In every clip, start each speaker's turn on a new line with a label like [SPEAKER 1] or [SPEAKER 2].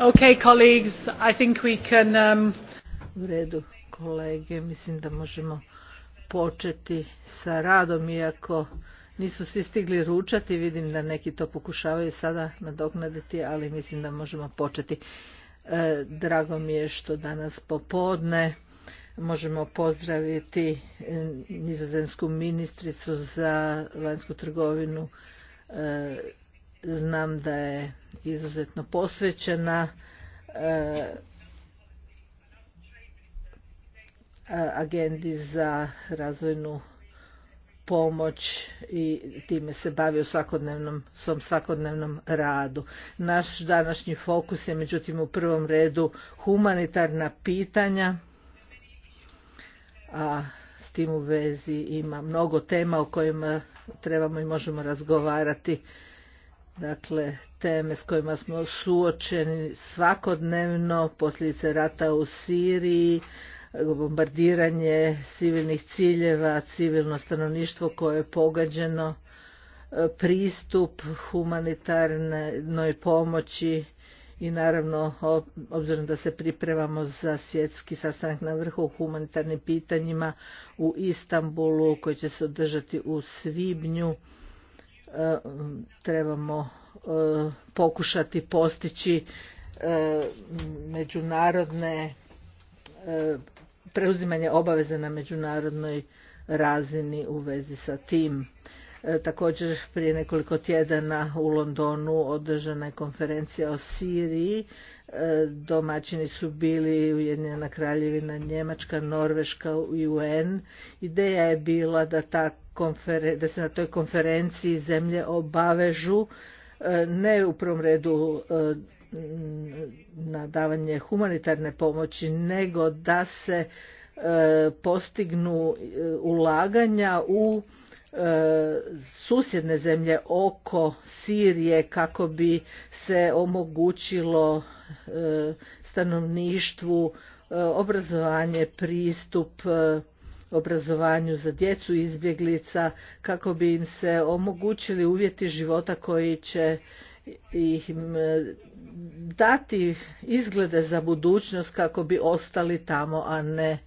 [SPEAKER 1] Um, U redu, kolege, mislim da možemo početi sa radom, iako nisu svi stigli ručati, vidim da neki to pokušavaju sada nadoknaditi, ali mislim da možemo početi. E, drago mi je što danas popodne možemo pozdraviti e, nizozemsku ministricu za vanjsku trgovinu e, znam da je izuzetno posvećena e, agendi za razvojnu pomoć i time se bavi u svakodnevnom, svom svakodnevnom radu. Naš današnji fokus je međutim u prvom redu humanitarna pitanja, a s tim u vezi ima mnogo tema o kojima trebamo i možemo razgovarati Dakle, teme s kojima smo suočeni svakodnevno, posljedice rata u Siriji, bombardiranje civilnih ciljeva, civilno stanovništvo koje je pogađeno, e, pristup humanitarnoj pomoći i naravno obzirom da se pripremamo za svjetski sastanak na vrhu u humanitarnim pitanjima u Istanbulu koji će se održati u svibnju trebamo e, pokušati postići e, međunarodne e, preuzimanje obaveze na međunarodnoj razini u vezi sa tim. Također prije nekoliko tjedana u Londonu održana je konferencija o Siriji. Domaćini su bili Ujedinjena kraljevina Njemačka, Norveška i UN. Ideja je bila da ta da se na toj konferenciji zemlje obavežu e, ne u prvom redu e, na davanje humanitarne pomoći nego da se e, postignu ulaganja u susjedne zemlje oko Sirije kako bi se omogućilo stanovništvu obrazovanje pristup obrazovanju za djecu izbjeglica kako bi im se omogućili uvjeti života koji će ih dati izglede za budućnost kako bi ostali tamo, a ne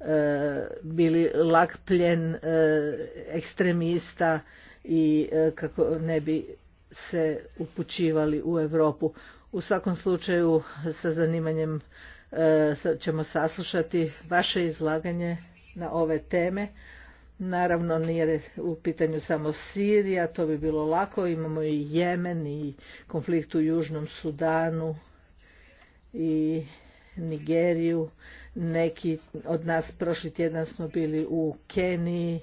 [SPEAKER 1] e, bili lak pljen e, ekstremista i e, kako ne bi se upućivali u Europu. U svakom slučaju sa zanimanjem ćemo saslušati vaše izlaganje na ove teme. Naravno nije u pitanju samo Sirija, to bi bilo lako, imamo i Jemen i konflikt u Južnom Sudanu i Nigeriju. Neki od nas prošli tjedan smo bili u Keniji,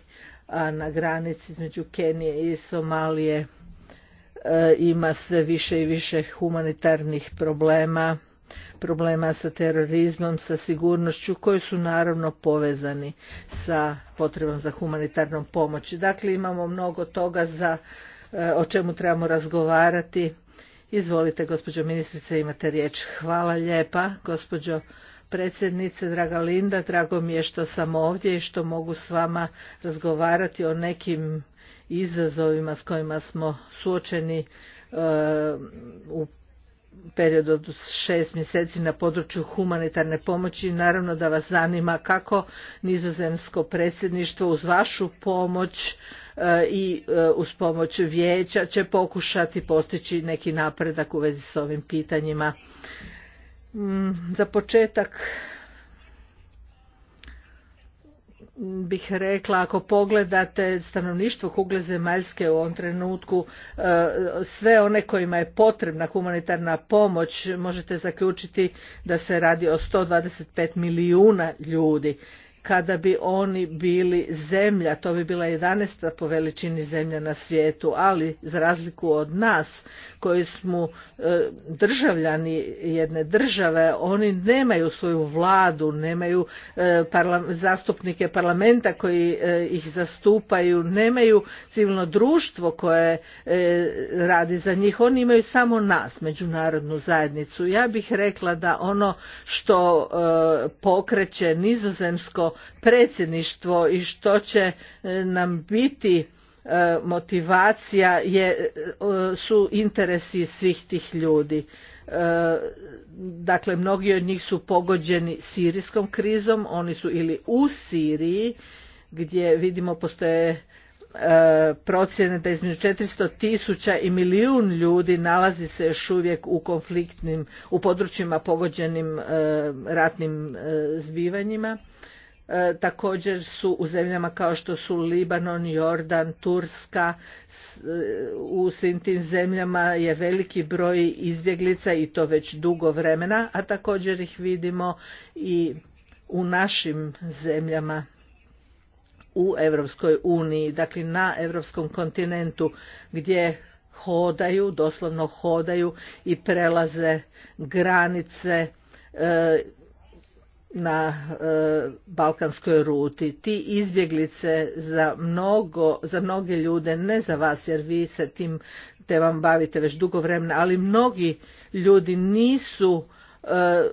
[SPEAKER 1] a na granici između Kenije i Somalije e, ima sve više i više humanitarnih problema problema sa terorizmom, sa sigurnošću koji su naravno povezani sa potrebom za humanitarnom pomoći. Dakle, imamo mnogo toga za e, o čemu trebamo razgovarati. Izvolite, gospođo ministrice, imate riječ. Hvala lijepa, gospođo predsjednice, draga Linda, drago mi je što sam ovdje i što mogu s vama razgovarati o nekim izazovima s kojima smo suočeni e, u period od šest mjeseci na području humanitarne pomoći. Naravno da vas zanima kako nizozemsko predsjedništvo uz vašu pomoć e, i e, uz pomoć vijeća će pokušati postići neki napredak u vezi s ovim pitanjima. Mm, za početak bih rekla ako pogledate stanovništvo kugle zemaljske u ovom trenutku e, sve one kojima je potrebna humanitarna pomoć možete zaključiti da se radi o 125 milijuna ljudi kada bi oni bili zemlja to bi bila 11. po veličini zemlja na svijetu ali za razliku od nas koji smo e, državljani jedne države, oni nemaju svoju vladu, nemaju e, zastupnike parlamenta koji e, ih zastupaju, nemaju civilno društvo koje radi za njih, oni imaju samo nas, međunarodnu zajednicu. Ja bih rekla da ono što pokreće nizozemsko predsjedništvo i što će nam biti E, motivacija je, e, su interesi svih tih ljudi. E, dakle, mnogi od njih su pogođeni sirijskom krizom, oni su ili u Siriji, gdje vidimo postoje procjene da između 400 tisuća i milijun ljudi nalazi se još uvijek u konfliktnim, u područjima pogođenim ratnim zbivanjima. E, također su u zemljama kao što su Libanon, Jordan, Turska, e, u svim tim zemljama je veliki broj izbjeglica i to već dugo vremena, a također ih vidimo i u našim zemljama u Europskoj uniji, dakle na europskom kontinentu gdje hodaju, doslovno hodaju i prelaze granice e, na e, balkanskoj ruti ti izbjeglice za mnogo za mnoge ljude ne za vas jer vi se tim vam bavite već dugo vremena ali mnogi ljudi nisu e,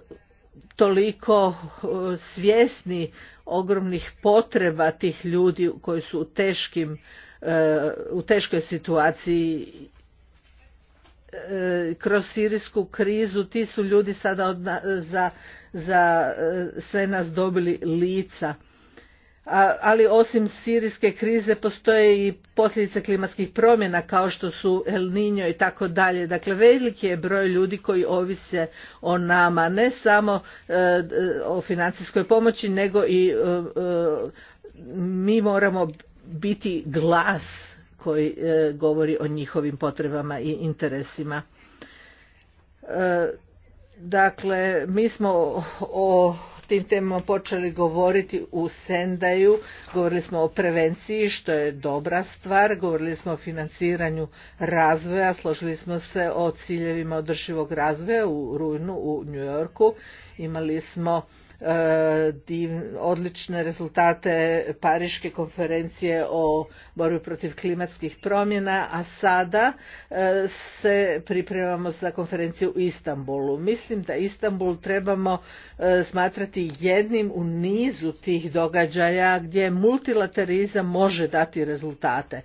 [SPEAKER 1] toliko e, svjesni ogromnih potreba tih ljudi koji su u teškim u teškoj situaciji kroz sirijsku krizu ti su ljudi sada za za e, sve nas dobili lica. Ali osim sirijske krize postoje i posljedice klimatskih promjena kao što su El Niño i tako dalje. Dakle, veliki je broj ljudi koji ovise o nama, ne samo e, o financijskoj pomoći, nego i e, mi moramo biti glas koji govori o njihovim potrebama i interesima. Dakle, mi smo o tim temama počeli govoriti u Sendaju, govorili smo o prevenciji što je dobra stvar, govorili smo o financiranju razvoja, složili smo se o ciljevima održivog razvoja u rujnu u New Yorku, imali smo E, odlične rezultate Pariške konferencije o borbi protiv klimatskih promjena, a sada e, se pripremamo za konferenciju u Istanbulu. Mislim da Istanbul trebamo e, smatrati jednim u nizu tih događaja gdje multilaterizam može dati rezultate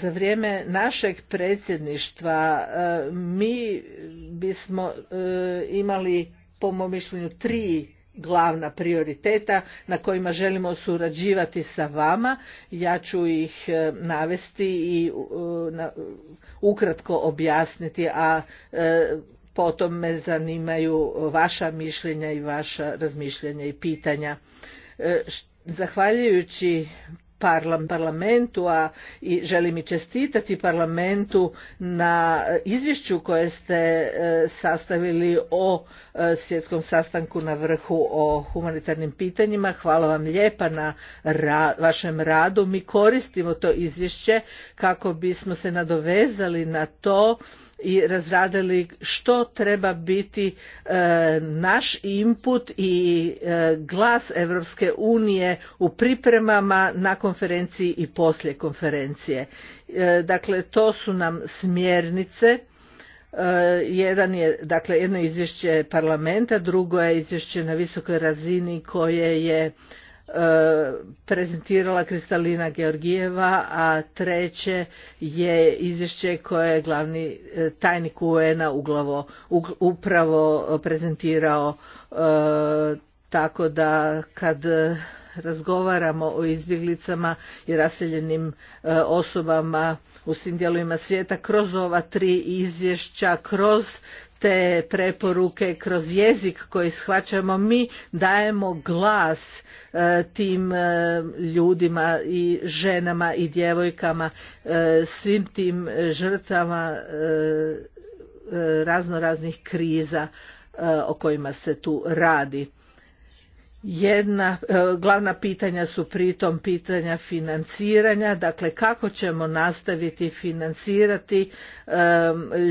[SPEAKER 1] za vrijeme našeg predsjedništva mi bismo imali po mom mišljenju tri glavna prioriteta na kojima želimo surađivati sa vama. Ja ću ih e, navesti i e, ukratko objasniti, a e, potom me zanimaju vaša mišljenja i vaša razmišljanja i pitanja. Zahvaljujući parlamentu, a i želim i čestitati parlamentu na izvješću koje ste e, sastavili o e, svjetskom sastanku na vrhu o humanitarnim pitanjima. Hvala vam lijepa na vašem radu. Mi koristimo to izvješće kako bismo se nadovezali na to i razradili što treba biti e, naš input i e, glas Europske unije u pripremama na konferenciji i poslije konferencije. E, dakle, to su nam smjernice jedan je dakle jedno izvješće parlamenta drugo je izvješće na visokoj razini koje je prezentirala Kristalina Georgijeva, a treće je izvješće koje je glavni e, tajnik UN-a upravo prezentirao e, tako da kad razgovaramo o izbjeglicama i raseljenim e, osobama u svim dijelovima svijeta kroz ova tri izvješća, kroz te preporuke kroz jezik koji shvaćamo mi dajemo glas e, tim e, ljudima i ženama i djevojkama e, svim tim žrtvama razno raznih kriza o kojima se tu radi jedna e, glavna pitanja su pritom pitanja financiranja, dakle kako ćemo nastaviti financirati e,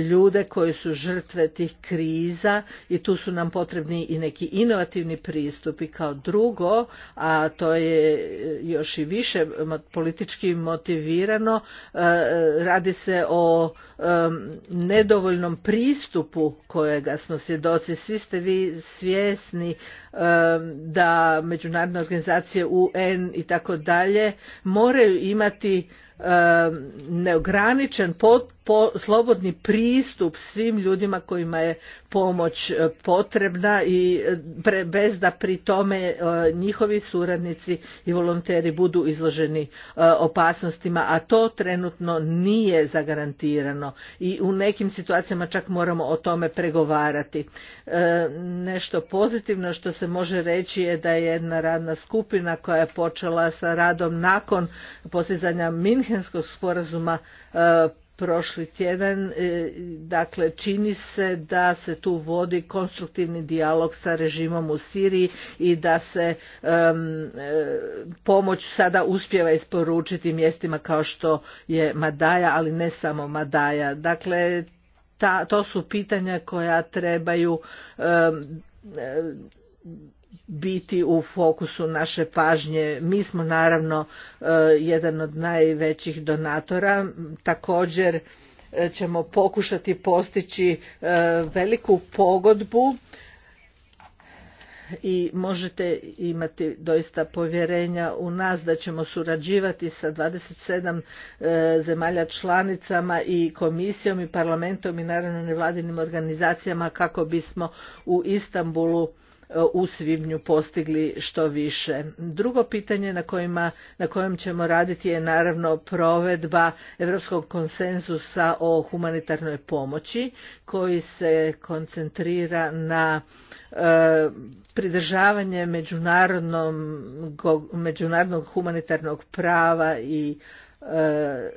[SPEAKER 1] ljude koji su žrtve tih kriza i tu su nam potrebni i neki inovativni pristupi kao drugo, a to je još i više politički motivirano, e, radi se o nedovoljnom pristupu kojega smo svjedoci, svi ste vi svjesni da da međunarodne organizacije UN i tako dalje moraju imati e, neograničen pot po, slobodni pristup svim ljudima kojima je pomoć e, potrebna i e, bez da pri tome e, njihovi suradnici i volonteri budu izloženi opasnostima, a to trenutno nije zagarantirano i u nekim situacijama čak moramo o tome pregovarati. Nešto pozitivno što se može reći je da je jedna radna skupina koja je počela sa radom nakon postizanja Minhenskog sporazuma prošli tjedan e, dakle čini se da se tu vodi konstruktivni dijalog sa režimom u Siriji i da se e, pomoć sada uspjeva isporučiti mjestima kao što je Madaja ali ne samo Madaja dakle ta, to su pitanja koja trebaju e, biti u fokusu naše pažnje. Mi smo naravno e, jedan od najvećih donatora. Također e, ćemo pokušati postići e, veliku pogodbu i možete imati doista povjerenja u nas da ćemo surađivati sa 27 zemalja članicama i komisijom i parlamentom i naravno nevladinim organizacijama kako bismo u Istanbulu u svibnju postigli što više. Drugo pitanje na, kojem ćemo raditi je naravno provedba Europskog konsenzusa o humanitarnoj pomoći koji se koncentrira na e, pridržavanje međunarodnog humanitarnog prava i e, e,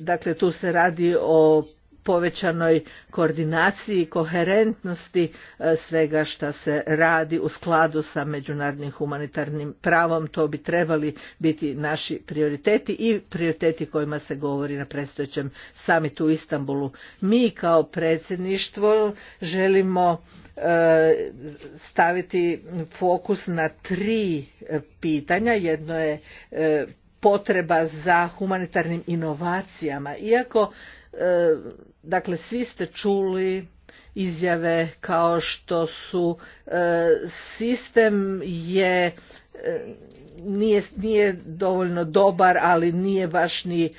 [SPEAKER 1] dakle tu se radi o povećanoj koordinaciji i koherentnosti e, svega što se radi u skladu sa međunarodnim humanitarnim pravom. To bi trebali biti naši prioriteti i prioriteti kojima se govori na predstojećem samitu u Istanbulu. Mi kao predsjedništvo želimo e, staviti fokus na tri e, pitanja. Jedno je potreba za humanitarnim inovacijama. Iako E, dakle svi ste čuli izjave kao što su e, sistem je e, nije, nije dovoljno dobar, ali nije baš ni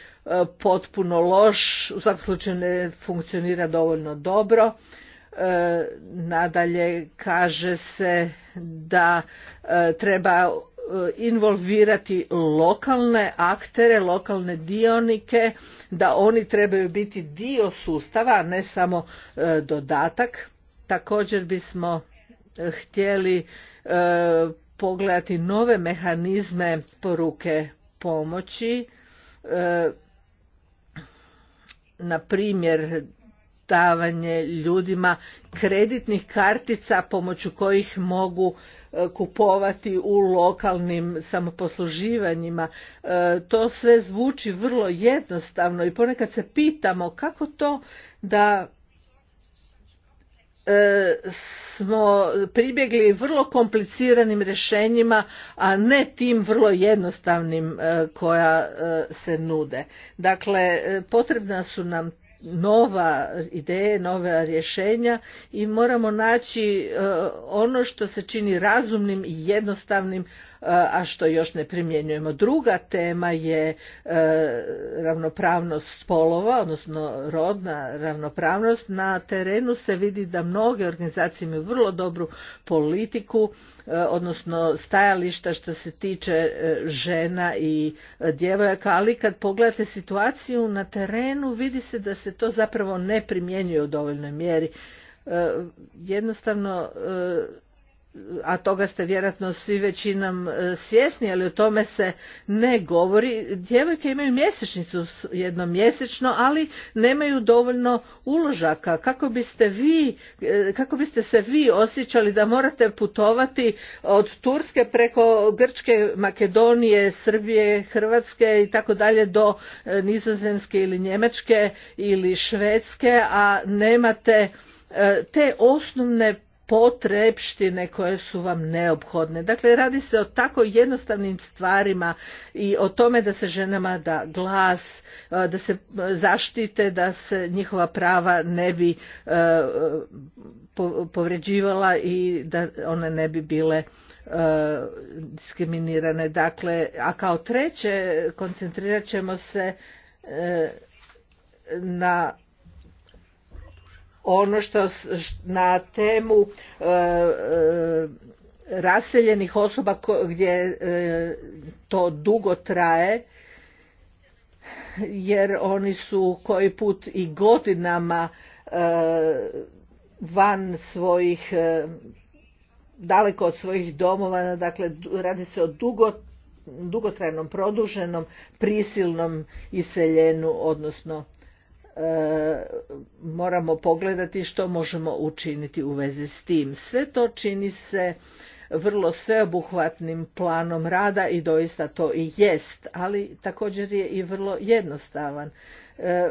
[SPEAKER 1] potpuno loš, u svakom slučaju ne funkcionira dovoljno dobro. Nadalje kaže se da treba E, involvirati lokalne aktere, lokalne dionike, da oni trebaju biti dio sustava, a ne samo e, dodatak. Također bismo e, htjeli pogledati nove mehanizme poruke pomoći, na primjer davanje ljudima kreditnih kartica pomoću kojih mogu E, kupovati u lokalnim samoposluživanjima. E, to sve zvuči vrlo jednostavno i ponekad se pitamo kako to da e, smo pribjegli vrlo kompliciranim rješenjima, a ne tim vrlo jednostavnim koja se nude. Dakle, potrebna su nam nova ideje, nova rješenja i moramo naći e, ono što se čini razumnim i jednostavnim a što još ne primjenjujemo. Druga tema je e, ravnopravnost spolova, odnosno rodna ravnopravnost. Na terenu se vidi da mnoge organizacije imaju vrlo dobru politiku, e, odnosno stajališta što se tiče e, žena i djevojaka, ali kad pogledate situaciju na terenu vidi se da se to zapravo ne primjenjuje u dovoljnoj mjeri jednostavno a toga ste vjerojatno svi većinom e, svjesni, ali o tome se ne govori. Djevojke imaju mjesečnicu jednom mjesečno, ali nemaju dovoljno uložaka. Kako biste, vi, e, kako biste se vi osjećali da morate putovati od Turske preko Grčke, Makedonije, Srbije, Hrvatske i tako dalje do e, Nizozemske ili Njemačke ili Švedske, a nemate te osnovne potrebštine koje su vam neophodne. Dakle, radi se o tako jednostavnim stvarima i o tome da se ženama da glas, e, da se zaštite, da se njihova prava ne bi e, povređivala i da one ne bi bile e, diskriminirane. Dakle, a kao treće koncentrirat ćemo se na ono što na temu e, e, raseljenih osoba gdje e, to dugo traje jer oni su koji put i godinama van svojih daleko od svojih domova dakle radi se o dugo, dugotrajnom produženom prisilnom iseljenju odnosno E, moramo pogledati što možemo učiniti u vezi s tim. Sve to čini se vrlo sveobuhvatnim planom rada i doista to i jest, ali također je i vrlo jednostavan. E,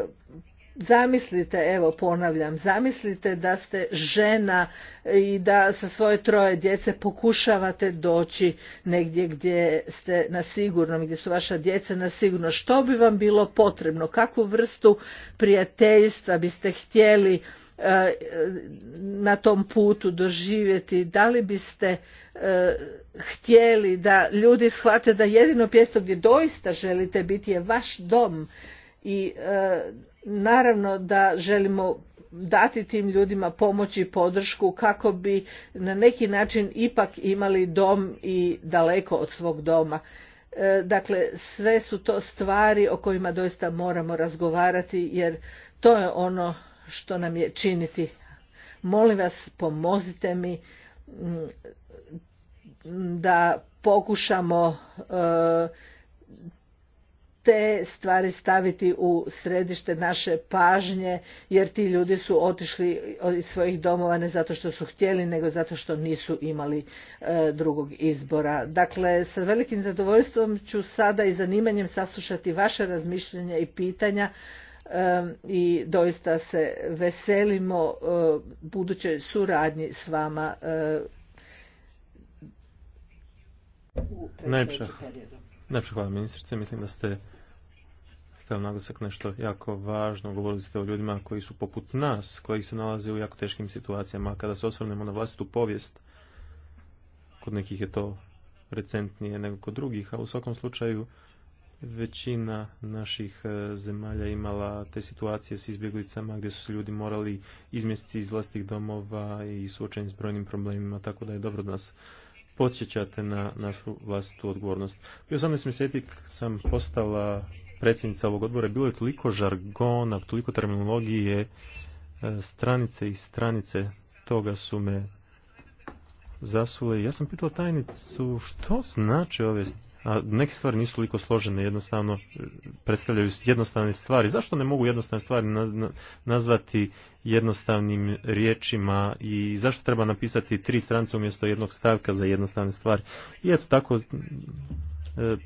[SPEAKER 1] zamislite, evo ponavljam, zamislite da ste žena i da sa svoje troje djece pokušavate doći negdje gdje ste na sigurnom, gdje su vaša djeca na sigurno. Što bi vam bilo potrebno? Kakvu vrstu prijateljstva biste htjeli e, na tom putu doživjeti, da li biste e, htjeli da ljudi shvate da jedino mjesto gdje doista želite biti je vaš dom, i e, naravno da želimo dati tim ljudima pomoć i podršku kako bi na neki način ipak imali dom i daleko od svog doma. E, dakle, sve su to stvari o kojima doista moramo razgovarati jer to je ono što nam je činiti. Molim vas, pomozite mi mm, da pokušamo e, te stvari staviti u središte naše pažnje jer ti ljudi su otišli iz svojih domova ne zato što su htjeli nego zato što nisu imali e, drugog izbora. Dakle, sa velikim zadovoljstvom ću sada i zanimanjem saslušati vaše razmišljanja i pitanja i doista se veselimo e, budućoj suradnji s vama e, u
[SPEAKER 2] Najprej hvala ministrice, mislim da ste stavili naglasak nešto jako važno. Govorili ste o ljudima koji su poput nas, koji se nalaze u jako teškim situacijama. Kada se osvrnemo na vlastitu povijest, kod nekih je to recentnije nego kod drugih, a u svakom slučaju većina naših e, zemalja imala te situacije s izbjeglicama gdje su se ljudi morali izmjestiti iz vlastitih domova i suočeni s brojnim problemima, tako da je dobro da nas podsjećate na našu vlastitu odgovornost. U 18 mjeseci sam postala predsjednica ovog odbora, bilo je toliko žargona, toliko terminologije, e, stranice i stranice toga su me zasule. Ja sam pitala tajnicu što znače ove a neke stvari nisu toliko složene, jednostavno e, predstavljaju jednostavne stvari. Zašto ne mogu jednostavne stvari nazvati jednostavnim riječima i zašto treba napisati tri strance umjesto jednog stavka za jednostavne stvari? I eto tako e,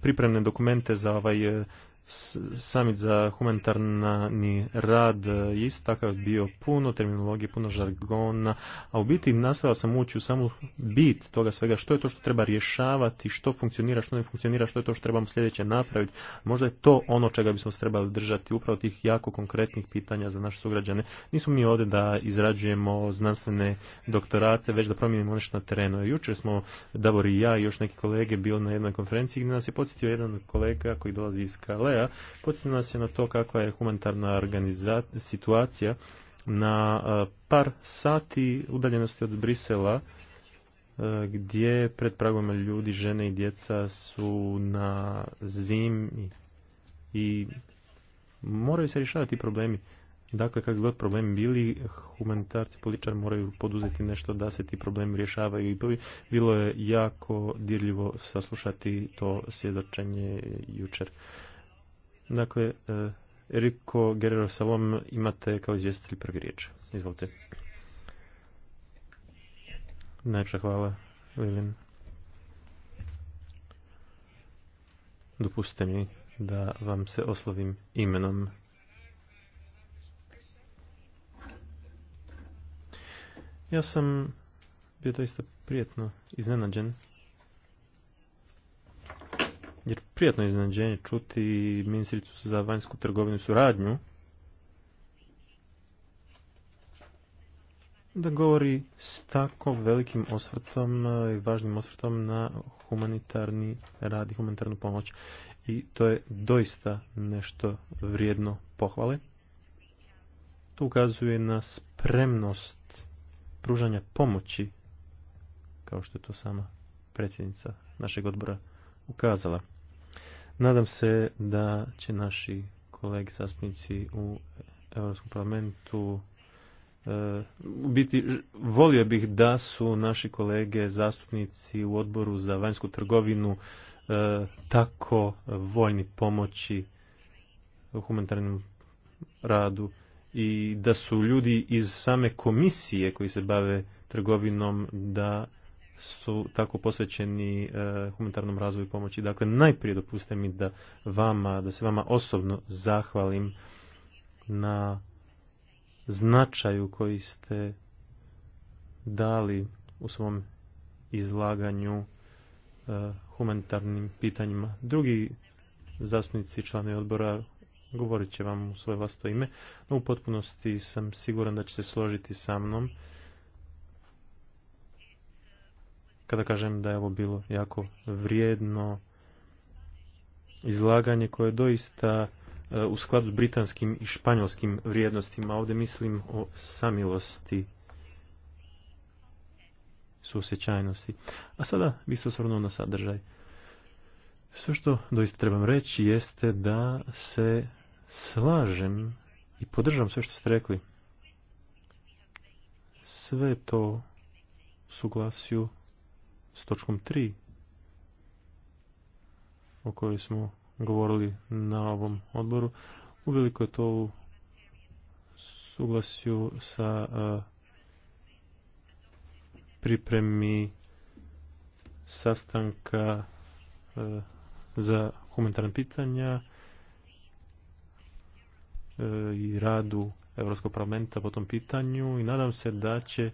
[SPEAKER 2] pripremne dokumente za ovaj e, Samit za humanitarni rad je isto takav bio puno terminologije, puno žargona, a u biti nastojao sam ući u samu bit toga svega, što je to što treba rješavati, što funkcionira, što ne funkcionira, što je to što trebamo sljedeće napraviti. Možda je to ono čega bismo se trebali držati, upravo tih jako konkretnih pitanja za naše sugrađane. Nismo mi ovdje da izrađujemo znanstvene doktorate, već da promijenimo nešto na terenu. Jučer smo, Davor i ja i još neki kolege, bili na jednoj konferenciji gdje nas je podsjetio jedan kolega koji dolazi iz Kale, kraja podsjetio nas je na to kakva je humanitarna situacija na par sati udaljenosti od Brisela gdje pred pragom ljudi, žene i djeca su na zimi i moraju se rješavati problemi. Dakle, kad god problemi bili, humanitarci, političari moraju poduzeti nešto da se ti problemi rješavaju i bilo je jako dirljivo saslušati to svjedočenje jučer. Dakle, Eriko Guerrero Salom imate kao izvjestitelj prvi riječ. Izvolite. Najpša hvala, Lilin. Dopustite mi da vam se oslovim imenom. Ja sam bio doista prijetno iznenađen jer prijatno iznenađenje čuti ministricu za vanjsku trgovinu i suradnju da govori s tako velikim osvrtom e, i važnim osvrtom na humanitarni rad i humanitarnu pomoć. I to je doista nešto vrijedno pohvale. To ukazuje na spremnost pružanja pomoći, kao što je to sama predsjednica našeg odbora ukazala. Nadam se da će naši kolege zastupnici u Europskom parlamentu e, biti volio bih da su naši kolege zastupnici u odboru za vanjsku trgovinu e, tako voljni pomoći u humanitarnom radu i da su ljudi iz same komisije koji se bave trgovinom da su tako posvećeni e, humanitarnom razvoju pomoći. Dakle, najprije dopustite mi da vama, da se vama osobno zahvalim na značaju koji ste dali u svom izlaganju e, humanitarnim pitanjima. Drugi zastupnici članovi odbora govorit će vam u svoje vlasto ime, no u potpunosti sam siguran da će se složiti sa mnom kada kažem da je ovo bilo jako vrijedno izlaganje koje je doista e, u skladu s britanskim i španjolskim vrijednostima. Ovdje mislim o samilosti, susjećajnosti. A sada bi se osvrnuo na sadržaj. Sve što doista trebam reći jeste da se slažem i podržam sve što ste rekli. Sve to suglasju s točkom 3 o kojoj smo govorili na ovom odboru. Uveliko je to u suglasju sa pripremi sastanka za humanitarna pitanja i radu Europskog parlamenta po tom pitanju i nadam se da će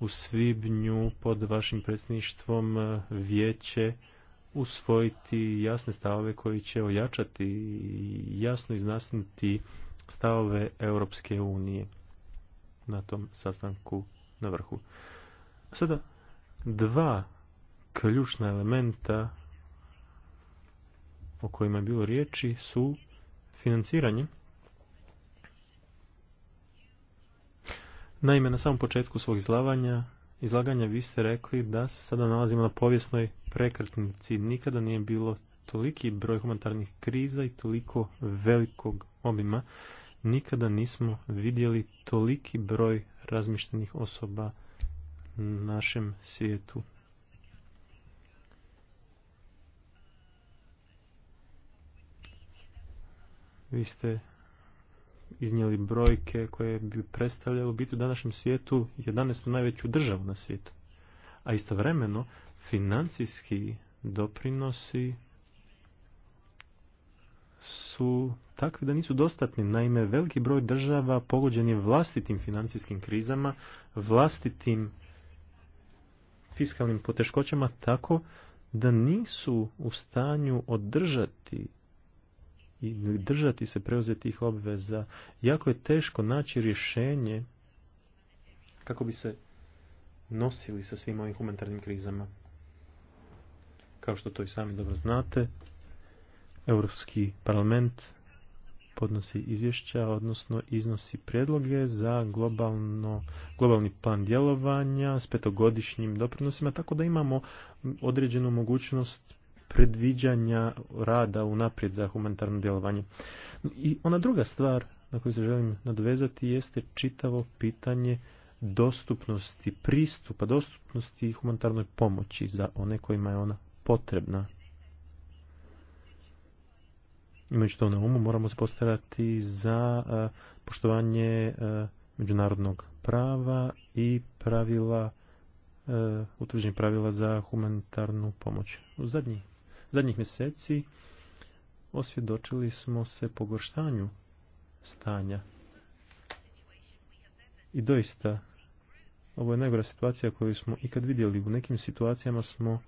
[SPEAKER 2] u svibnju pod vašim predsjedništvom eh, vijeće usvojiti jasne stavove koji će ojačati i jasno iznasniti stavove Europske unije na tom sastanku na vrhu. Sada, dva ključna elementa o kojima je bilo riječi su financiranje Naime, na samom početku svog izlaganja, izlaganja vi ste rekli da se sada nalazimo na povijesnoj prekretnici. Nikada nije bilo toliki broj humanitarnih kriza i toliko velikog obima. Nikada nismo vidjeli toliki broj razmišljenih osoba na našem svijetu. Vi ste iznijeli brojke koje bi predstavljalo biti u današnjem svijetu 11. najveću državu na svijetu. A istovremeno financijski doprinosi su takvi da nisu dostatni. Naime, veliki broj država pogođen je vlastitim financijskim krizama, vlastitim fiskalnim poteškoćama tako da nisu u stanju održati i držati se preuzetih obveza. Jako je teško naći rješenje kako bi se nosili sa svim ovim humanitarnim krizama. Kao što to i sami dobro znate, Europski parlament podnosi izvješća, odnosno iznosi predloge za globalno, globalni plan djelovanja s petogodišnjim doprinosima, tako da imamo određenu mogućnost predviđanja rada unaprijed za humanitarno djelovanje. I ona druga stvar na koju se želim nadvezati jeste čitavo pitanje dostupnosti, pristupa, dostupnosti humanitarnoj pomoći za one kojima je ona potrebna. Imajući to na umu, moramo se postarati za poštovanje međunarodnog prava i pravila, e, utvrđenih pravila za humanitarnu pomoć. U zadnji zadnjih mjeseci osvjedočili smo se pogoršanju stanja. I doista, ovo je najgora situacija koju smo ikad vidjeli. U nekim situacijama smo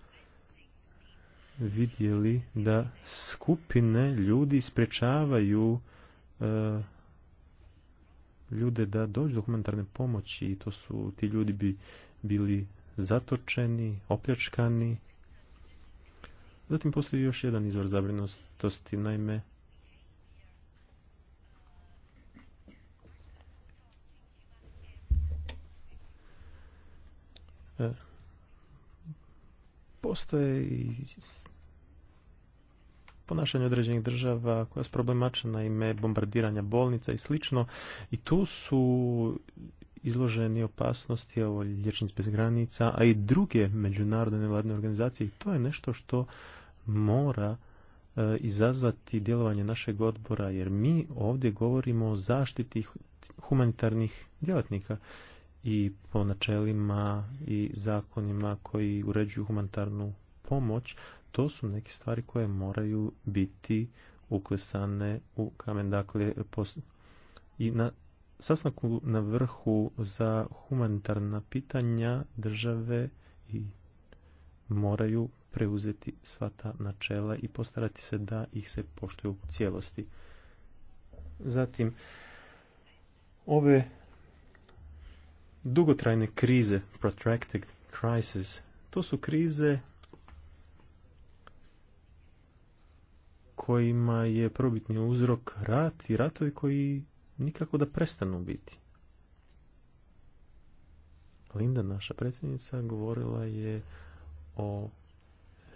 [SPEAKER 2] vidjeli da skupine ljudi sprečavaju e, ljude da dođu do humanitarne pomoći i to su ti ljudi bi bili zatočeni, opljačkani Zatim postoji još jedan izvor zabrinutosti, naime e, postoje i ponašanje određenih država koja su problemačena ime bombardiranja bolnica i slično i tu su izloženi opasnosti ovo liječnici bez granica, a i druge međunarodne vladne organizacije i to je nešto što mora e, izazvati djelovanje našeg odbora, jer mi ovdje govorimo o zaštiti humanitarnih djelatnika i po načelima i zakonima koji uređuju humanitarnu pomoć, to su neke stvari koje moraju biti uklesane u kamen. Dakle, i na sastanku na vrhu za humanitarna pitanja države i moraju preuzeti sva ta načela i postarati se da ih se poštuju u cijelosti. Zatim, ove dugotrajne krize, protracted crisis, to su krize kojima je probitni uzrok rat i ratovi koji nikako da prestanu biti. Linda, naša predsjednica, govorila je o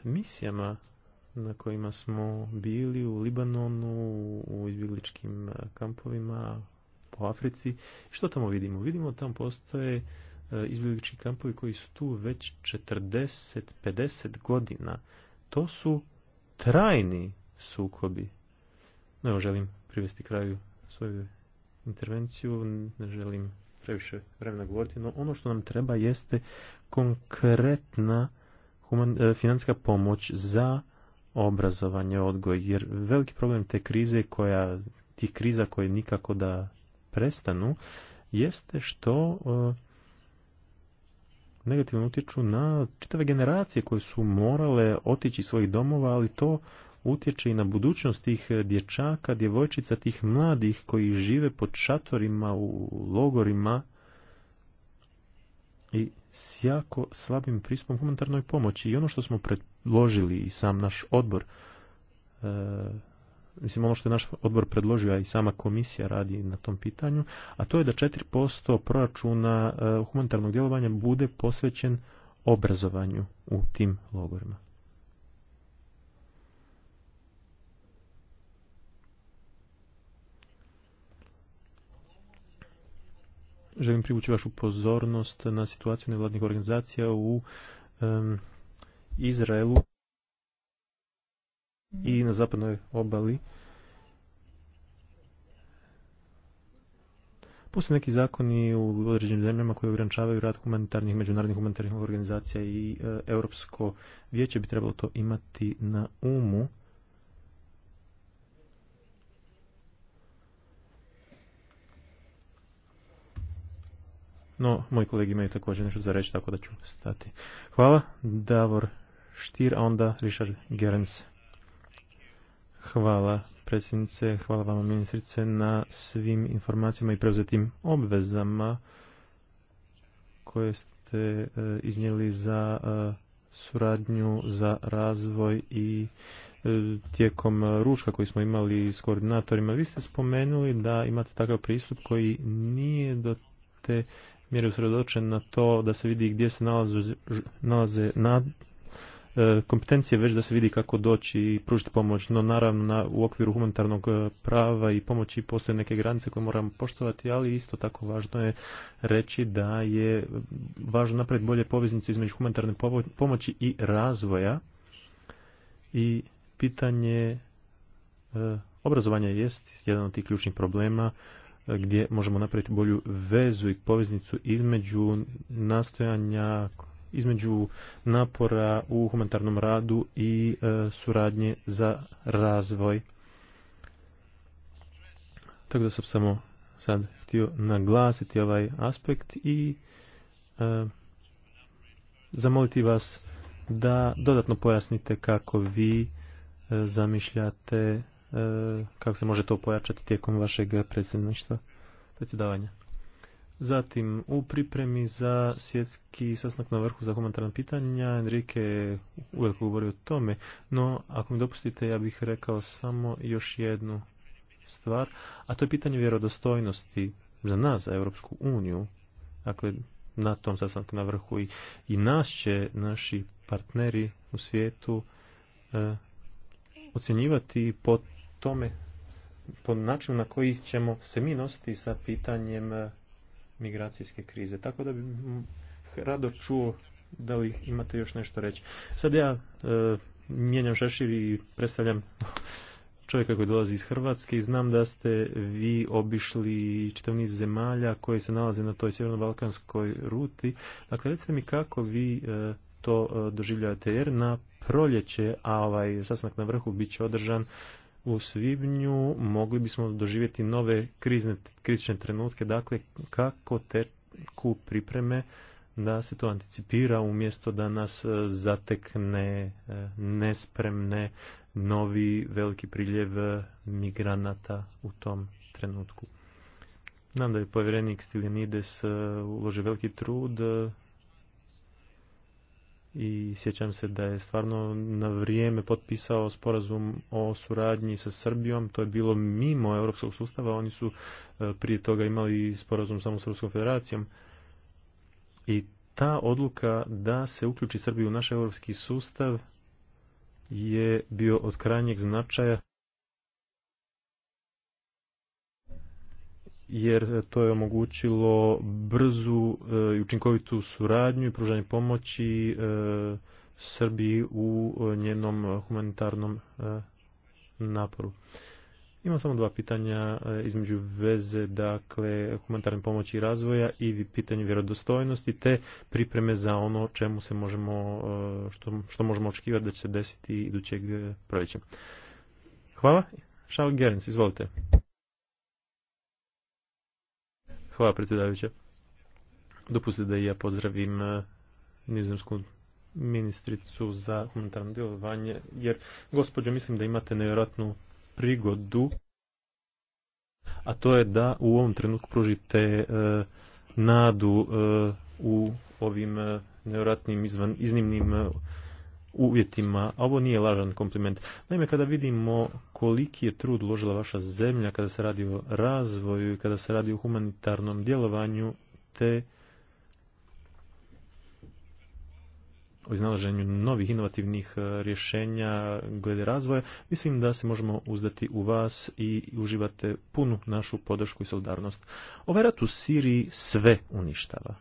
[SPEAKER 2] misijama na kojima smo bili u Libanonu, u izbjegličkim e, kampovima, po Africi. Što tamo vidimo? Vidimo tamo postoje e, izbjeglički kampovi koji su tu već 40-50 godina. To su trajni sukobi. No, evo, želim privesti kraju svoju intervenciju, ne želim previše vremena govoriti, no ono što nam treba jeste konkretna human, e, financijska pomoć za obrazovanje, odgoj, jer veliki problem te krize koja, tih kriza koje nikako da prestanu, jeste što e, negativno utječu na čitave generacije koje su morale otići iz svojih domova, ali to utječe i na budućnost tih dječaka, djevojčica, tih mladih koji žive pod šatorima u logorima i s jako slabim pristupom humanitarnoj pomoći. I ono što smo predložili i sam naš odbor, e, mislim ono što je naš odbor predložio, a i sama komisija radi na tom pitanju, a to je da 4% proračuna e, humanitarnog djelovanja bude posvećen obrazovanju u tim logorima. želim privući vašu pozornost na situaciju nevladnih organizacija u Izraelu i na zapadnoj obali. Postoje neki zakoni u određenim zemljama koji ograničavaju rad humanitarnih, međunarodnih humanitarnih organizacija i e, Europsko vijeće bi trebalo to imati na umu. No, moji kolegi imaju također nešto za reći, tako da ću stati. Hvala, Davor Štir, a onda Richard Gerens. Hvala predsjednice, hvala vama ministrice na svim informacijama i preuzetim obvezama koje ste e, iznijeli za e, suradnju za razvoj i e, tijekom ručka koji smo imali s koordinatorima. Vi ste spomenuli da imate takav pristup koji nije do te je usredočen na to da se vidi gdje se nalaze, nalaze na e, kompetencije već da se vidi kako doći i pružiti pomoć. No naravno na, u okviru humanitarnog e, prava i pomoći postoje neke granice koje moramo poštovati, ali isto tako važno je reći da je važno napred bolje poveznice između humanitarne pomoći i razvoja i pitanje e, obrazovanja jest jedan od tih ključnih problema gdje možemo napraviti bolju vezu i poveznicu između nastojanja, između napora u humanitarnom radu i e, suradnje za razvoj. Tako da sam samo sad htio naglasiti ovaj aspekt i e, zamoliti vas da dodatno pojasnite kako vi e, zamišljate E, kako se može to pojačati tijekom vašeg predsjedništva, predsjedavanja. Zatim, u pripremi za svjetski sastanak na vrhu za humanitarna pitanja, Enrique uvijek govori o tome, no ako mi dopustite, ja bih rekao samo još jednu stvar, a to je pitanje vjerodostojnosti za nas, za Europsku uniju, dakle, na tom sastanku na vrhu i, nas će naši partneri u svijetu e, ocjenjivati po tome, po načinu na koji ćemo se mi nositi sa pitanjem e, migracijske krize. Tako da bi rado čuo da li imate još nešto reći. Sad ja e, mijenjam šešir i predstavljam čovjeka koji dolazi iz Hrvatske i znam da ste vi obišli čitav zemalja koje se nalaze na toj sjeverno-balkanskoj ruti. Dakle, recite mi kako vi e, to e, doživljavate jer na proljeće, a ovaj sastanak na vrhu bit će održan u svibnju mogli bismo doživjeti nove krizne, kritične trenutke, dakle kako teku pripreme da se to anticipira umjesto da nas e, zatekne e, nespremne novi veliki priljev e, migranata u tom trenutku. Nam da je povjerenik Stilianides uložio veliki trud i sjećam se da je stvarno na vrijeme potpisao sporazum o suradnji sa Srbijom, to je bilo mimo europskog sustava, oni su e, prije toga imali sporazum samo s Ruskom federacijom i ta odluka da se uključi Srbiju u naš europski sustav je bio od krajnjeg značaja jer to je omogućilo brzu e, i učinkovitu suradnju i pružanje pomoći e, Srbiji u e, njenom humanitarnom naporu. Imam samo dva pitanja između veze, dakle, humanitarne pomoći i razvoja i pitanje vjerodostojnosti te pripreme za ono čemu se možemo, što, što možemo očekivati da će se desiti idućeg proljeća. Hvala. Šal Gerenc, izvolite. Hvala predsjedavajuća. Dopustite da ja pozdravim e, Nizemsku ministricu za humanitarno djelovanje, jer gospođo mislim da imate nevjerojatnu prigodu, a to je da u ovom trenutku pružite e, nadu e, u ovim e, nevjerojatnim izvan, iznimnim uvjetima. Ovo nije lažan kompliment. Naime, kada vidimo koliki je trud uložila vaša zemlja kada se radi o razvoju i kada se radi o humanitarnom djelovanju te o iznalaženju novih inovativnih e, rješenja glede razvoja, mislim da se možemo uzdati u vas i uživate punu našu podršku i solidarnost. Ovaj rat u Siriji sve uništava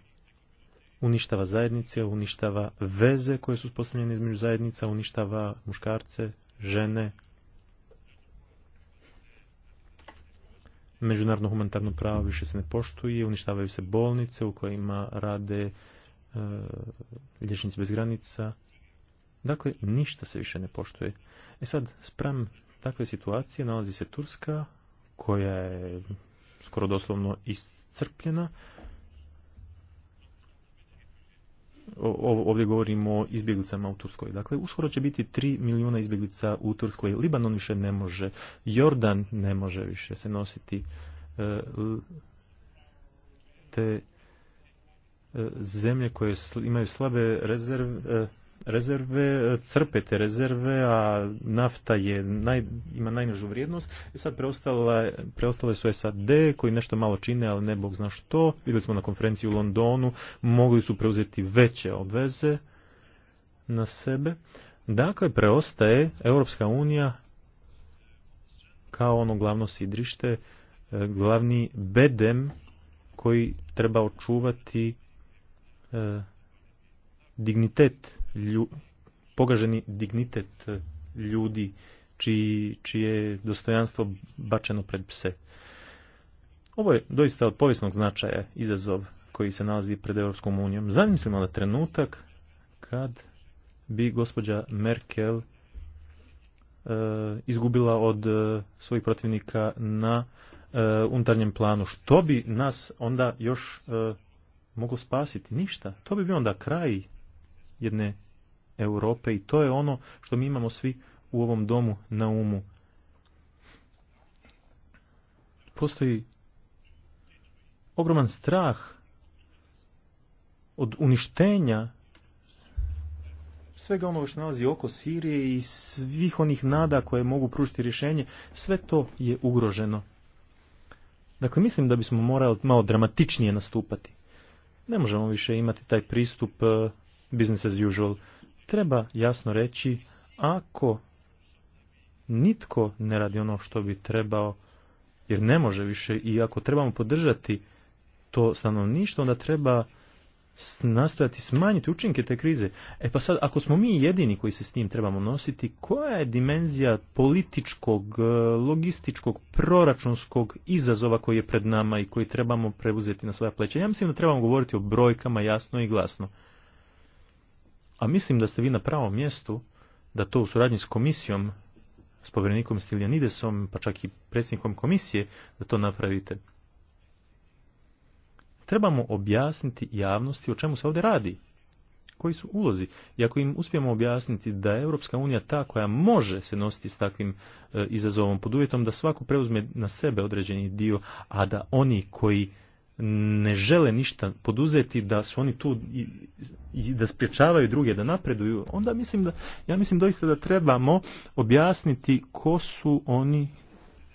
[SPEAKER 2] uništava zajednice, uništava veze koje su uspostavljene između zajednica, uništava muškarce, žene, međunarodno humanitarno pravo više se ne poštuje, uništavaju se bolnice u kojima rade e, bez granica. Dakle, ništa se više ne poštuje. E sad, spram takve situacije nalazi se Turska, koja je skoro doslovno iscrpljena, ovdje govorimo o izbjeglicama u Turskoj. Dakle, uskoro će biti 3 milijuna izbjeglica u Turskoj. Libanon više ne može, Jordan ne može više se nositi e, te e, zemlje koje imaju slabe rezerve rezerve, crpe te rezerve, a nafta je naj, ima najnižu vrijednost. I e sad preostale, preostale su SAD koji nešto malo čine, ali ne bog zna što. Vidjeli smo na konferenciji u Londonu, mogli su preuzeti veće obveze na sebe. Dakle, preostaje Europska unija kao ono glavno sidrište, e, glavni bedem koji treba očuvati e, dignitet lju, pogaženi dignitet e, ljudi čiji, čije dostojanstvo bačeno pred pse. Ovo je doista od povijesnog značaja izazov koji se nalazi pred Europskom unijom. Zamislimo na trenutak kad bi gospođa Merkel e, izgubila od e, svojih protivnika na e, unutarnjem planu. Što bi nas onda još moglo spasiti? Ništa. To bi bio onda kraj jedne Europe i to je ono što mi imamo svi u ovom domu na umu. Postoji ogroman strah od uništenja svega onoga što nalazi oko Sirije i svih onih nada koje mogu pružiti rješenje, sve to je ugroženo. Dakle, mislim da bismo morali malo dramatičnije nastupati. Ne možemo više imati taj pristup eh, business as usual treba jasno reći ako nitko ne radi ono što bi trebao, jer ne može više i ako trebamo podržati to stanovništvo, onda treba nastojati smanjiti učinke te krize. E pa sad, ako smo mi jedini koji se s tim trebamo nositi, koja je dimenzija političkog, e, logističkog, proračunskog izazova koji je pred nama i koji trebamo preuzeti na svoja pleća? Ja mislim da trebamo govoriti o brojkama jasno i glasno. A mislim da ste vi na pravom mjestu da to u suradnji s komisijom, s povjerenikom Stiljanidesom, pa čak i predsjednikom komisije, da to napravite. Trebamo objasniti javnosti o čemu se ovdje radi, koji su ulozi. I ako im uspijemo objasniti da je Europska unija ta koja može se nositi s takvim e, izazovom pod uvjetom da svako preuzme na sebe određeni dio, a da oni koji ne žele ništa poduzeti, da su oni tu i, da spječavaju druge da napreduju, onda mislim da, ja mislim doista da trebamo objasniti ko su oni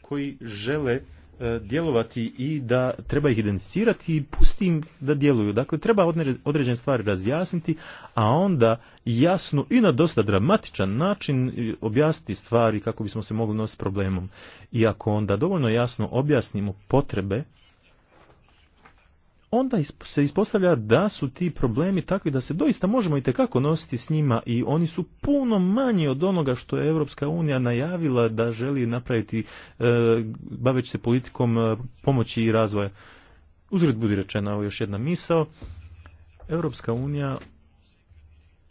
[SPEAKER 2] koji žele e, djelovati i da treba ih identificirati i pusti im da djeluju. Dakle, treba određene stvari razjasniti, a onda jasno i na dosta dramatičan način e, objasniti stvari kako bismo se mogli nositi problemom. I ako onda dovoljno jasno objasnimo potrebe onda se ispostavlja da su ti problemi takvi da se doista možemo i tekako nositi s njima i oni su puno manji od onoga što je Europska unija najavila da želi napraviti e, baveći se politikom e, pomoći i razvoja. Uzred budi rečena, ovo još jedna misao. Europska unija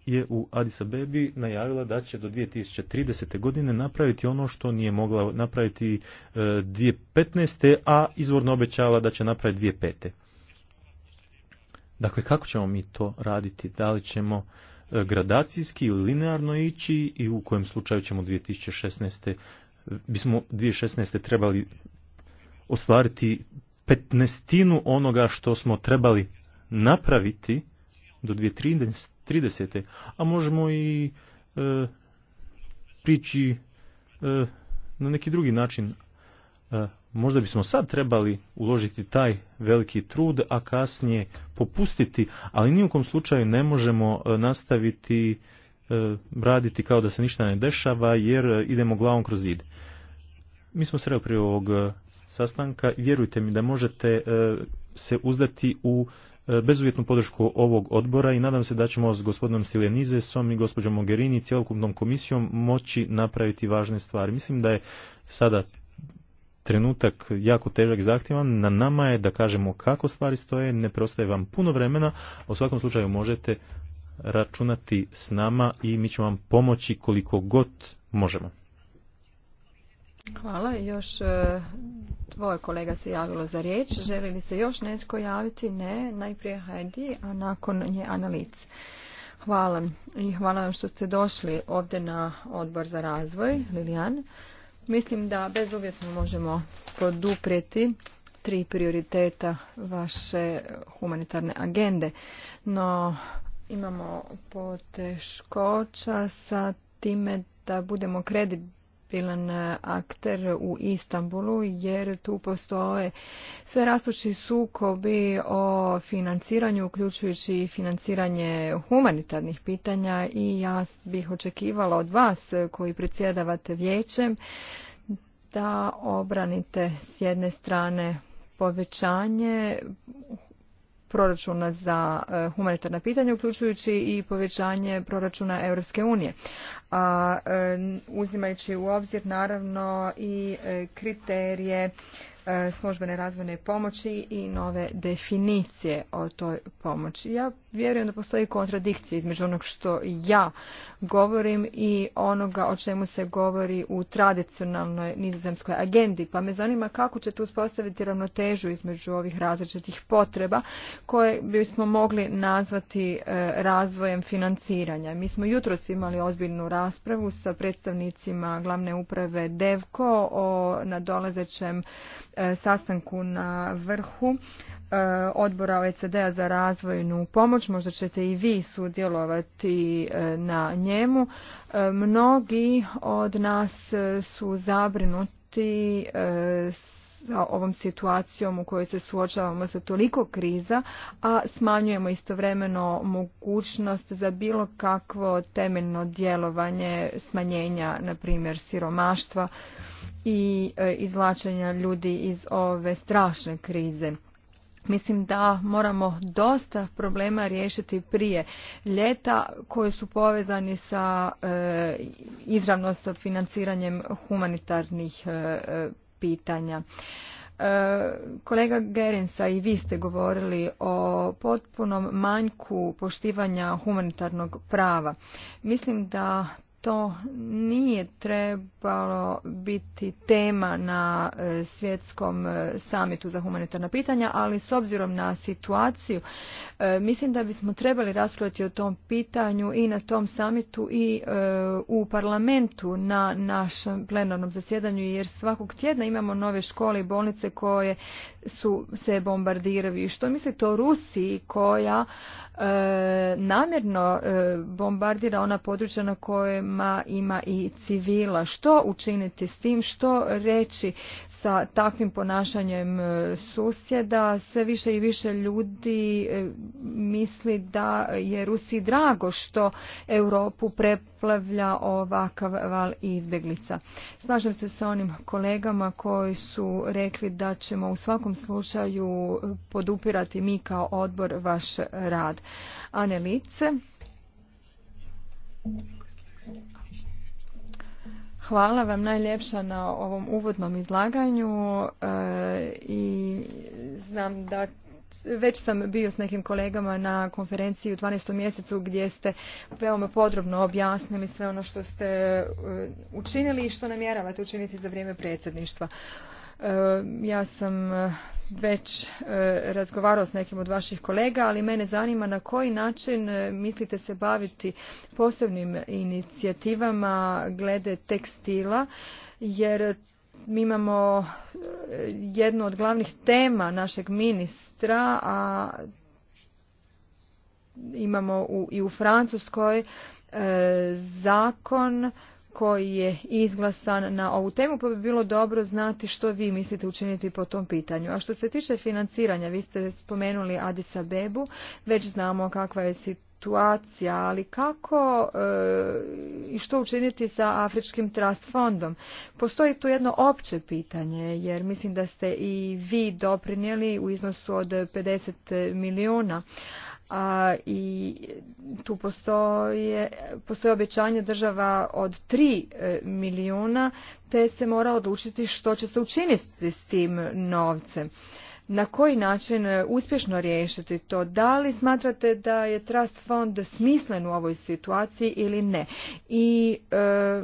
[SPEAKER 2] je u Addis Abebi najavila da će do 2030. godine napraviti ono što nije mogla napraviti 2015. E, a izvorno obećala da će napraviti 2005. Dakle, kako ćemo mi to raditi? Da li ćemo e, gradacijski ili linearno ići i u kojem slučaju ćemo 2016. bismo 2016. trebali ostvariti petnestinu onoga što smo trebali napraviti do 2030. A možemo i e, prići e, na neki drugi način. E, možda bismo sad trebali uložiti taj veliki trud, a kasnije popustiti, ali nijukom slučaju ne možemo e, nastaviti e, raditi kao da se ništa ne dešava jer idemo glavom kroz zid. Mi smo sreli prije ovog sastanka vjerujte mi da možete se uzdati u bezuvjetnu podršku ovog odbora i nadam se da ćemo s gospodinom Stilenizesom i gospođom Mogherini i cjelokupnom komisijom moći napraviti važne stvari. Mislim da je sada trenutak jako težak i zahtjevan. Na nama je da kažemo kako stvari stoje, ne preostaje vam puno vremena, u svakom slučaju možete računati s nama i mi ćemo vam pomoći koliko god možemo.
[SPEAKER 3] Hvala. Još dvoje e, kolega se javilo za riječ. Želi li se još netko javiti? Ne. Najprije Heidi, a nakon nje Analic. Hvala. I hvala vam što ste došli ovdje na odbor za razvoj, Lilijan. Mislim da bezuvjetno možemo poduprijeti tri prioriteta vaše humanitarne agende, no imamo poteškoća sa time da budemo kredibilni bilan e, akter u Istanbulu jer tu postoje sve rastući sukobi o financiranju uključujući i financiranje humanitarnih pitanja i ja bih očekivala od vas koji predsjedavate vijećem da obranite s jedne strane povećanje proračuna za e, humanitarna pitanja, uključujući i povećanje proračuna Europske unije. A e, uzimajući u obzir naravno i e, kriterije E, službene razvojne pomoći i nove definicije o toj pomoći. Ja vjerujem da postoji kontradikcija između onog što ja govorim i onoga o čemu se govori u tradicionalnoj nizozemskoj agendi, pa me zanima kako ćete uspostaviti ravnotežu između ovih različitih potreba koje bismo mogli nazvati e, razvojem financiranja. Mi smo jutros imali ozbiljnu raspravu sa predstavnicima glavne uprave DEVKO o nadolazećem E, sastanku na vrhu e, odbora OECD-a za razvojnu pomoć, možda ćete i vi sudjelovati e, na njemu. Mnogi od nas su zabrinuti s sa ovom situacijom u kojoj se suočavamo sa toliko kriza, a smanjujemo istovremeno mogućnost za bilo kakvo temeljno djelovanje smanjenja, na primjer, siromaštva i e, izvlačenja ljudi iz ove strašne krize. Mislim da moramo dosta problema riješiti prije ljeta koji su povezani sa e, izravno sa financiranjem humanitarnih e, pitanja. E, kolega Gerensa i vi ste govorili o potpunom manjku poštivanja humanitarnog prava. Mislim da to nije trebalo biti tema na e, svjetskom e, samitu za humanitarna pitanja, ali s obzirom na situaciju, e, mislim da bismo trebali raspravljati o tom pitanju i na tom samitu i u parlamentu na našem plenarnom zasjedanju, jer svakog tjedna imamo nove škole i bolnice koje su se bombardiraju. I što mislite o Rusiji koja E, namjerno e, bombardira ona područja na kojima ima i civila. Što učiniti s tim? Što reći sa takvim ponašanjem e, susjeda sve više i više ljudi e, misli da je Rusiji drago što Europu preplavlja ovakav val izbjeglica. Slažem se sa onim kolegama koji su rekli da ćemo u svakom slučaju podupirati mi kao odbor vaš rad. Anelice. Hvala vam najljepša na ovom uvodnom izlaganju eh, i znam da već sam bio s nekim kolegama na konferenciji u 12. mjesecu gdje ste veoma podrobno objasnili sve ono što ste eh, učinili i što namjeravate učiniti za vrijeme predsjedništva. Ehm, ja sam eh, već eh, razgovarao s nekim od vaših kolega, ali mene zanima na koji način eh, mislite se baviti posebnim inicijativama glede tekstila, jer mi imamo jednu od glavnih tema našeg ministra, a imamo i u Francuskoj zakon koji je izglasan na ovu temu, pa bi bilo dobro znati što vi mislite učiniti po tom pitanju. A što se tiče financiranja, vi ste spomenuli Addis Abebu, već znamo kakva je situacija, ali kako e, i što učiniti sa Afričkim Trust fondom? Postoji tu jedno opće pitanje, jer mislim da ste i vi doprinijeli u iznosu od 50 milijuna, a i tu postoje, postoje obećanje država od 3 e, milijuna, te se mora odlučiti što će se učiniti s tim novcem. Na koji način e, uspješno riješiti to? Da li smatrate da je Trust Fond smislen u ovoj situaciji ili ne? I e,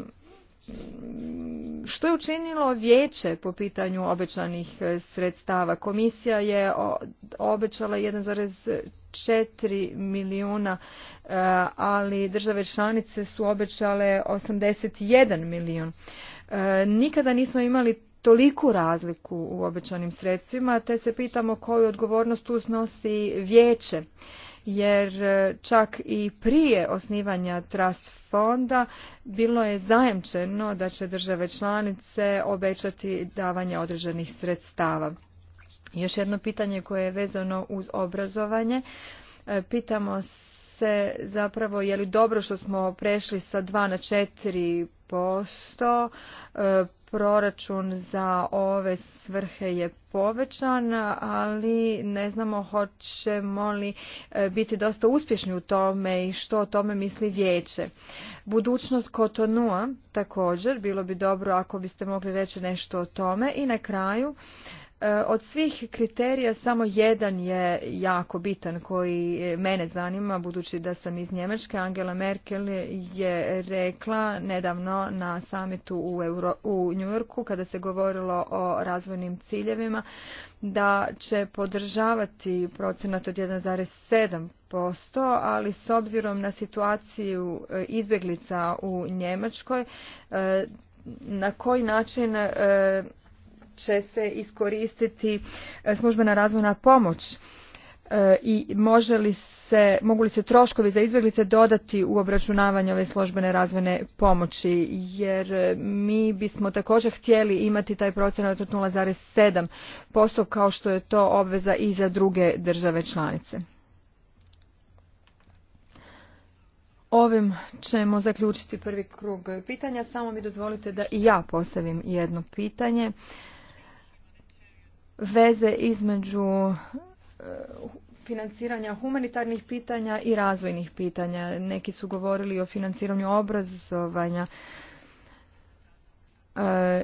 [SPEAKER 3] što je učinilo vijeće po pitanju obećanih e, sredstava? Komisija je obećala 1,4 milijuna, e, ali države članice su obećale 81 milijun. E, nikada nismo imali toliku razliku u obećanim sredstvima, te se pitamo koju odgovornost tu snosi vijeće jer e, čak i prije osnivanja Trust fonda bilo je zajemčeno da će države članice obećati davanje određenih sredstava. Još jedno pitanje koje je vezano uz obrazovanje. E, pitamo se zapravo je li dobro što smo prešli sa 2 na 4 posto e, proračun za ove svrhe je povećan ali ne znamo hoćemo li e, biti dosta uspješni u tome i što o tome misli vijeće budućnost kotonua također bilo bi dobro ako biste mogli reći nešto o tome i na kraju E, od svih kriterija samo jedan je jako bitan koji e, mene zanima, budući da sam iz Njemačke. Angela Merkel je rekla nedavno na samitu u, Euro, u kada se govorilo o razvojnim ciljevima, da će podržavati procenat od 1,7%, ali s obzirom na situaciju e, izbjeglica u Njemačkoj, na koji način će se iskoristiti e, službena razvojna pomoć e, i može li se, mogu li se troškovi za izbjeglice dodati u obračunavanje ove službene razvojne pomoći jer e, mi bismo također htjeli imati taj procenat od 0,7% kao što je to obveza i za druge države članice. Ovim ćemo zaključiti prvi krug pitanja. Samo mi dozvolite da i ja postavim jedno pitanje veze između eh, financiranja humanitarnih pitanja i razvojnih pitanja. Neki su govorili o financiranju obrazovanja. Eh,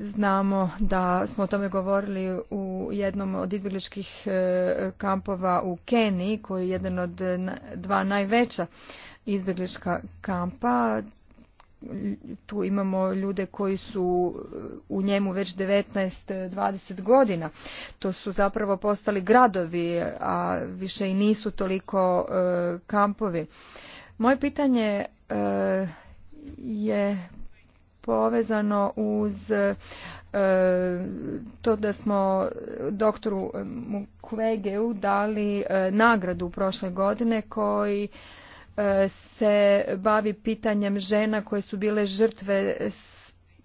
[SPEAKER 3] znamo da smo o tome govorili u jednom od izbjegličkih eh, kampova u Keniji, koji je jedan od dva najveća izbjeglička kampa tu imamo ljude koji su e, u njemu već 19-20 e, godina. To su zapravo postali gradovi, a više i nisu toliko e, kampovi. Moje pitanje je povezano uz to da smo doktoru Mukwegeu dali nagradu prošle godine koji E, se bavi pitanjem žena koje su bile žrtve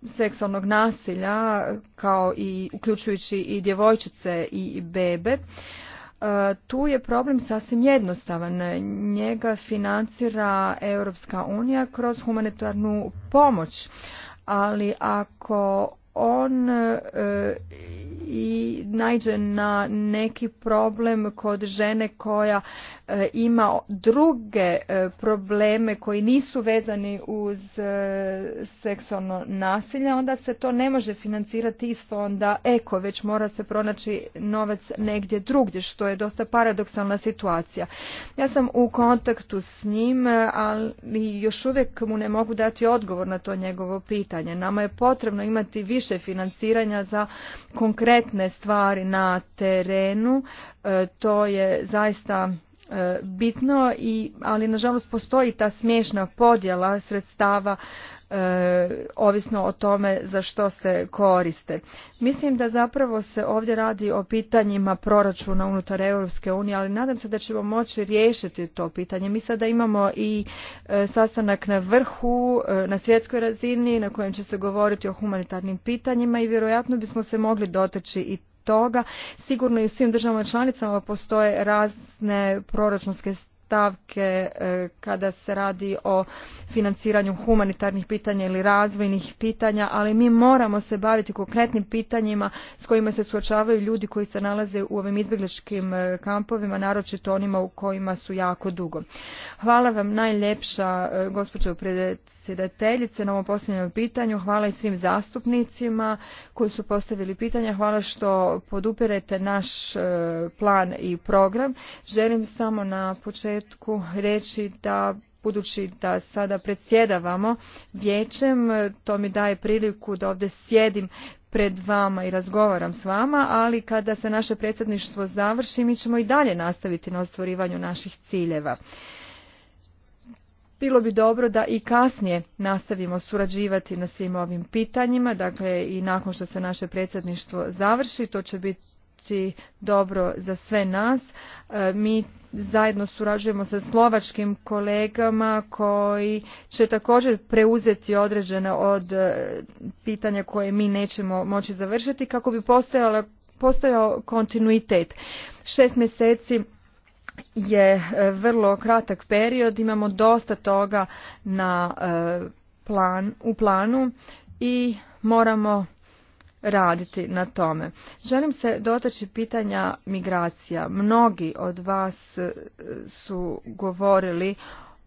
[SPEAKER 3] seksualnog nasilja kao i uključujući i djevojčice i bebe e, tu je problem sasvim jednostavan. Njega financira Europska unija kroz humanitarnu pomoć, ali ako on e, i najđe na neki problem kod žene koja E, ima druge e, probleme koji nisu vezani uz e, seksualno nasilje, onda se to ne može financirati isto onda eko, već mora se pronaći novac negdje drugdje, što je dosta paradoksalna situacija. Ja sam u kontaktu s njim, ali još uvijek mu ne mogu dati odgovor na to njegovo pitanje. Nama je potrebno imati više financiranja za konkretne stvari na terenu. To je zaista E, bitno i ali nažalost postoji ta smješna podjela sredstava e, ovisno o tome za što se koriste. Mislim da zapravo se ovdje radi o pitanjima proračuna unutar Europske unije, ali nadam se da ćemo moći riješiti to pitanje. Mi sada imamo i e, sastanak na vrhu, na svjetskoj razini, na kojem će se govoriti o humanitarnim pitanjima i vjerojatno bismo se mogli doteći i toga. Sigurno i u svim državama članicama postoje razne proračunske stavke e, kada se radi o financiranju humanitarnih pitanja ili razvojnih pitanja, ali mi moramo se baviti konkretnim pitanjima s kojima se suočavaju ljudi koji se nalaze u ovim izbjegličkim e, kampovima, naročito onima u kojima su jako dugo. Hvala vam najljepša e, gospođo predsjedateljice na ovom posljednjem pitanju. Hvala i svim zastupnicima koji su postavili pitanja. Hvala što podupirete naš plan i program. Želim samo na početku početku reći da budući da sada predsjedavamo vijećem, to mi daje priliku da ovdje sjedim pred vama i razgovaram s vama, ali kada se naše predsjedništvo završi, mi ćemo i dalje nastaviti na ostvarivanju naših ciljeva. Bilo bi dobro da i kasnije nastavimo surađivati na svim ovim pitanjima, dakle i nakon što se naše predsjedništvo završi, to će biti dobro za sve nas. E, mi zajedno surađujemo sa slovačkim kolegama koji će također preuzeti određena od e, pitanja koje mi nećemo moći završiti kako bi postojala, postojao kontinuitet. Šest mjeseci je e, vrlo kratak period, imamo dosta toga na plan, u planu i moramo raditi na tome. Želim se dotaći pitanja migracija. Mnogi od vas e, su govorili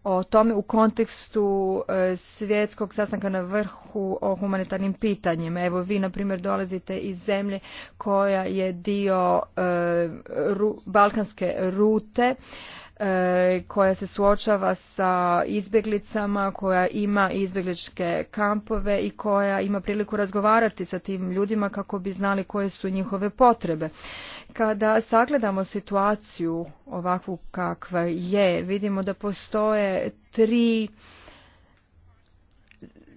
[SPEAKER 3] o tome u kontekstu e, svjetskog sastanka na vrhu o humanitarnim pitanjima. Evo vi, na primjer, dolazite iz zemlje koja je dio e, balkanske rute. E, koja se suočava sa izbjeglicama, koja ima izbjegličke kampove i koja ima priliku razgovarati sa tim ljudima kako bi znali koje su njihove potrebe. Kada sagledamo situaciju ovakvu kakva je, vidimo da postoje tri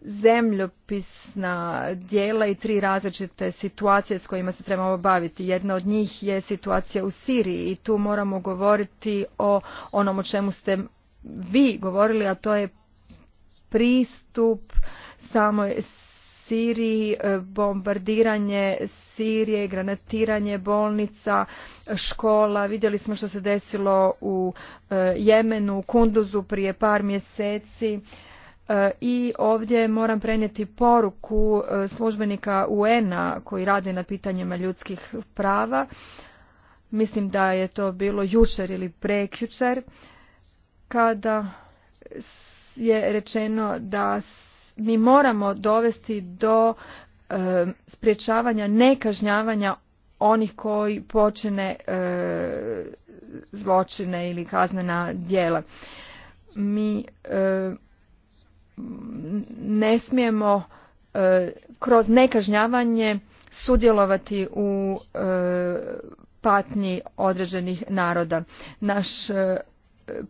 [SPEAKER 3] zemljopisna dijela i tri različite situacije s kojima se trebamo baviti. Jedna od njih je situacija u Siriji i tu moramo govoriti o onom o čemu ste vi govorili, a to je pristup samoj Siriji, e, bombardiranje Sirije, granatiranje bolnica, škola. Vidjeli smo što se desilo u e, Jemenu, u Kunduzu prije par mjeseci E, i ovdje moram prenijeti poruku e, službenika UN-a koji rade na pitanjima ljudskih prava. Mislim da je to bilo jučer ili prekjučer kada je rečeno da mi moramo dovesti do e, sprječavanja nekažnjavanja onih koji počine zločine ili kaznena djela. Mi ne smijemo e, kroz nekažnjavanje sudjelovati u e, patnji određenih naroda. Naš e,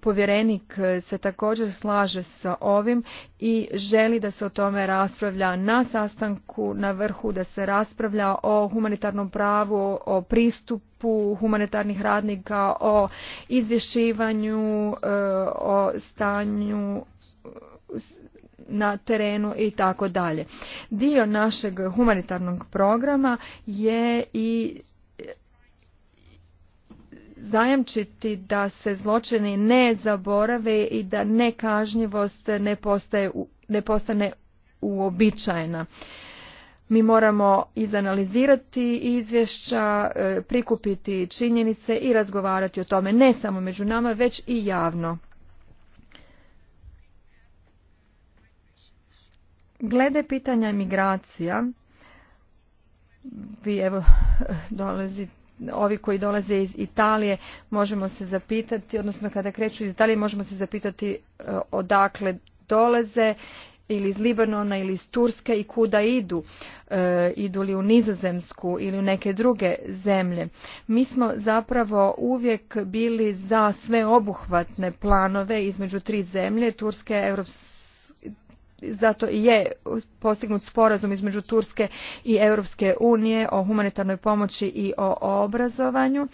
[SPEAKER 3] povjerenik se također slaže sa ovim i želi da se o tome raspravlja na sastanku na vrhu da se raspravlja o humanitarnom pravu o pristupu humanitarnih radnika o izvješćivanju o stanju na terenu i tako dalje. Dio našeg humanitarnog programa je i zajamčiti da se zločini ne zaborave i da nekažnjivost ne, postaje, ne postane uobičajena. Mi moramo izanalizirati izvješća, e, prikupiti činjenice i razgovarati o tome ne samo među nama, već i javno. Glede pitanja migracija, vi evo dolazi ovi koji dolaze iz Italije možemo se zapitati, odnosno kada kreću iz Italije možemo se zapitati e, odakle dolaze ili iz Libanona ili iz Turske i kuda idu, e, idu li u Nizozemsku ili u neke druge zemlje. Mi smo zapravo uvijek bili za sve obuhvatne planove između tri zemlje, Turske, Europske zato je postignut sporazum između Turske i Europske unije o humanitarnoj pomoći i o obrazovanju.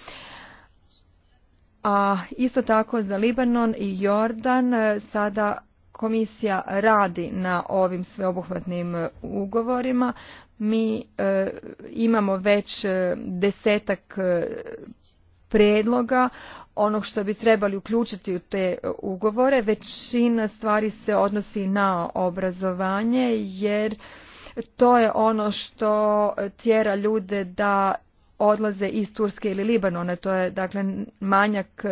[SPEAKER 3] A isto tako za Libanon i Jordan e, sada komisija radi na ovim sveobuhvatnim e, ugovorima. Mi e, imamo već desetak predloga onog što bi trebali uključiti u te e, ugovore. Većina stvari se odnosi na obrazovanje jer to je ono što tjera ljude da odlaze iz Turske ili Libanone. To je dakle manjak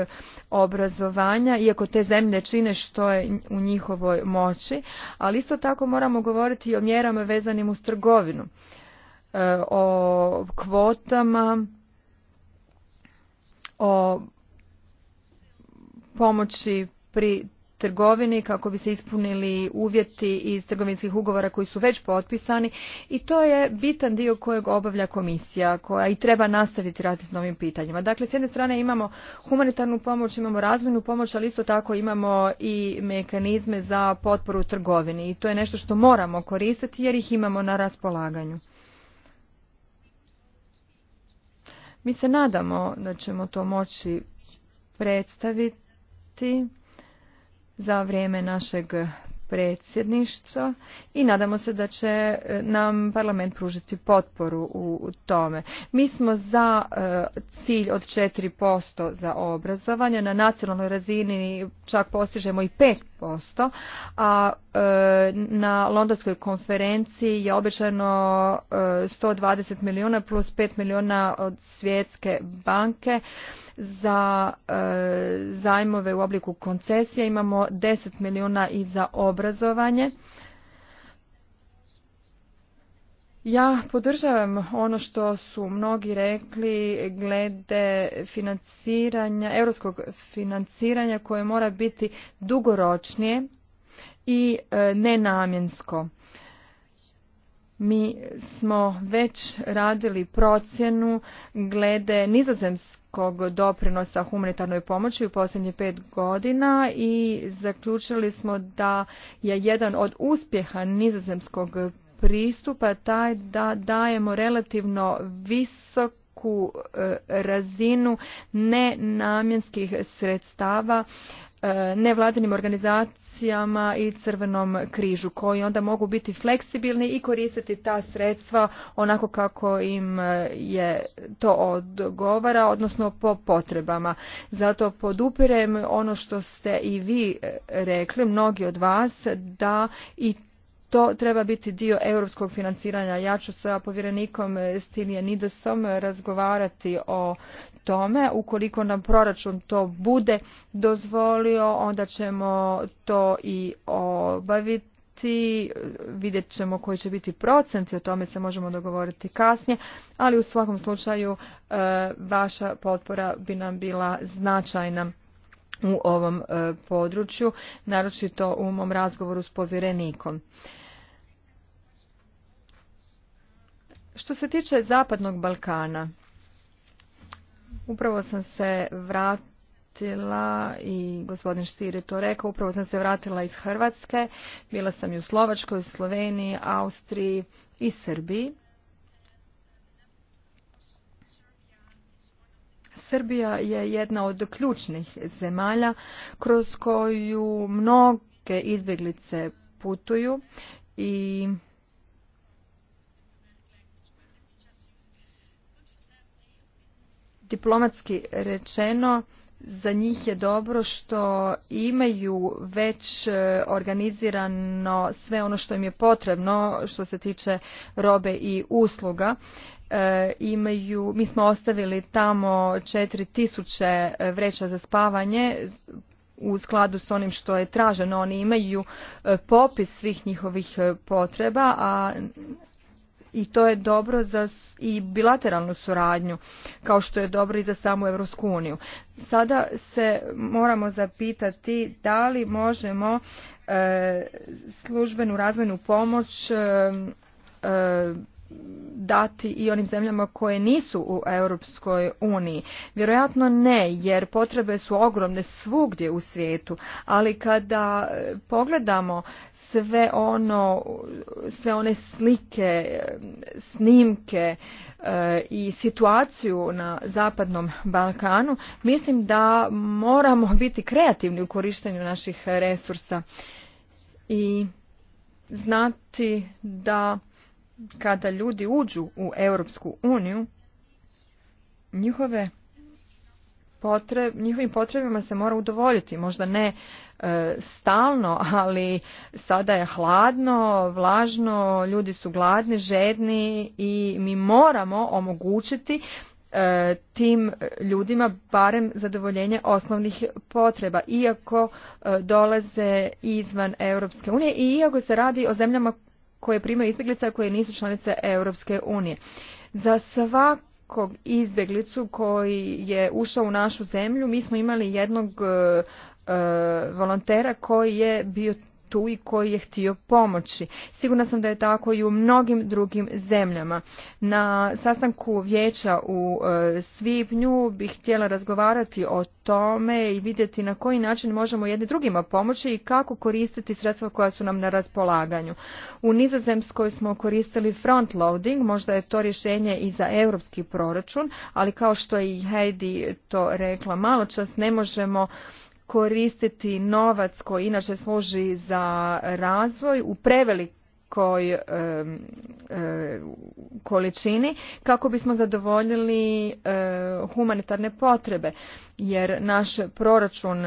[SPEAKER 3] obrazovanja, iako te zemlje čine što je u njihovoj moći, ali isto tako moramo govoriti i o mjerama vezanim uz trgovinu, e, o kvotama, o pomoći pri trgovini kako bi se ispunili uvjeti iz trgovinskih ugovora koji su već potpisani i to je bitan dio kojeg obavlja komisija koja i treba nastaviti raditi s novim pitanjima. Dakle, s jedne strane imamo humanitarnu pomoć, imamo razvojnu pomoć, ali isto tako imamo i mekanizme za potporu trgovini i to je nešto što moramo koristiti jer ih imamo na raspolaganju. Mi se nadamo da ćemo to moći predstaviti za vrijeme našeg predsjedništva i nadamo se da će e, nam parlament pružiti potporu u tome. Mi smo za e, cilj od 4% za obrazovanje, na nacionalnoj razini čak postižemo i 5%, a e, na londonskoj konferenciji je obećano 120 milijuna plus 5 milijuna od svjetske banke za e, zajmove u obliku koncesije imamo 10 milijuna i za obrazovanje ja podržavam ono što su mnogi rekli glede financiranja, europskog financiranja koje mora biti dugoročnije i e, nenamjensko. Mi smo već radili procjenu glede nizozemske velikog doprinosa humanitarnoj pomoći u posljednjih pet godina i zaključili smo da je jedan od uspjeha nizozemskog pristupa taj da dajemo relativno visoku e, razinu nenamjenskih sredstava E, nevladinim organizacijama i Crvenom križu koji onda mogu biti fleksibilni i koristiti ta sredstva onako kako im e, je to odgovara, odnosno po potrebama. Zato podupirem ono što ste i vi e, rekli, mnogi od vas, da i to treba biti dio europskog financiranja. Ja ću sa povjerenikom Nidosom razgovarati o tome. Ukoliko nam proračun to bude dozvolio, onda ćemo to i obaviti vidjet ćemo koji će biti i o tome se možemo dogovoriti kasnije, ali u svakom slučaju e, vaša potpora bi nam bila značajna u ovom e, području, naročito u mom razgovoru s povjerenikom. Što se tiče Zapadnog Balkana, Upravo sam se vratila i gospodin Štir je to rekao, upravo sam se vratila iz Hrvatske, bila sam i u Slovačkoj, Sloveniji, Austriji i Srbiji. Srbija je jedna od ključnih zemalja kroz koju mnoge izbjeglice putuju i diplomatski rečeno za njih je dobro što imaju već e, organizirano sve ono što im je potrebno što se tiče robe i usluga e, imaju, mi smo ostavili tamo 4000 e, vreća za spavanje u skladu s onim što je traženo. Oni imaju popis svih njihovih potreba, a i to je dobro za i bilateralnu suradnju kao što je dobro i za samu Europsku uniju. Sada se moramo zapitati da li možemo e, službenu razvojnu pomoć e, e, dati i onim zemljama koje nisu u Europskoj uniji. Vjerojatno ne, jer potrebe su ogromne svugdje u svijetu, ali kada pogledamo sve ono, sve one slike, snimke e, i situaciju na Zapadnom Balkanu, mislim da moramo biti kreativni u korištenju naših resursa i znati da kada ljudi uđu u Europsku uniju, njihove njihovim potrebama se mora udovoljiti, možda ne E, stalno, ali sada je hladno, vlažno, ljudi su gladni, žedni i mi moramo omogućiti e, tim ljudima barem zadovoljenje osnovnih potreba iako e, dolaze izvan Europske unije i iako se radi o zemljama koje primaju izbjeglica, koje nisu članice Europske unije. Za svakog izbjeglicu koji je ušao u našu zemlju mi smo imali jednog E, volontera koji je bio tu i koji je htio pomoći. Sigurna sam da je tako i u mnogim drugim zemljama. Na sastanku vijeća u e, Svibnju bih htjela razgovarati o tome i vidjeti na koji način možemo jedni drugima pomoći i kako koristiti sredstva koja su nam na raspolaganju. U Nizozemskoj smo koristili front loading. možda je to rješenje i za europski proračun, ali kao što je i Heidi to rekla malo čas, ne možemo koristiti novac koji inače služi za razvoj u prevelikoj količini kako bismo zadovoljili humanitarne potrebe jer naš proračun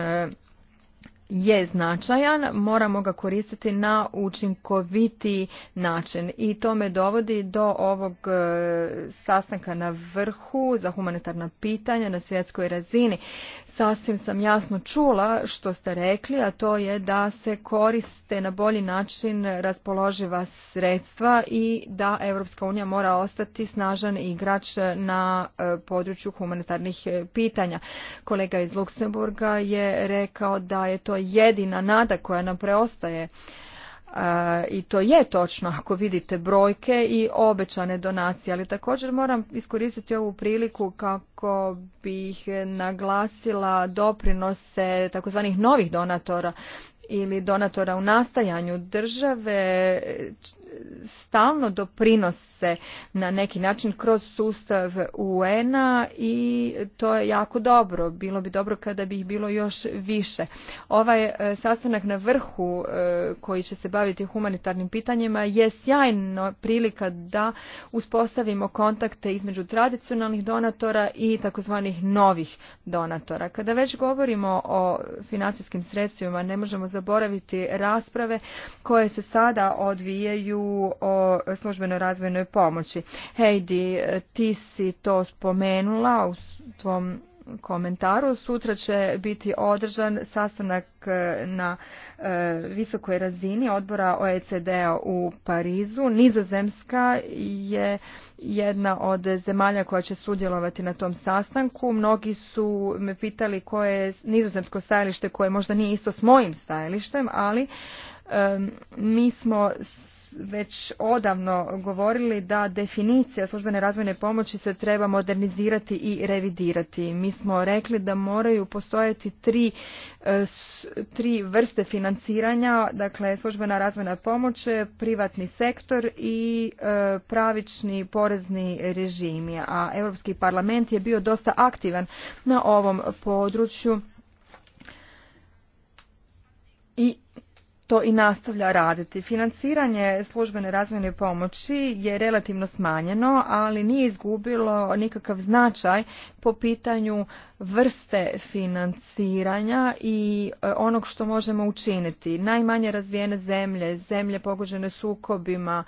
[SPEAKER 3] je značajan, moramo ga koristiti na učinkoviti način i to me dovodi do ovog e, sastanka na vrhu za humanitarna pitanja na svjetskoj razini. Sasvim sam jasno čula što ste rekli, a to je da se koriste na bolji način raspoloživa sredstva i da Europska unija mora ostati snažan igrač na e, području humanitarnih e, pitanja. Kolega iz Luksemburga je rekao da je to jedina nada koja nam preostaje. E, I to je točno ako vidite brojke i obećane donacije, ali također moram iskoristiti ovu priliku kako bih naglasila doprinose takozvanih novih donatora ili donatora u nastajanju države stalno doprinose na neki način kroz sustav UN-a i to je jako dobro. Bilo bi dobro kada bi ih bilo još više. Ovaj e, sastanak na vrhu e, koji će se baviti humanitarnim pitanjima je sjajna prilika da uspostavimo kontakte između tradicionalnih donatora i takozvanih novih donatora. Kada već govorimo o financijskim sredstvima ne možemo zaboraviti rasprave koje se sada odvijaju o službenoj razvojnoj pomoći. Heidi, ti si to spomenula u svom komentaru. Sutra će biti održan sastanak e, na e, visokoj razini odbora OECD-a u Parizu. Nizozemska je jedna od zemalja koja će sudjelovati na tom sastanku. Mnogi su me pitali koje je nizozemsko stajalište koje možda nije isto s mojim stajalištem, ali mi smo već odavno govorili da definicija službene razvojne pomoći se treba modernizirati i revidirati. Mi smo rekli da moraju postojati tri, e, tri vrste financiranja, dakle službena razvojna pomoć, privatni sektor i e, pravični porezni režimi, a Europski parlament je bio dosta aktivan na ovom području i to i nastavlja raditi. Financiranje službene razvojne pomoći je relativno smanjeno, ali nije izgubilo nikakav značaj po pitanju vrste financiranja i e, onog što možemo učiniti. Najmanje razvijene zemlje, zemlje pogođene sukobima,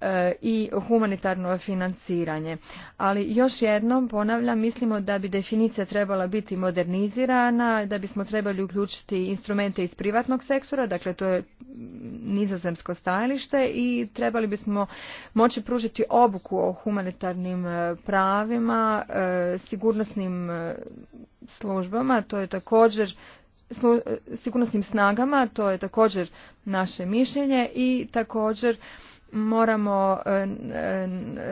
[SPEAKER 3] E, i humanitarno financiranje. Ali još jednom ponavljam, mislimo da bi definicija trebala biti modernizirana, da bismo trebali uključiti instrumente iz privatnog sektora, dakle to je nizozemsko stajalište i trebali bismo moći pružiti obuku o humanitarnim e, pravima, e, sigurnosnim službama, to je također sigurnosnim snagama, to je također naše mišljenje i također moramo e,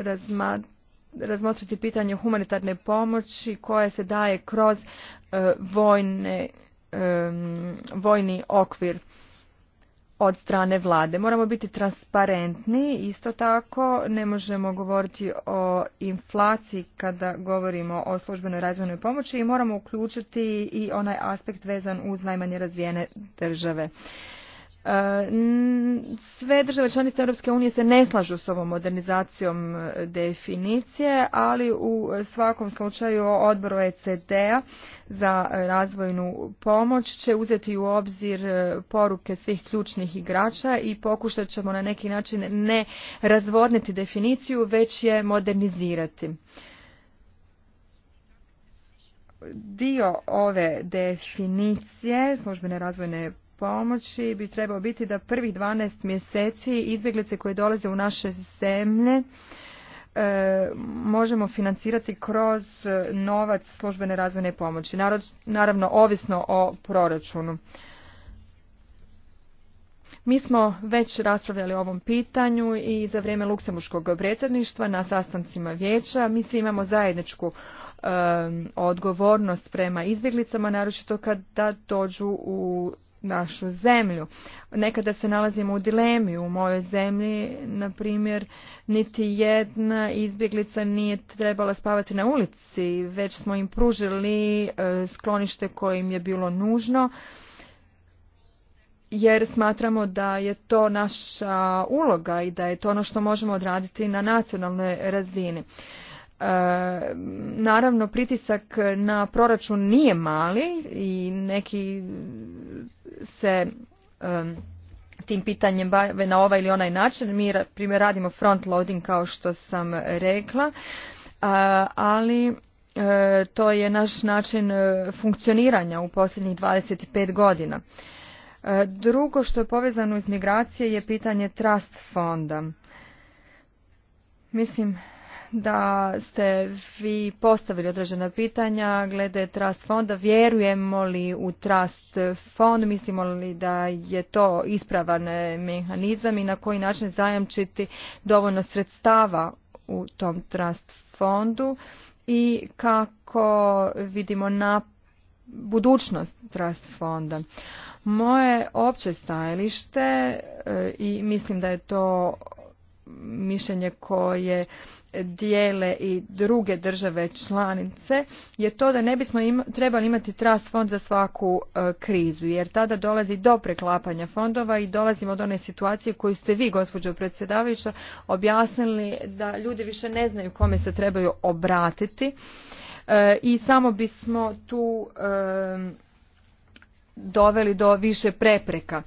[SPEAKER 3] e, razmotriti pitanje humanitarne pomoći koja se daje kroz e, vojni okvir od strane vlade. Moramo biti transparentni, isto tako ne možemo govoriti o inflaciji kada govorimo o službenoj razvojnoj pomoći i moramo uključiti i onaj aspekt vezan uz najmanje razvijene države. E, sve države članice Europske unije se ne slažu s ovom modernizacijom e, definicije, ali u svakom slučaju odbor OECD-a za razvojnu pomoć će uzeti u obzir e, poruke svih ključnih igrača i pokušat ćemo na neki način ne razvodniti definiciju, već je modernizirati dio ove definicije službene razvojne pomoći bi trebao biti da prvih 12 mjeseci izbjeglice koje dolaze u naše zemlje e, možemo financirati kroz novac službene razvojne pomoći, naravno ovisno o proračunu. Mi smo već raspravljali o ovom pitanju i za vrijeme luksemburškog predsjedništva na sastancima vijeća. Mi svi imamo zajedničku e, odgovornost prema izbjeglicama, naročito kada dođu u našu zemlju. Nekada se nalazimo u dilemi u mojoj zemlji, na primjer, niti jedna izbjeglica nije trebala spavati na ulici, već smo im pružili e, sklonište koje im je bilo nužno jer smatramo da je to naša uloga i da je to ono što možemo odraditi na nacionalnoj razini. Naravno, pritisak na proračun nije mali i neki se tim pitanjem bave na ovaj ili onaj način. Mi primjer radimo front loading kao što sam rekla, ali e, to je naš način e, funkcioniranja u posljednjih 25 godina. E, drugo što je povezano iz migracije je pitanje trust fonda. Mislim da ste vi postavili određena pitanja glede trust fonda. Vjerujemo li u trust fond? Mislimo li da je to ispravan mehanizam i na koji način zajamčiti dovoljno sredstava u tom trust fondu i kako vidimo na budućnost trust fonda. Moje opće stajalište e, i mislim da je to mišljenje koje dijele i druge države članice je to da ne bismo trebali imati trust fond za svaku e, krizu jer tada dolazi do preklapanja fondova i dolazimo do one situacije koju ste vi gospođo predsjedavajuća objasnili da ljudi više ne znaju kome se trebaju obratiti e, i samo bismo tu e, doveli do više prepreka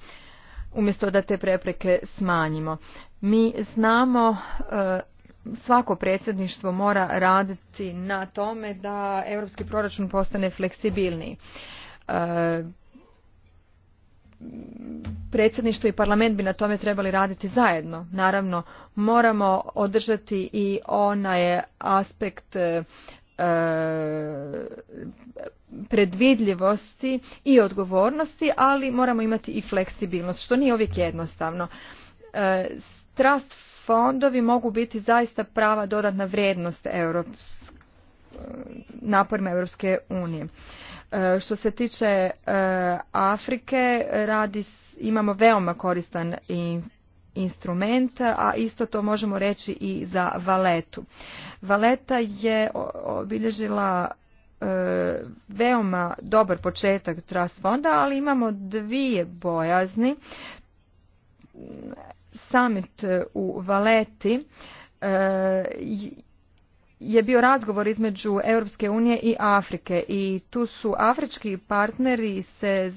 [SPEAKER 3] umjesto da te prepreke smanjimo mi znamo e, svako predsjedništvo mora raditi na tome da europski proračun postane fleksibilniji. E, predsjedništvo i parlament bi na tome trebali raditi zajedno. Naravno, moramo održati i onaj aspekt e, predvidljivosti i odgovornosti, ali moramo imati i fleksibilnost, što nije uvijek jednostavno Trust fondovi mogu biti zaista prava dodatna vrijednost naporima Europske unije. E, što se tiče e, Afrike, radi, imamo veoma koristan i instrument, a isto to možemo reći i za Valetu. Valeta je obilježila e, veoma dobar početak Trust fonda, ali imamo dvije bojazni summit e, u Valeti e, je bio razgovor između Europske unije i Afrike i tu su afrički partneri se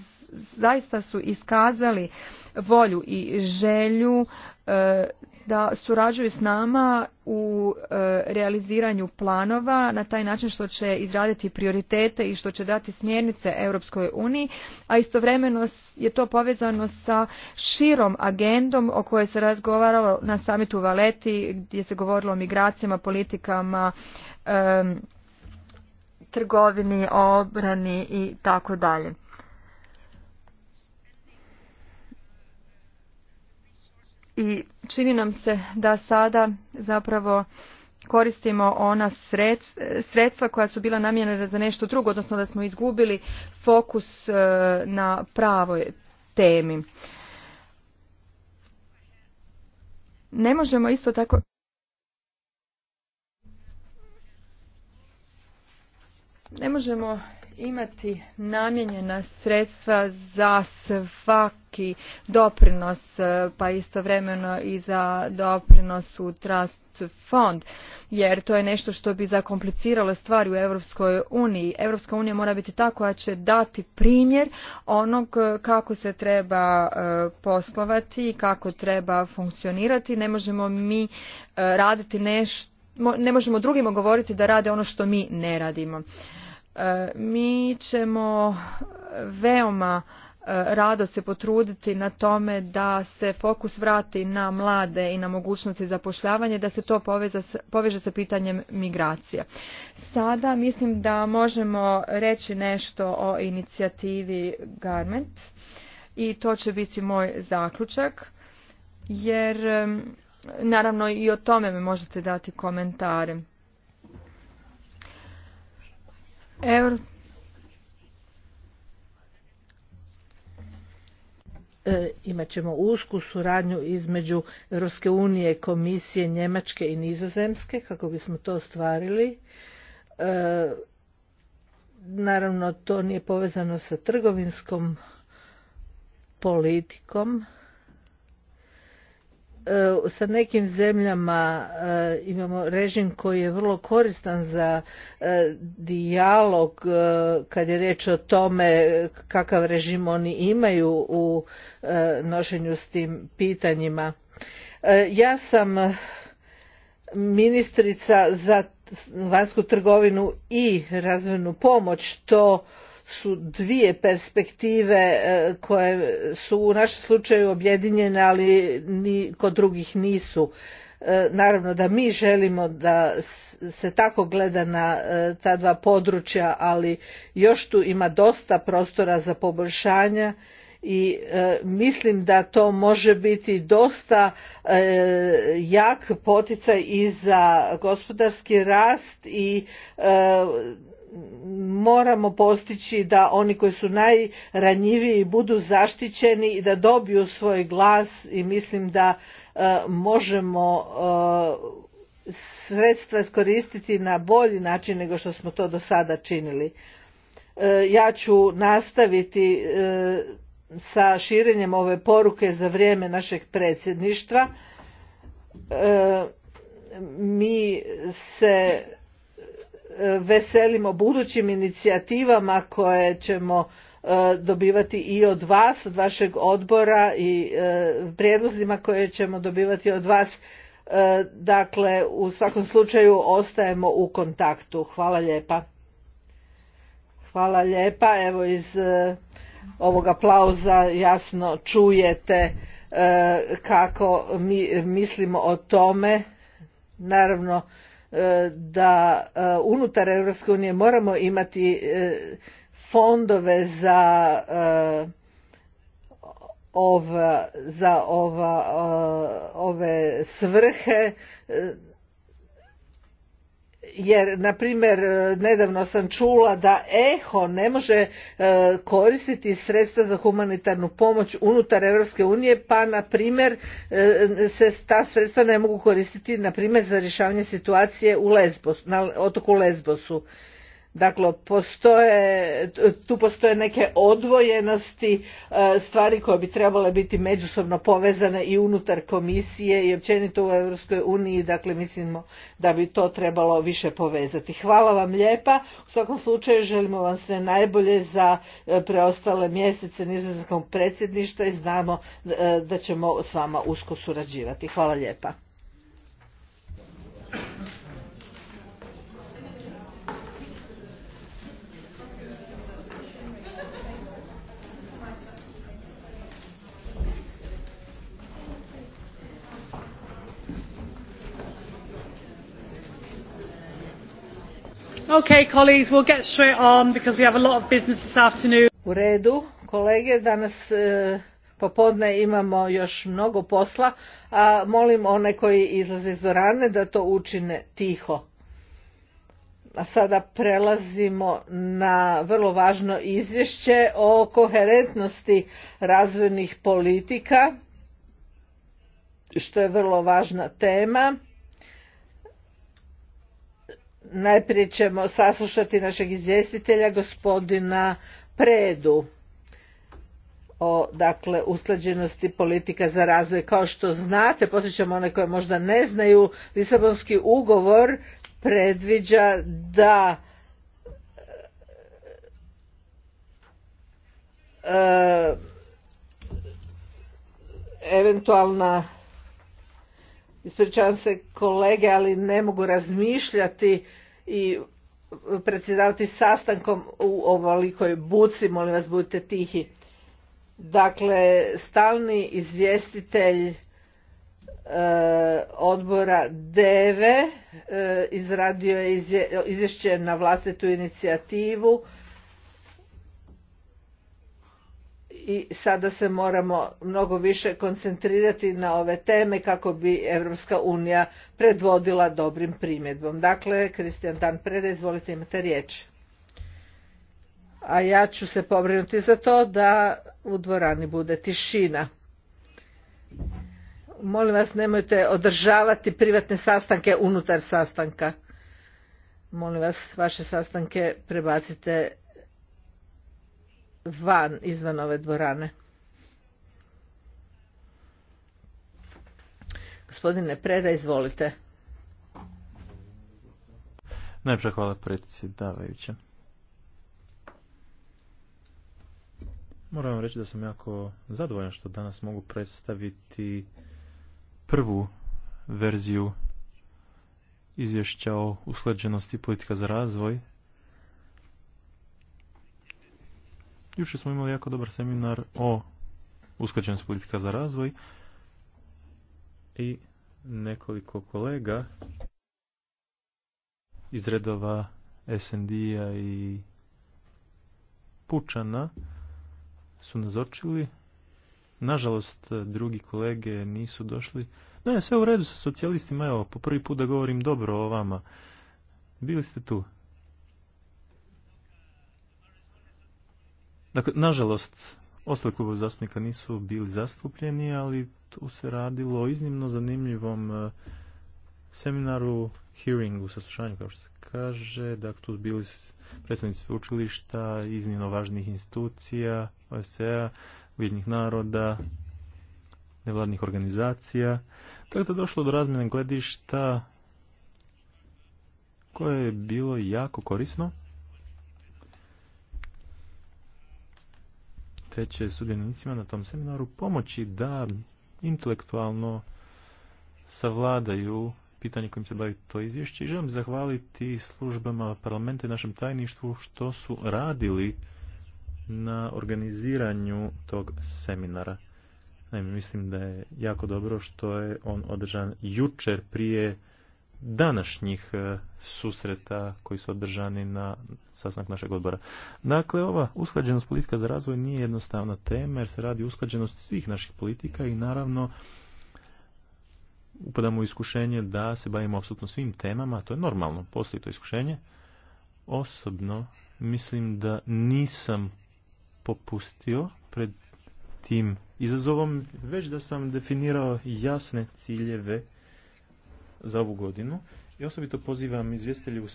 [SPEAKER 3] zaista su iskazali volju i želju e, da surađuju s nama u e, realiziranju planova na taj način što će izraditi prioritete i što će dati smjernice Europskoj uniji, a istovremeno je to povezano sa širom agendom o kojoj se razgovaralo na samitu Valeti gdje se govorilo o migracijama, politikama, e, trgovini, obrani i tako dalje. i čini nam se da sada zapravo koristimo ona sredstva koja su bila namijenjena za nešto drugo, odnosno da smo izgubili fokus e, na pravoj temi. Ne možemo isto tako... Ne možemo imati namijenjena sredstva za svaki doprinos, e, pa istovremeno i za doprinos u Trust fond, jer to je nešto što bi zakompliciralo stvari u Europskoj uniji. Europska unija mora biti ta koja će dati primjer onog e, kako se treba e, poslovati i kako treba funkcionirati. Ne možemo mi raditi nešto ne možemo drugima govoriti da rade ono što mi ne radimo. E, mi ćemo veoma e, rado se potruditi na tome da se fokus vrati na mlade i na mogućnosti zapošljavanja i da se to poveže sa pitanjem migracija. Sada mislim da možemo reći nešto o inicijativi Garment i to će biti moj zaključak jer naravno i o tome me možete dati komentare. Evo, e, imat
[SPEAKER 1] ćemo usku suradnju između Europske unije, komisije, Njemačke i Nizozemske kako bismo to ostvarili. E, naravno to nije povezano sa trgovinskom politikom E, sa nekim zemljama e, imamo režim koji je vrlo koristan za e, dijalog kad je riječ o tome kakav režim oni imaju u nošenju s tim pitanjima. Ja sam ministrica za vanjsku trgovinu i razvojnu pomoć to su dvije perspektive e, koje su u našem slučaju objedinjene, ali ni kod drugih nisu. E, naravno da mi želimo da se tako gleda na e, ta dva područja, ali još tu ima dosta prostora za poboljšanja i mislim da to može biti dosta jak poticaj i za gospodarski rast i moramo postići da oni koji su najranjiviji budu zaštićeni i da dobiju svoj glas i mislim da e, možemo e, sredstva iskoristiti na bolji način nego što smo to do sada činili. E, ja ću nastaviti sa širenjem ove poruke za vrijeme našeg predsjedništva. Mi se veselimo budućim inicijativama koje ćemo e, dobivati i od vas, od vašeg odbora i e, prijedlozima koje ćemo dobivati od vas. E, dakle, u svakom slučaju ostajemo u kontaktu. Hvala lijepa. Hvala lijepa. Evo iz ovog aplauza jasno čujete kako mi mislimo o tome. Naravno, E, da e, unutar Europske unije moramo imati e, fondove za za ove svrhe jer na primjer e, nedavno sam čula da eho ne može e, koristiti sredstva za humanitarnu pomoć unutar europske unije pa na primjer e, se ta sredstva ne mogu koristiti na primjer za rješavanje situacije u Lesbos, na otoku lesbosu Dakle, postoje, tu postoje neke odvojenosti, e, stvari koje bi trebale biti međusobno povezane i unutar komisije i općenito u Europskoj uniji, dakle mislimo da bi to trebalo više povezati. Hvala vam lijepa, u svakom slučaju želimo vam sve najbolje za e, preostale mjesece nizozemskog predsjedništva i znamo e, da ćemo s vama usko surađivati. Hvala lijepa.
[SPEAKER 2] Okay, on
[SPEAKER 1] U redu, kolege, danas e, popodne imamo još mnogo posla, a molim one koji izlaze iz dorane da to učine tiho. A sada prelazimo na vrlo važno izvješće o koherentnosti razvojnih politika, što je vrlo važna tema najprije ćemo saslušati našeg izvjestitelja gospodina Predu o dakle usklađenosti politika za razvoj. Kao što znate, posjećam one koje možda ne znaju, Lisabonski ugovor predviđa da e, eventualna ispričavam se kolege, ali ne mogu razmišljati i predsjedavati sastankom u ovolikoj buci, molim vas budite tihi. Dakle, stalni izvjestitelj e, odbora DEVE e, izradio je izvješće na vlastitu inicijativu i sada se moramo mnogo više koncentrirati na ove teme kako bi Europska unija predvodila dobrim primjedbom. Dakle, Kristijan Dan Preda, izvolite imate riječ. A ja ću se pobrinuti za to da u dvorani bude tišina. Molim vas, nemojte održavati privatne sastanke unutar sastanka. Molim vas, vaše sastanke prebacite van, izvan ove dvorane. Gospodine Preda, izvolite.
[SPEAKER 2] Najprej hvala predsjedavajuća. Moram reći da sam jako zadovoljan što danas mogu predstaviti prvu verziju izvješća o usklađenosti politika za razvoj Juče smo imali jako dobar seminar o usklađenosti politika za razvoj i nekoliko kolega iz redova SND-a i Pučana su nazočili. Nažalost, drugi kolege nisu došli. Ne, sve u redu sa socijalistima, evo, po prvi put da govorim dobro o vama. Bili ste tu. Dakle, nažalost, ostali klubovi zastupnika nisu bili zastupljeni, ali tu se radilo o iznimno zanimljivom e, seminaru, hearingu, saslušanju, kao što se kaže. Dakle, tu bili predstavnici učilišta, iznimno važnih institucija, OSCE-a, Ujedinjih naroda, nevladnih organizacija. Tako da došlo do razmjene gledišta koje je bilo jako korisno. te će sudjenicima na tom seminaru pomoći da intelektualno savladaju pitanje kojim se bavi to izvješće i želim zahvaliti službama parlamenta i našem tajništvu što su radili na organiziranju tog seminara. Naime, mislim da je jako dobro što je on održan jučer prije današnjih e, susreta koji su održani na sastanak našeg odbora. Dakle, ova usklađenost politika za razvoj nije jednostavna tema jer se radi usklađenost svih naših politika i naravno upadamo u iskušenje da se bavimo apsolutno svim temama, to je normalno, postoji to iskušenje. Osobno mislim da nisam popustio pred tim izazovom, već da sam definirao jasne ciljeve za ovu godinu i osobito pozivam izvjestelje u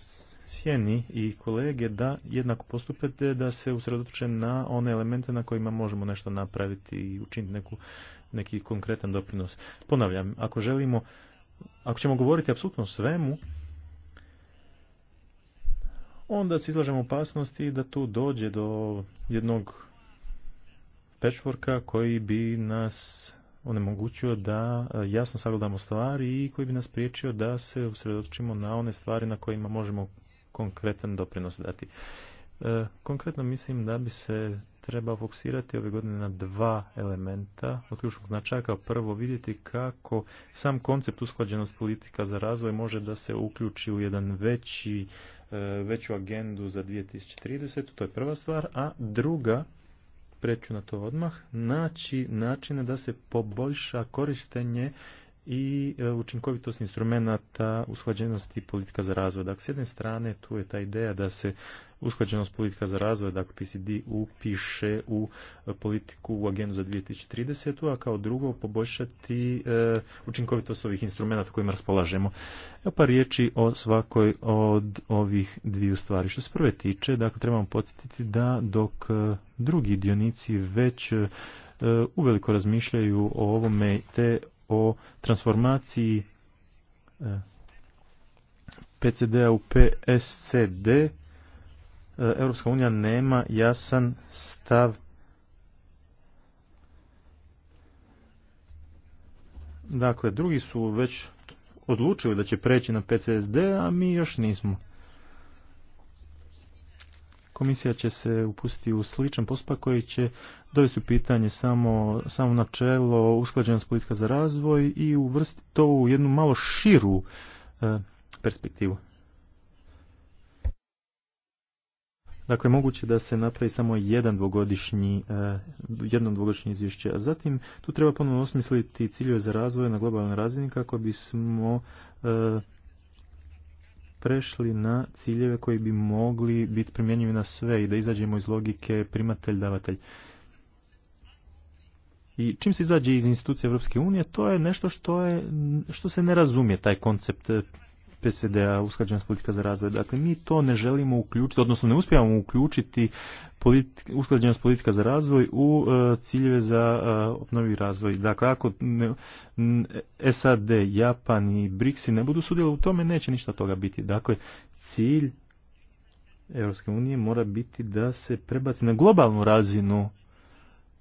[SPEAKER 2] sjeni i kolege da jednako postupete da se usredotoče na one elemente na kojima možemo nešto napraviti i učiniti neku, neki konkretan doprinos. Ponavljam, ako želimo, ako ćemo govoriti apsolutno svemu, onda se izlažemo opasnosti da tu dođe do jednog pečvorka koji bi nas onemogućio da e, jasno sagledamo stvari i koji bi nas priječio da se usredotočimo na one stvari na kojima možemo konkretan doprinos dati. E, konkretno mislim da bi se treba fokusirati ove godine na dva elementa od ključnog značaja. Kao prvo vidjeti kako sam koncept usklađenost politika za razvoj može da se uključi u jedan veći, e, veću agendu za 2030. To je prva stvar. A druga preću na to odmah, naći načine da se poboljša korištenje i e, učinkovitost instrumenta usklađenosti politika za razvoj. Dakle, s jedne strane tu je ta ideja da se usklađenost politika za razvoj, dakle PCD upiše u e, politiku u agendu za 2030. a kao drugo poboljšati e, učinkovitost ovih instrumenta kojima raspolažemo. Evo pa riječi o svakoj od ovih dviju stvari. Što se prve tiče, dakle trebamo podsjetiti da dok e, drugi dionici već uveliko razmišljaju o ovome te o transformaciji PCD-a u PSCD E, Europska unija nema jasan stav Dakle, drugi su već odlučili da će preći na PCSD, a mi još nismo. Komisija će se upustiti u sličan postupak koji će dovesti u pitanje samo, samo načelo usklađenost politika za razvoj i uvrstiti to u jednu malo širu e, perspektivu. Dakle, moguće da se napravi samo jedan dvogodišnji, e, jedno dvogodišnje izvješće, a zatim tu treba ponovno osmisliti ciljeve za razvoj na globalnoj razini kako bismo e, prešli na ciljeve koji bi mogli biti primjenjivi na sve i da izađemo iz logike primatelj-davatelj. I čim se izađe iz institucije Europske unije, to je nešto što, je, što se ne razumije, taj koncept e, psd a usklađenost politika za razvoj. Dakle, mi to ne želimo uključiti, odnosno ne uspijamo uključiti politi, usklađenost politika za razvoj u e, ciljeve za uh, razvoj. Dakle, ako ne, SAD, Japan i BRICS ne budu sudjeli u tome, neće ništa toga biti. Dakle, cilj Europske unije mora biti da se prebaci na globalnu razinu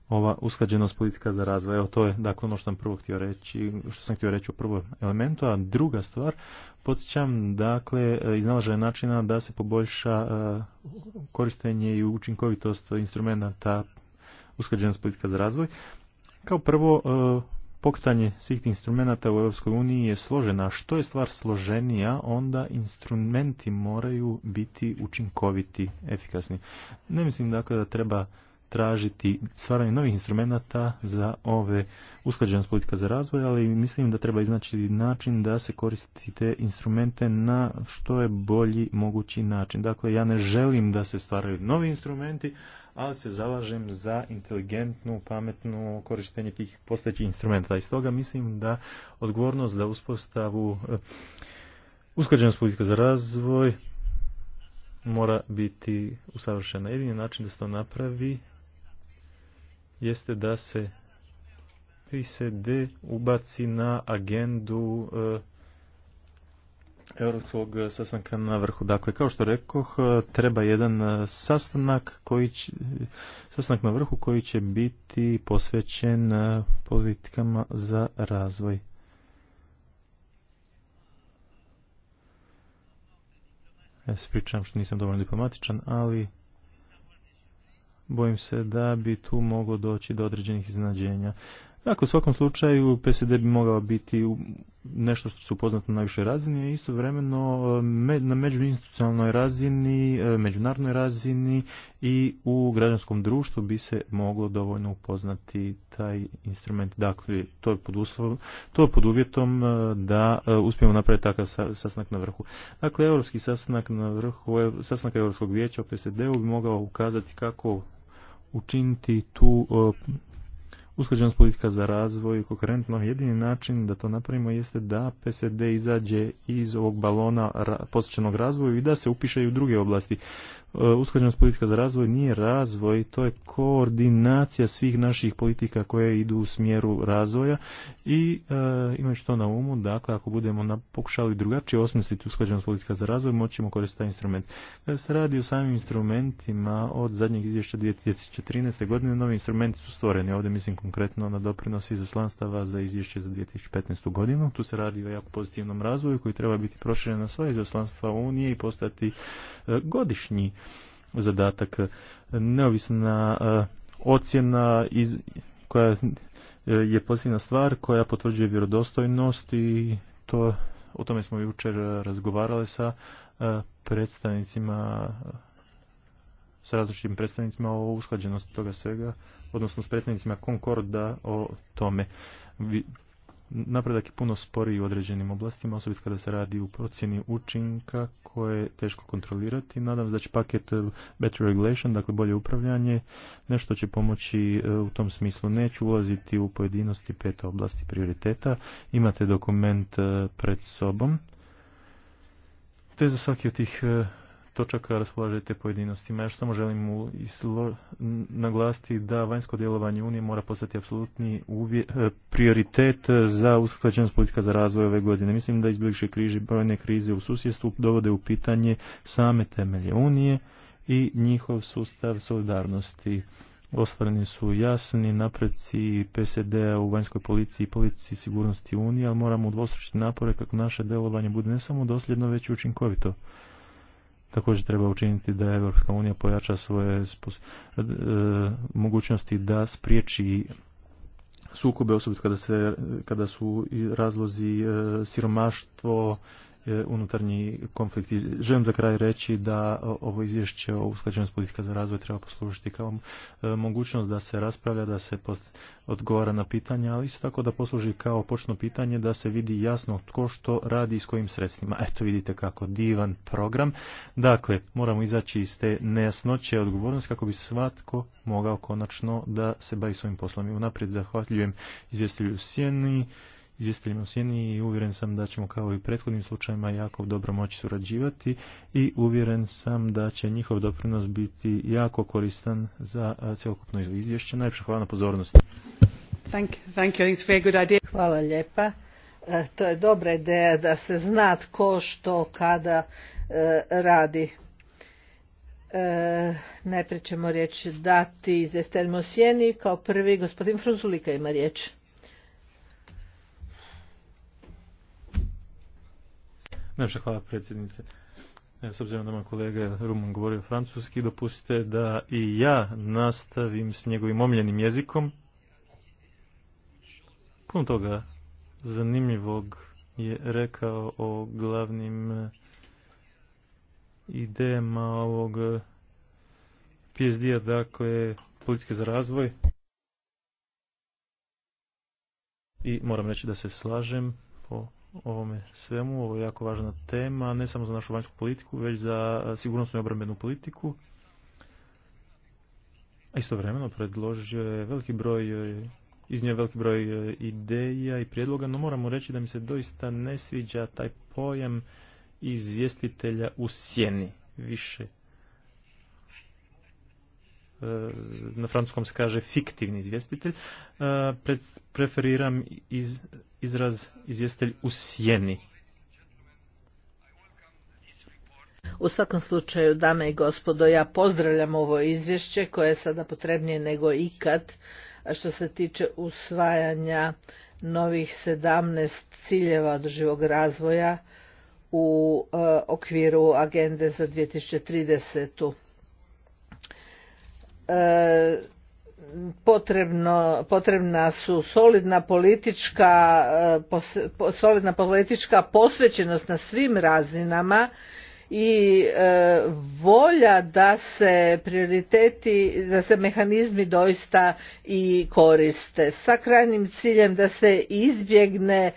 [SPEAKER 2] ova usklađenost politika za razvoj. Evo to je dakle ono što sam prvo htio reći, što sam htio reći u prvom elementu, a druga stvar, podsjećam dakle je načina da se poboljša e, korištenje i učinkovitost instrumenta usklađenost politika za razvoj. Kao prvo, e, pokretanje svih tih instrumenata u EU uniji je složena. Što je stvar složenija, onda instrumenti moraju biti učinkoviti, efikasni. Ne mislim dakle da treba tražiti stvaranje novih instrumenata za ove usklađenost politika za razvoj, ali mislim da treba iznaći način da se koristi te instrumente na što je bolji mogući način. Dakle, ja ne želim da se stvaraju novi instrumenti, ali se zalažem za inteligentnu, pametnu korištenje tih postojećih instrumenta. I stoga mislim da odgovornost za uspostavu eh, usklađenost politika za razvoj mora biti usavršena. Jedini način da se to napravi jeste da se PSD ubaci na agendu eh, europskog sastanka na vrhu. Dakle, kao što rekoh, eh, treba jedan eh, sastanak koji sastanak na vrhu koji će biti posvećen politikama za razvoj. Ja se što nisam dovoljno diplomatičan, ali bojim se da bi tu moglo doći do određenih iznadženja. Dakle, u svakom slučaju PSD bi mogao biti nešto što su poznato na najvišoj razini, a istovremeno na međuinstitucionalnoj razini, e, međunarodnoj razini i u građanskom društvu bi se moglo dovoljno upoznati taj instrument. Dakle, to je pod, uslov, to je pod uvjetom e, da e, uspijemo napraviti takav sastanak na vrhu. Dakle, europski sastanak na vrhu, sastanak Europskog vijeća u PSD-u bi mogao ukazati kako učiniti tu e, usklađenost politika za razvoj i koherentno jedini način da to napravimo jeste da PSD izađe iz ovog balona posjećenog razvoju i da se upiše i u druge oblasti. E, usklađenost politika za razvoj nije razvoj, to je koordinacija svih naših politika koje idu u smjeru razvoja i e, imajući to na umu, dakle ako budemo na, pokušali drugačije osmisliti usklađenost politika za razvoj, moćemo koristiti taj instrument. Kada se radi o samim instrumentima od zadnjeg izvješća 2013. godine, novi instrumenti su stvoreni. Ovdje mislim konkretno na za izaslanstava za izvješće za 2015. godinu. Tu se radi o jako pozitivnom razvoju koji treba biti proširen na sva izaslanstva Unije i postati e, godišnji zadatak. E, neovisna e, ocjena koja e, je posljedna stvar koja potvrđuje vjerodostojnost i to, o tome smo jučer razgovarali sa predstavnicima sa različitim predstavnicima o usklađenosti toga svega, odnosno s predstavnicima Concorda o tome napredak je puno sporiji u određenim oblastima, osobito kada se radi u procjeni učinka koje je teško kontrolirati. Nadam se da će paket eh, Better Regulation, dakle bolje upravljanje, nešto će pomoći eh, u tom smislu. Neću ulaziti u pojedinosti peta oblasti prioriteta. Imate dokument eh, pred sobom. Te za svaki od tih točaka raspolažete pojedinostima. Ja samo želim islo... naglasiti da vanjsko djelovanje Unije mora postati apsolutni e, prioritet za usklađenost politika za razvoj ove godine. Mislim da izbjegše križi brojne krize u susjedstvu dovode u pitanje same temelje Unije i njihov sustav solidarnosti. Ostvareni su jasni napreci PSD-a u vanjskoj policiji i policiji sigurnosti Unije, ali moramo udvostručiti napore kako naše djelovanje bude ne samo dosljedno, već i učinkovito. Također treba učiniti da Europska unija pojača svoje e, mogućnosti da spriječi sukobe, osobito kada, se, kada su razlozi e, siromaštvo, E, unutarnji konflikti. Želim za kraj reći da ovo izvješće o usklađenosti politika za razvoj treba poslužiti kao e, mogućnost da se raspravlja, da se odgovara na pitanja, ali isto tako da posluži kao počno pitanje da se vidi jasno tko što radi i s kojim sredstvima. Eto vidite kako divan program. Dakle, moramo izaći iz te nejasnoće odgovornosti kako bi svatko mogao konačno da se bavi svojim poslom. I unaprijed zahvaljujem izvjestitelju Sjeni izvjestiteljima Sjeni i uvjeren sam da ćemo kao i u prethodnim slučajima jako dobro moći surađivati i uvjeren sam da će njihov doprinos biti jako koristan za cjelokupno izvješće. Najprije hvala na pozornosti. Thank,
[SPEAKER 1] Hvala lijepa. E, to je dobra ideja da se zna tko što kada e, radi. E, najprije ćemo riječ dati izvjestiteljima Sjeni. Kao prvi gospodin Frunzulika ima riječ.
[SPEAKER 2] Najviše hvala predsjednice. S obzirom da moj kolega Rumun govorio francuski, dopustite da i ja nastavim s njegovim omljenim jezikom. Puno toga zanimljivog je rekao o glavnim eh, idejama ovog eh, PSD-a, dakle, politike za razvoj. I moram reći da se slažem po ovome svemu. Ovo je jako važna tema, ne samo za našu vanjsku politiku, već za e, sigurnosnu i obrambenu politiku. A istovremeno predložio je veliki broj e, iznio je veliki broj e, ideja i prijedloga, no moramo reći da mi se doista ne sviđa taj pojam izvjestitelja u sjeni. Više Eh, na francuskom se kaže fiktivni izvjestitelj, eh, preferiram izraz izvjestitelj u sjeni.
[SPEAKER 1] U svakom slučaju, dame i gospodo, ja pozdravljam ovo izvješće koje je sada potrebnije nego ikad a što se tiče usvajanja novih 17 ciljeva održivog razvoja u eh, okviru agende za 2030. E, potrebna su solidna politička, e, solidna politička posvećenost na svim razinama i e, volja da se prioriteti, da se mehanizmi doista i koriste sa krajnjim ciljem da se izbjegne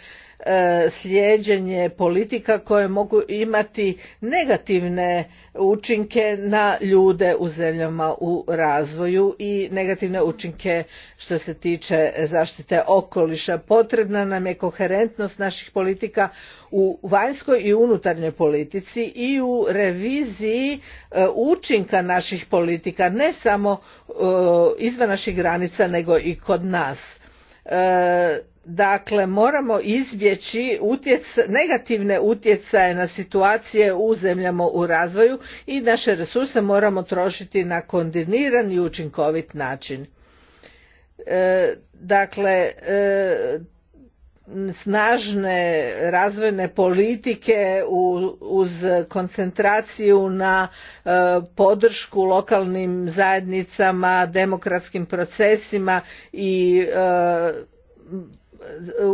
[SPEAKER 1] E, slijeđenje politika koje mogu imati negativne učinke na ljude u zemljama u razvoju i negativne učinke što se tiče zaštite okoliša. Potrebna nam je koherentnost naših politika u vanjskoj i unutarnjoj politici i u reviziji e, učinka naših politika ne samo e, izvan naših granica nego i kod nas Dakle, moramo izbjeći negativne utjecaje na situacije u zemljama u razvoju i naše resurse moramo trošiti na koordiniran i učinkovit način. E, dakle, e, snažne razvojne politike uz koncentraciju na e, podršku lokalnim zajednicama, demokratskim procesima i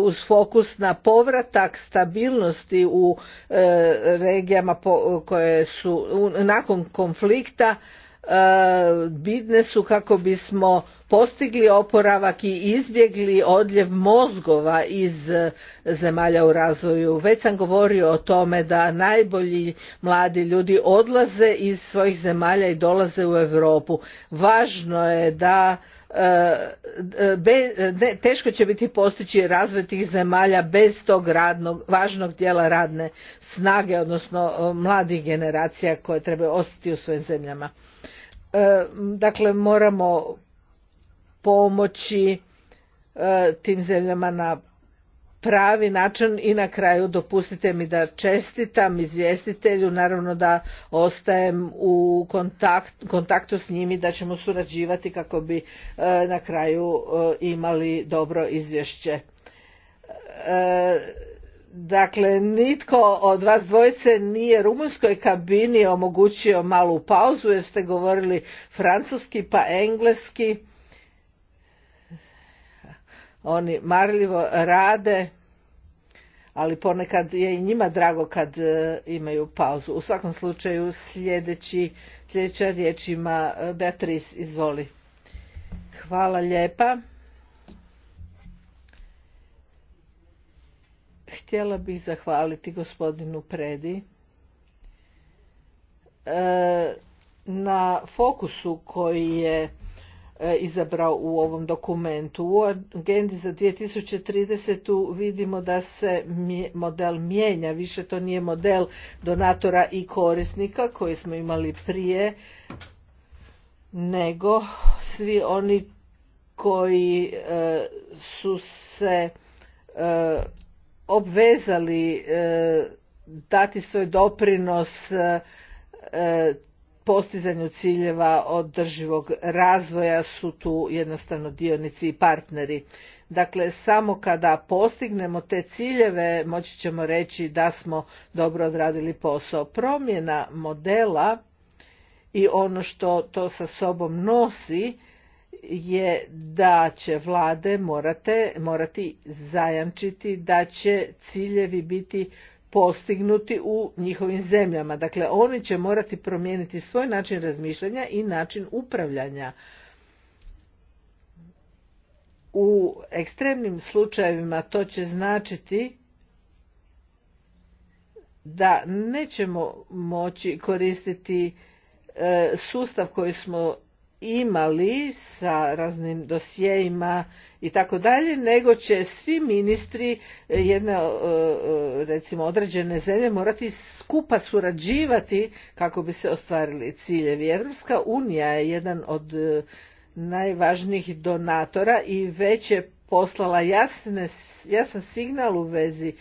[SPEAKER 1] uz fokus na povratak stabilnosti u e, regijama koje su nakon konflikta e, bitne su kako bismo postigli oporavak i izbjegli odljev mozgova iz e, zemalja u razvoju. Već sam govorio o tome da najbolji mladi ljudi odlaze iz svojih zemalja i dolaze u Europu. Važno je da E, teško će biti postići razvoj tih zemalja bez tog radnog, važnog dijela radne snage, odnosno e, mladih generacija koje trebaju ostati u svojim zemljama. E, dakle, moramo pomoći tim zemljama na pravi način i na kraju dopustite mi da čestitam izvjestitelju, naravno da ostajem u kontakt, kontaktu s njimi, da ćemo surađivati kako bi e, na kraju e, imali dobro izvješće. E, dakle, nitko od vas dvojice nije rumunjskoj kabini omogućio malu pauzu jer ste govorili francuski pa engleski. Oni marljivo rade ali ponekad je i njima drago kad e, imaju pauzu. U svakom slučaju sljedeći, sljedeća riječ ima e, Beatrice, izvoli. Hvala lijepa. Htjela bih zahvaliti gospodinu Predi e, na fokusu koji je E, izabrao u ovom dokumentu. U agendi za 2030. vidimo da se model mijenja, više to nije model donatora i korisnika koji smo imali prije, nego svi oni koji e, su se e, obvezali dati svoj doprinos postizanju ciljeva održivog razvoja su tu jednostavno dionici i partneri. Dakle, samo kada postignemo te ciljeve moći ćemo reći da smo dobro odradili posao. Promjena modela i ono što to sa sobom nosi je da će vlade morate, morati zajamčiti da će ciljevi biti postignuti u njihovim zemljama. Dakle, oni će morati promijeniti svoj način razmišljanja i način upravljanja. U ekstremnim slučajevima to će značiti da nećemo moći koristiti e, sustav koji smo imali sa raznim dosjejima i tako dalje, nego će svi ministri e, jedne e, e, recimo određene zemlje morati skupa surađivati kako bi se ostvarili ciljevi. Evropska unija je jedan od najvažnijih donatora i već je poslala jasne, jasan signal u vezi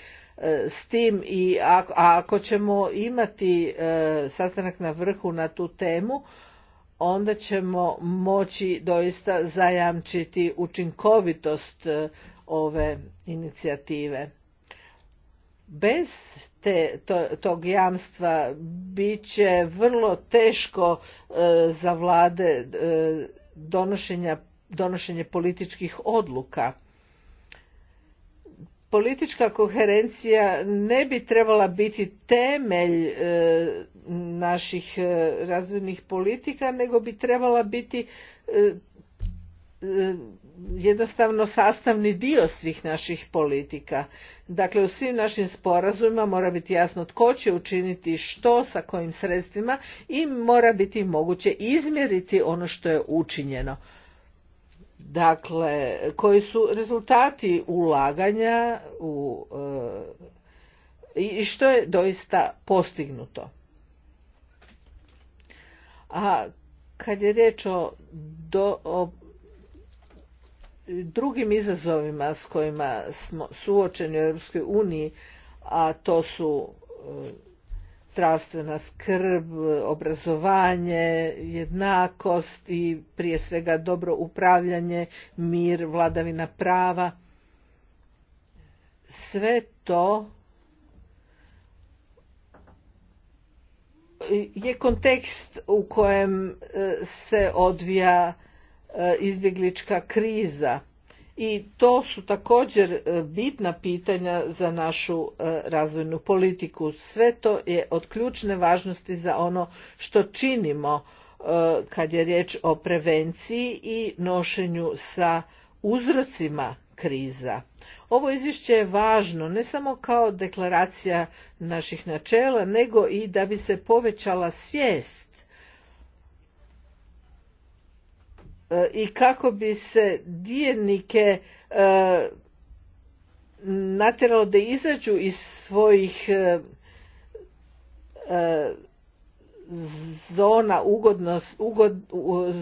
[SPEAKER 1] s tim i ako, ako ćemo imati sastanak na vrhu na tu temu onda ćemo moći doista zajamčiti učinkovitost e, ove inicijative. Bez te, tog jamstva bit će vrlo teško e, za vlade e, donošenja, donošenje političkih odluka politička koherencija ne bi trebala biti temelj e, naših e, razvojnih politika nego bi trebala biti e, jednostavno sastavni dio svih naših politika. Dakle, u svim našim sporazumima mora biti jasno tko će učiniti što sa kojim sredstvima i mora biti moguće izmjeriti ono što je učinjeno. Dakle, koji su rezultati ulaganja u, e, i što je doista postignuto. A kad je riječ o, drugim izazovima s kojima smo suočeni u EU, uniji, a to su e, zdravstvena skrb, obrazovanje, jednakost i prije svega dobro upravljanje, mir, vladavina prava. Sve to je kontekst u kojem e, se odvija e, izbjeglička kriza i to su također e, bitna pitanja za našu e, razvojnu politiku. Sve to je od ključne važnosti za ono što činimo e, kad je riječ o prevenciji i nošenju sa uzrocima kriza. Ovo izvješće je važno ne samo kao deklaracija naših načela, nego i da bi se povećala svijest E, i kako bi se dijenike e, natjeralo da izađu iz svojih e, zona ugodnost,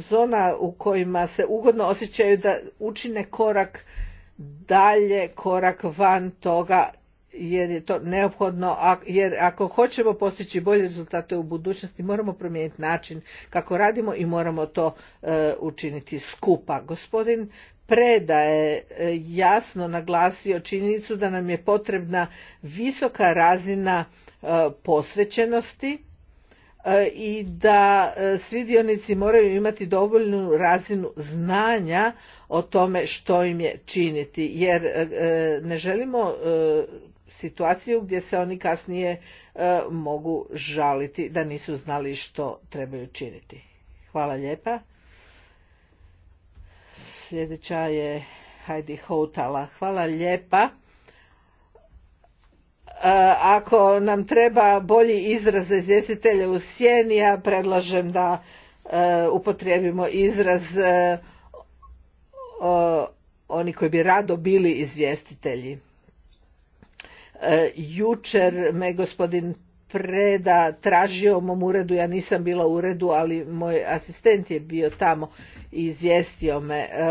[SPEAKER 1] zona u kojima se ugodno osjećaju da učine korak dalje korak van toga jer je to neophodno, jer ako hoćemo postići bolje rezultate u budućnosti moramo promijeniti način kako radimo i moramo to e, učiniti skupa. Gospodin Preda je e, jasno naglasio činjenicu da nam je potrebna visoka razina e, posvećenosti i da svi dionici moraju imati dovoljnu razinu znanja o tome što im je činiti jer ne želimo situaciju gdje se oni kasnije e, mogu žaliti da nisu znali što trebaju činiti. Hvala lijepa. Sljedeća je Heidi Houtala. Hvala lijepa. E, ako nam treba bolji izraz za izvjestitelje u sjeni, ja predlažem da e, upotrijebimo izraz oni koji bi rado bili izvjestitelji. E, jučer me gospodin Preda tražio mom uredu, ja nisam bila u uredu, ali moj asistent je bio tamo i izvijestio me e,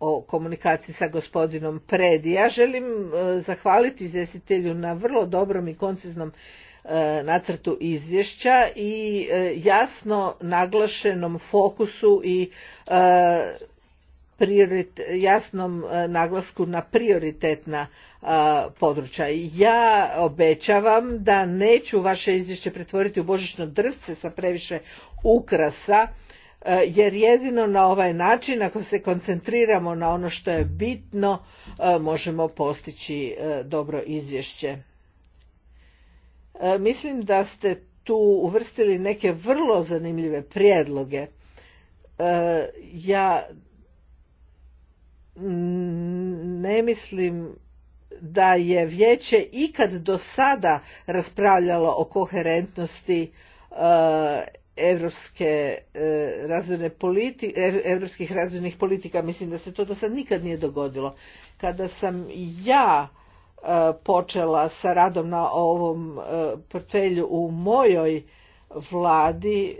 [SPEAKER 1] o komunikaciji sa gospodinom Predi. Ja želim e, zahvaliti izvjestitelju na vrlo dobrom i konciznom nacrtu izvješća i jasno naglašenom fokusu i jasnom e, naglasku na prioritetna e, područja. Ja obećavam da neću vaše izvješće pretvoriti u božično drvce sa previše ukrasa, e, jer jedino na ovaj način ako se koncentriramo na ono što je bitno možemo postići dobro izvješće. Mislim da ste tu uvrstili neke vrlo zanimljive prijedloge. Ja ne mislim da je vijeće ikad do sada raspravljalo o koherentnosti europske e, razvojne europskih razvojnih politika. Mislim da se to do sada nikad nije dogodilo. Kada sam ja e, počela sa radom na ovom e, portfelju u mojoj vladi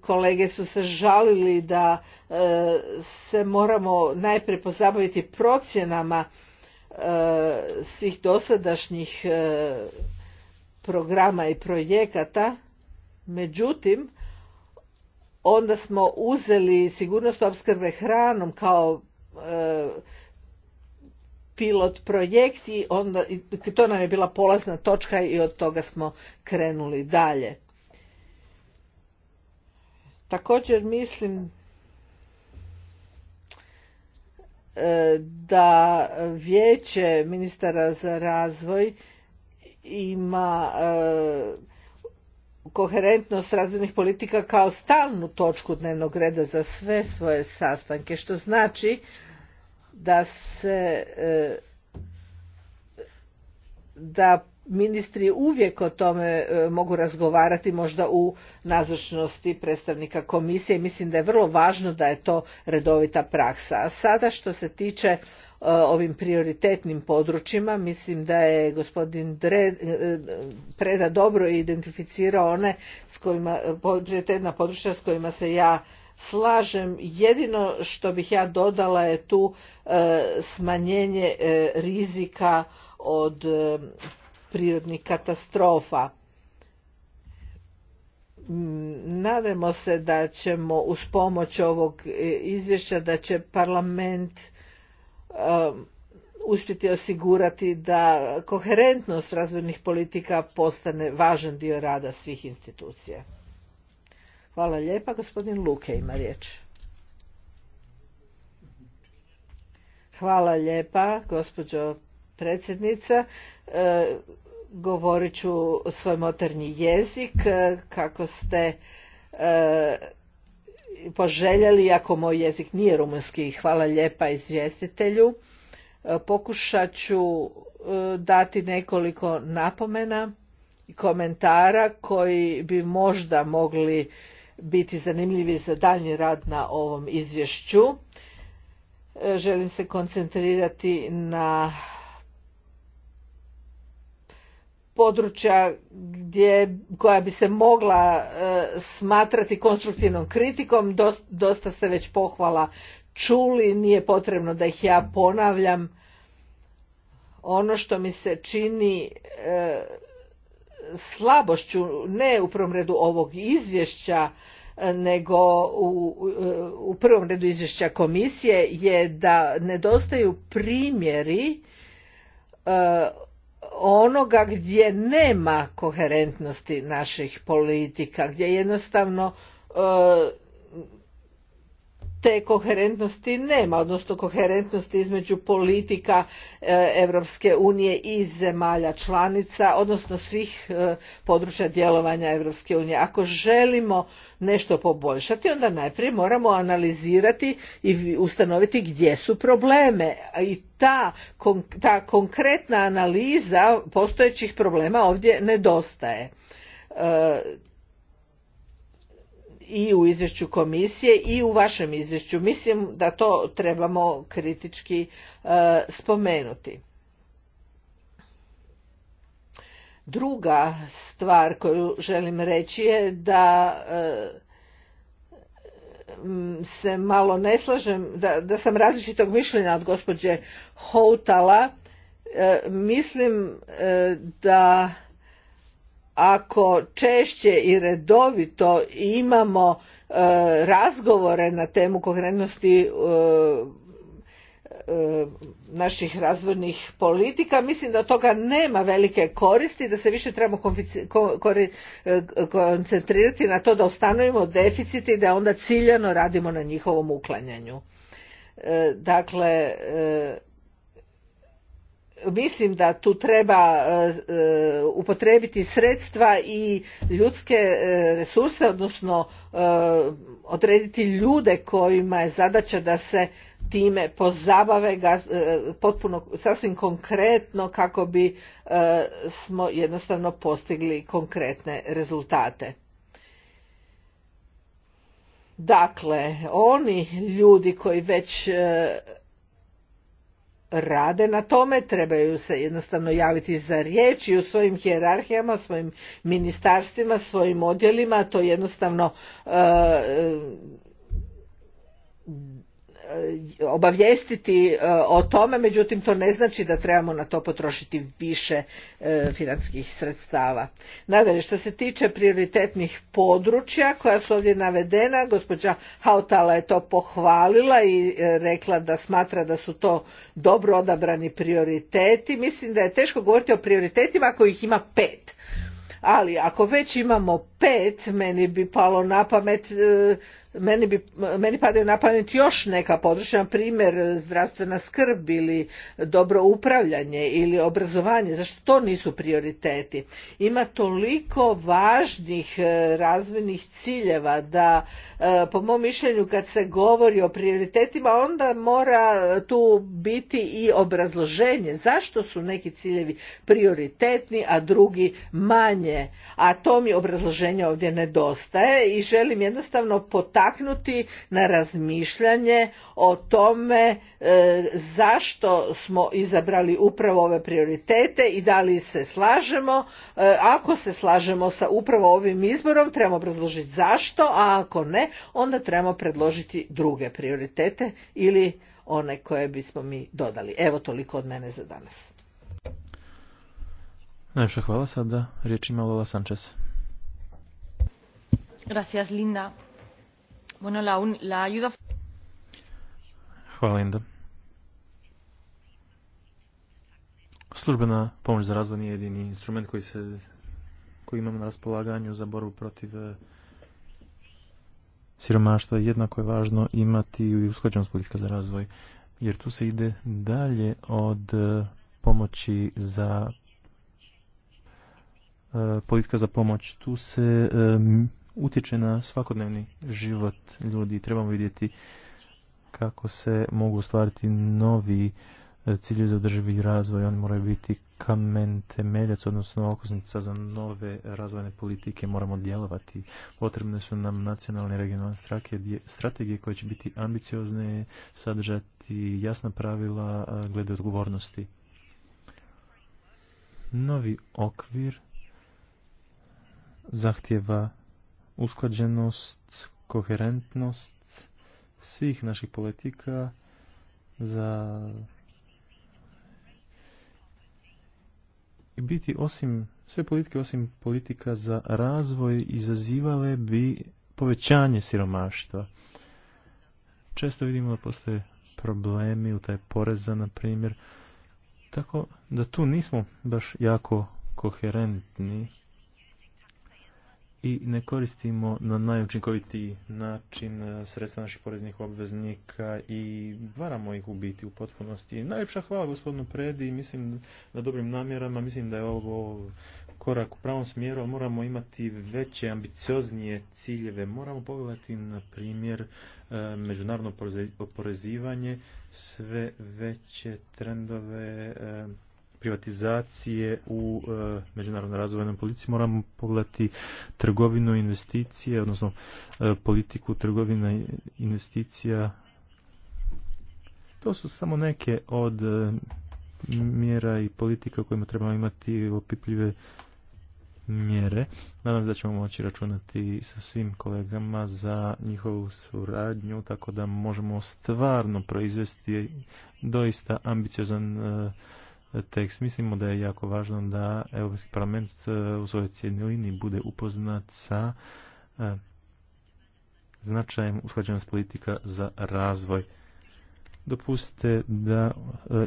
[SPEAKER 1] kolege su se žalili da e, se moramo najprije pozabaviti procjenama e, svih dosadašnjih e, programa i projekata međutim onda smo uzeli sigurnost opskrbe hranom kao pilot projekt i to nam je bila polazna točka i od toga smo krenuli dalje Također mislim e, da vijeće ministara za razvoj ima e, koherentnost razvojnih politika kao stalnu točku dnevnog reda za sve svoje sastanke, što znači da se e, da ministri uvijek o tome e, mogu razgovarati možda u nazočnosti predstavnika komisije mislim da je vrlo važno da je to redovita praksa a sada što se tiče e, ovim prioritetnim područjima mislim da je gospodin e, Preda dobro identificirao one s kojima, prioritetna područja s kojima se ja slažem jedino što bih ja dodala je tu smanjenje rizika od prirodnih katastrofa. Mm, Nadamo se da ćemo uz pomoć ovog e, izvješća da će parlament um, uspjeti osigurati da koherentnost razvojnih politika postane važan dio rada svih institucija. Hvala lijepa. Gospodin Luke ima riječ. Hvala lijepa, gospođo predsjednica. E, govorit ću svoj moterni jezik e, kako ste e, poželjeli, ako moj jezik nije rumunski. Hvala lijepa izvjestitelju. Pokušat ću dati nekoliko napomena i komentara koji bi možda mogli biti zanimljivi za daljnji rad na ovom izvješću. Želim se koncentrirati na područja gdje, koja bi se mogla e, smatrati konstruktivnom kritikom, dosta, se već pohvala čuli, nije potrebno da ih ja ponavljam. Ono što mi se čini e, slabošću, ne u prvom redu ovog izvješća, e, nego u, u prvom redu izvješća komisije je da nedostaju primjeri onoga gdje nema koherentnosti naših politika, gdje jednostavno e, te koherentnosti nema, odnosno koherentnosti između politika Europske unije i zemalja članica, odnosno svih e, područja djelovanja Europske unije. Ako želimo nešto poboljšati, onda najprije moramo analizirati i ustanoviti gdje su probleme. I ta, ta konkretna analiza postojećih problema ovdje nedostaje e, i u izvješću komisije i u vašem izvješću. Mislim da to trebamo kritički e, spomenuti. Druga stvar koju želim reći je da e, se malo ne slažem, da, sam različitog mišljenja od gospođe Houtala. E, mislim da ako češće i redovito imamo e, razgovore na temu koherentnosti e, e, naših razvojnih politika. Mislim da od toga nema velike koristi, da se više trebamo koncentrirati na to da ostanovimo deficiti i da onda ciljano radimo na njihovom uklanjanju. Dakle, mislim da tu treba e, e, upotrebiti sredstva i ljudske e, resurse odnosno odrediti ljude kojima je zadaća da se time pozabave potpuno sasvim konkretno kako bi smo jednostavno postigli konkretne rezultate dakle oni ljudi koji već rade na tome, trebaju se jednostavno javiti za riječ i u svojim hjerarhijama, svojim ministarstvima, svojim odjelima, to jednostavno e, e, E, obavijestiti e, o tome, međutim to ne znači da trebamo na to potrošiti više e, financijskih sredstava. Nadalje, što se tiče prioritetnih područja koja su ovdje navedena, gospođa Hautala je to pohvalila i rekla da smatra da su to dobro odabrani prioriteti. Mislim da je teško govoriti o prioritetima ako ih ima pet ali ako već imamo pet meni bi palo na pamet e, meni, bi, meni padaju na pamet još neka područja na primjer zdravstvena skrb ili dobro upravljanje ili obrazovanje zašto to nisu prioriteti ima toliko važnih e, razvojnih ciljeva da e, po mom mišljenju kad se govori o prioritetima onda mora tu biti i obrazloženje zašto su neki ciljevi prioritetni a drugi manje a to mi obrazloženje rješenje ovdje nedostaje i želim jednostavno potaknuti na razmišljanje o tome e, zašto smo izabrali upravo ove prioritete i da li se slažemo. E, ako se slažemo sa upravo ovim izborom trebamo obrazložiti zašto, a ako ne onda trebamo predložiti druge prioritete ili one koje bismo mi dodali. Evo toliko od mene za danas.
[SPEAKER 2] Najviše hvala sada. Riječ ima Lola
[SPEAKER 3] Gracias, Linda.
[SPEAKER 2] Službena pomoć za razvoj nije jedini instrument koji, se, koji imamo na raspolaganju za borbu protiv eh, siromaštva. Jednako je važno imati i usklađenost politika za razvoj, jer tu se ide dalje od eh, pomoći za eh, politika za pomoć. Tu se utječe na svakodnevni život ljudi. Trebamo vidjeti kako se mogu ostvariti novi e, cilje za održivi razvoj. Oni moraju biti kamen temeljac, odnosno okusnica za nove razvojne politike. Moramo djelovati. Potrebne su nam nacionalne i regionalne strategije koje će biti ambiciozne, sadržati jasna pravila glede odgovornosti. Novi okvir zahtjeva usklađenost, koherentnost svih naših politika za biti osim sve politike osim politika za razvoj izazivale bi povećanje siromaštva. Često vidimo da postoje problemi u taj poreza, na primjer. Tako da tu nismo baš jako koherentni i ne koristimo na najučinkovitiji način e, sredstva naših poreznih obveznika i varamo ih u biti u potpunosti. Najljepša hvala gospodinu Predi, mislim na dobrim namjerama, mislim da je ovo korak u pravom smjeru, moramo imati veće, ambicioznije ciljeve. Moramo pogledati, na primjer, e, međunarodno oporezivanje, sve veće trendove e, privatizacije u e, međunarodnoj razvojnoj politici moramo pogledati trgovinu investicije, odnosno e, politiku trgovina investicija. To su samo neke od e, mjera i politika kojima trebamo imati opipljive mjere. Nadam se da ćemo moći računati sa svim kolegama za njihovu suradnju, tako da možemo stvarno proizvesti doista ambiciozan e, tekst. Mislimo da je jako važno da Europski parlament e, u svojoj lini bude upoznat sa e, značajem usklađenost politika za razvoj. Dopustite da e,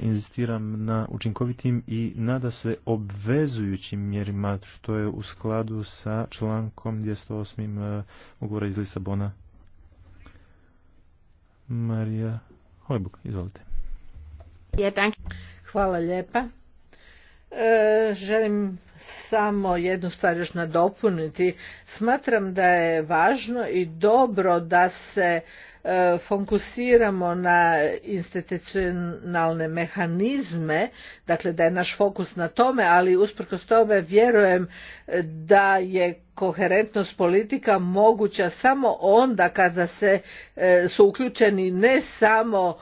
[SPEAKER 2] inzistiram na učinkovitim i nada se obvezujućim mjerima što je u skladu sa člankom 208. ugovora iz Lisabona. Marija Hojbuk, izvolite.
[SPEAKER 1] Ja, Hvala lijepa. E, želim samo jednu stvar još nadopuniti. Smatram da je važno i dobro da se e, fokusiramo na institucionalne mehanizme, dakle da je naš fokus na tome, ali usprkos tome vjerujem da je koherentnost politika moguća samo onda kada se e, su uključeni ne samo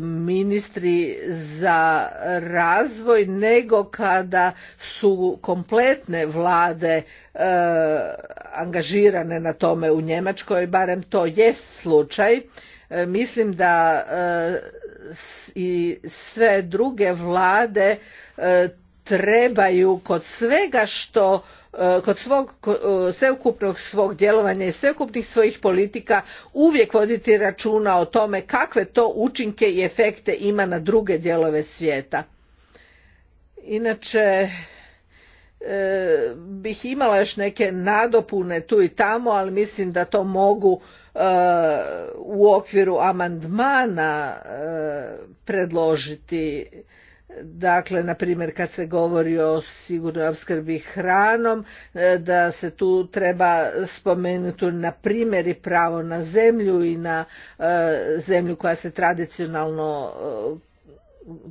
[SPEAKER 1] ministri za razvoj nego kada su kompletne vlade e, angažirane na tome u Njemačkoj, barem to jest slučaj. E, mislim da e, i sve druge vlade trebaju kod svega što E, kod svog e, sveukupnog svog djelovanja i sveukupnih svojih politika uvijek voditi računa o tome kakve to učinke i efekte ima na druge dijelove svijeta. Inače e, bih imala još neke nadopune tu i tamo, ali mislim da to mogu u okviru amandmana predložiti Dakle, na primjer, kad se govori o sigurnoj opskrbi hranom, e, da se tu treba spomenuti na primjer i pravo na zemlju i na e, zemlju koja se tradicionalno e,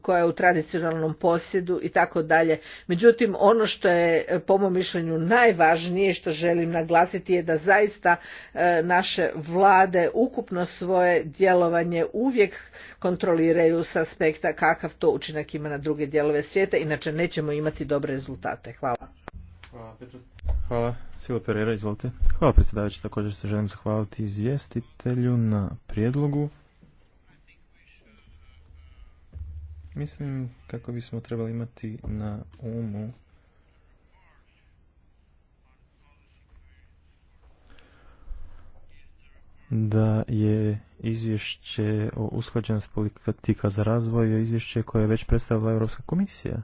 [SPEAKER 1] koja je u tradicionalnom posjedu i tako dalje. Međutim, ono što je po mom mišljenju najvažnije što želim naglasiti je da zaista e, naše vlade ukupno svoje djelovanje uvijek kontroliraju s aspekta kakav to učinak ima na druge dijelove svijeta, inače nećemo imati dobre rezultate. Hvala.
[SPEAKER 2] Hvala, Hvala. Silo Pereira, izvolite. Hvala predsjedavajući, također se želim zahvaliti izvjestitelju na prijedlogu. Mislim kako bismo trebali imati na umu da je izvješće o usklađenosti politika za razvoj izvješće koje je već predstavila Europska komisija.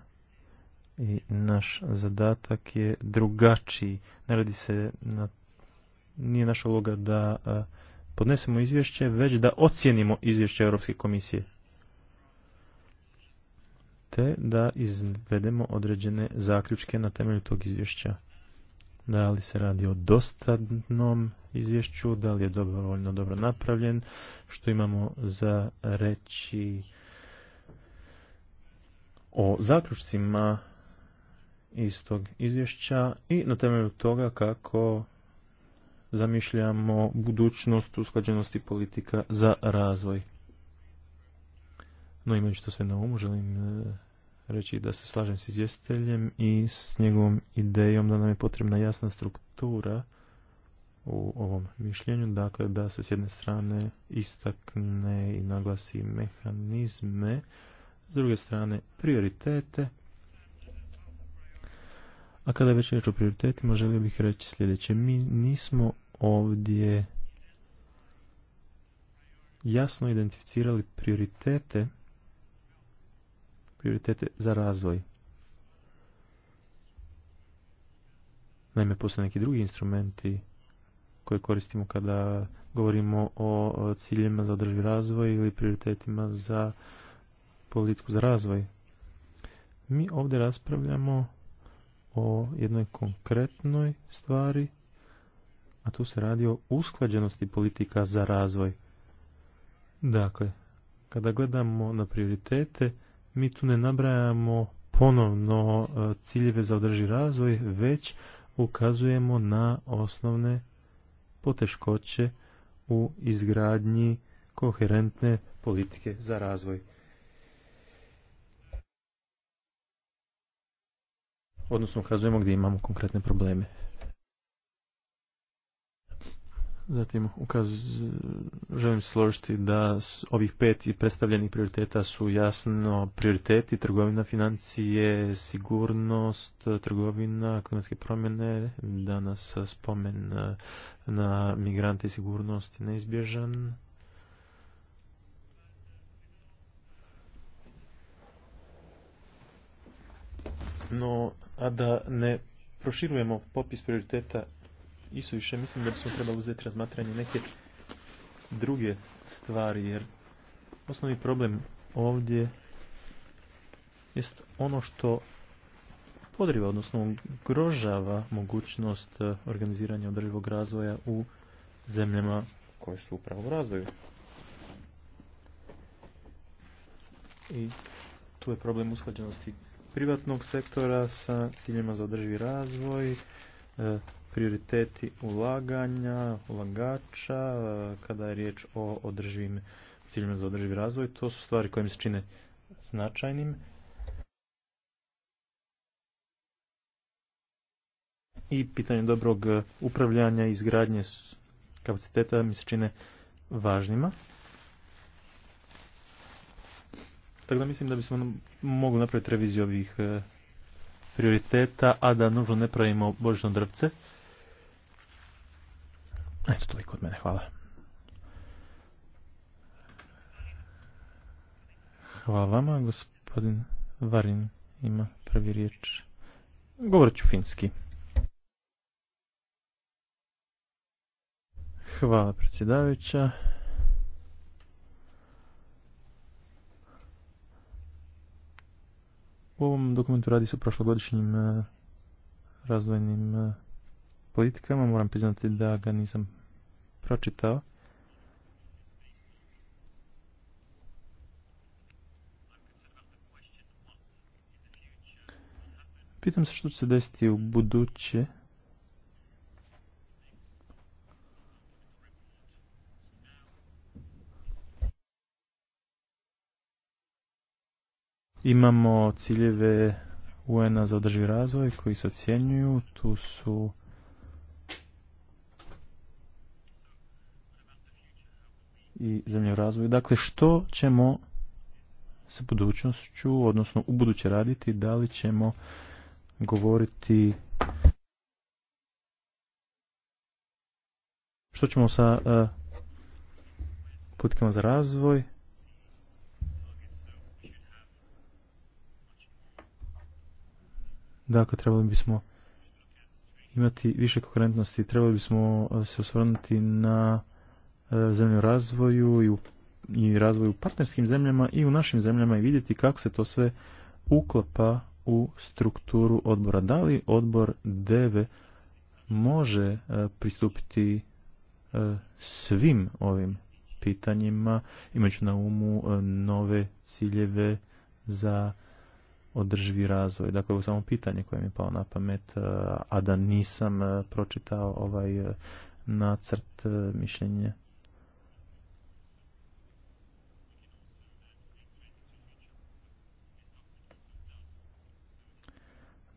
[SPEAKER 2] I naš zadatak je drugačiji. Ne radi se na nije naša uloga da eh, podnesemo izvješće, već da ocijenimo izvješće Europske komisije te da izvedemo određene zaključke na temelju tog izvješća. Da li se radi o dostatnom izvješću, da li je dobrovoljno dobro napravljen, što imamo za reći o zaključcima iz tog izvješća i na temelju toga kako zamišljamo budućnost usklađenosti politika za razvoj. No imajući to sve na umu, želim e, reći da se slažem s izvjestiteljem i s njegovom idejom da nam je potrebna jasna struktura u ovom mišljenju, dakle da se s jedne strane istakne i naglasi mehanizme, s druge strane prioritete, a kada je već reč o prioritetima, želio bih reći sljedeće. Mi nismo ovdje jasno identificirali prioritete prioritete za razvoj. Naime, postoje neki drugi instrumenti koje koristimo kada govorimo o ciljima za održivi razvoj ili prioritetima za politiku za razvoj. Mi ovdje raspravljamo o jednoj konkretnoj stvari, a tu se radi o usklađenosti politika za razvoj. Dakle, kada gledamo na prioritete, mi tu ne nabrajamo ponovno e, ciljeve za održi razvoj, već ukazujemo na osnovne poteškoće u izgradnji koherentne politike za razvoj. Odnosno ukazujemo gdje imamo konkretne probleme. Zatim ukaz, želim se složiti da ovih pet predstavljenih prioriteta su jasno prioriteti trgovina, financije, sigurnost, trgovina, klimatske promjene, danas spomen eh, na migrante i sigurnost neizbježan. No, a da ne proširujemo popis prioriteta isuviše. više mislim da bismo trebali uzeti razmatranje neke druge stvari, jer osnovni problem ovdje jest ono što podriva, odnosno grožava mogućnost e, organiziranja održivog razvoja u zemljama koje su upravo u razvoju. I tu je problem usklađenosti privatnog sektora sa ciljima za održivi razvoj, e, prioriteti ulaganja, ulagača, kada je riječ o održivim ciljima za održivi razvoj. To su stvari koje mi se čine značajnim. I pitanje dobrog upravljanja i izgradnje kapaciteta mi se čine važnima. Tako da mislim da bismo mogli napraviti reviziju ovih eh, prioriteta, a da nužno ne pravimo božično drvce. Eto, toliko od mene, hvala. Hvala vama, gospodin Varin ima prvi riječ. Govorit ću finski. Hvala predsjedavajuća. U ovom dokumentu radi se o prošlogodišnjim eh, razvojnim eh, politikama, moram priznati da ga nisam pročitao. Pitam se što će se desiti u buduće. Imamo ciljeve UN-a za održivi razvoj koji se ocjenjuju. Tu su i zemlje razvoju. Dakle, što ćemo sa budućnošću, odnosno u buduće raditi, da li ćemo govoriti što ćemo sa uh, politikama za razvoj, Dakle, trebali bismo imati više konkurentnosti, trebali bismo e, se osvrnuti na E, zemlju razvoju i, u, i razvoju u partnerskim zemljama i u našim zemljama i vidjeti kako se to sve uklapa u strukturu odbora. Da li odbor DEVE može e, pristupiti e, svim ovim pitanjima, imajući na umu nove ciljeve za održivi razvoj. Dakle, ovo je samo pitanje koje mi je pao na pamet, a da nisam pročitao ovaj nacrt mišljenja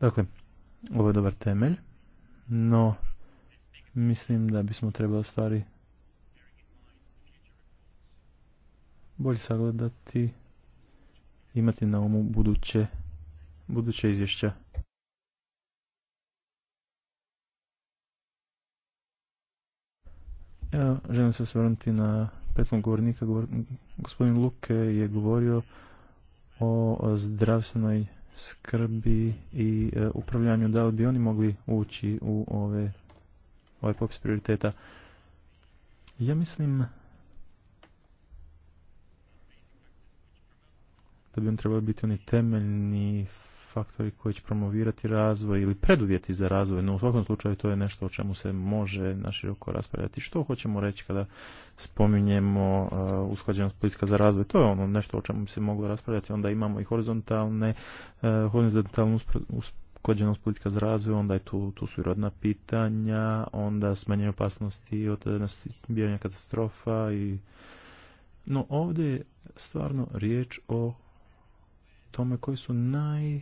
[SPEAKER 2] Dakle, ovo je dobar temelj, no mislim da bismo trebali stvari bolje sagledati, imati na umu buduće, buduće izvješća. Ja želim se osvrnuti na prethodnog govornika. Gospodin Luke je govorio o zdravstvenoj skrbi i e, upravljanju, da li bi oni mogli ući u ove, ovaj popis prioriteta. Ja mislim da bi on trebao biti oni temeljni faktori koji će promovirati razvoj ili preduvjeti za razvoj, no u svakom slučaju to je nešto o čemu se može naširoko raspravljati. Što hoćemo reći kada spominjemo uh, usklađenost politika za razvoj? To je ono nešto o čemu bi se moglo raspravljati. Onda imamo i horizontalne, uh, horizontalnu usklađenost politika za razvoj, onda je tu, tu su i rodna pitanja, onda smanjenje opasnosti od eh, bijanja katastrofa i... No ovdje je stvarno riječ o tome koji su naj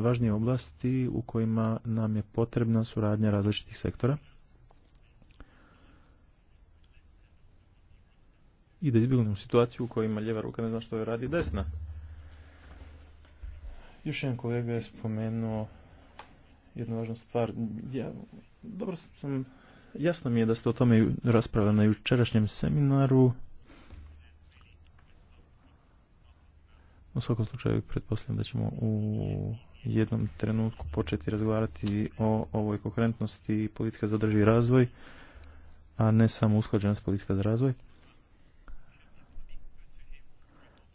[SPEAKER 2] važnije oblasti u kojima nam je potrebna suradnja različitih sektora. I da izbjegnemo situaciju u kojima ljeva ruka ne zna što je radi desna. Još jedan kolega je spomenuo jednu važnu stvar. Ja, dobro sam, jasno mi je da ste o tome raspravljali na jučerašnjem seminaru. U svakom slučaju pretpostavljam da ćemo u jednom trenutku početi razgovarati o ovoj koherentnosti politika za održivi razvoj, a ne samo usklađenost politika za razvoj.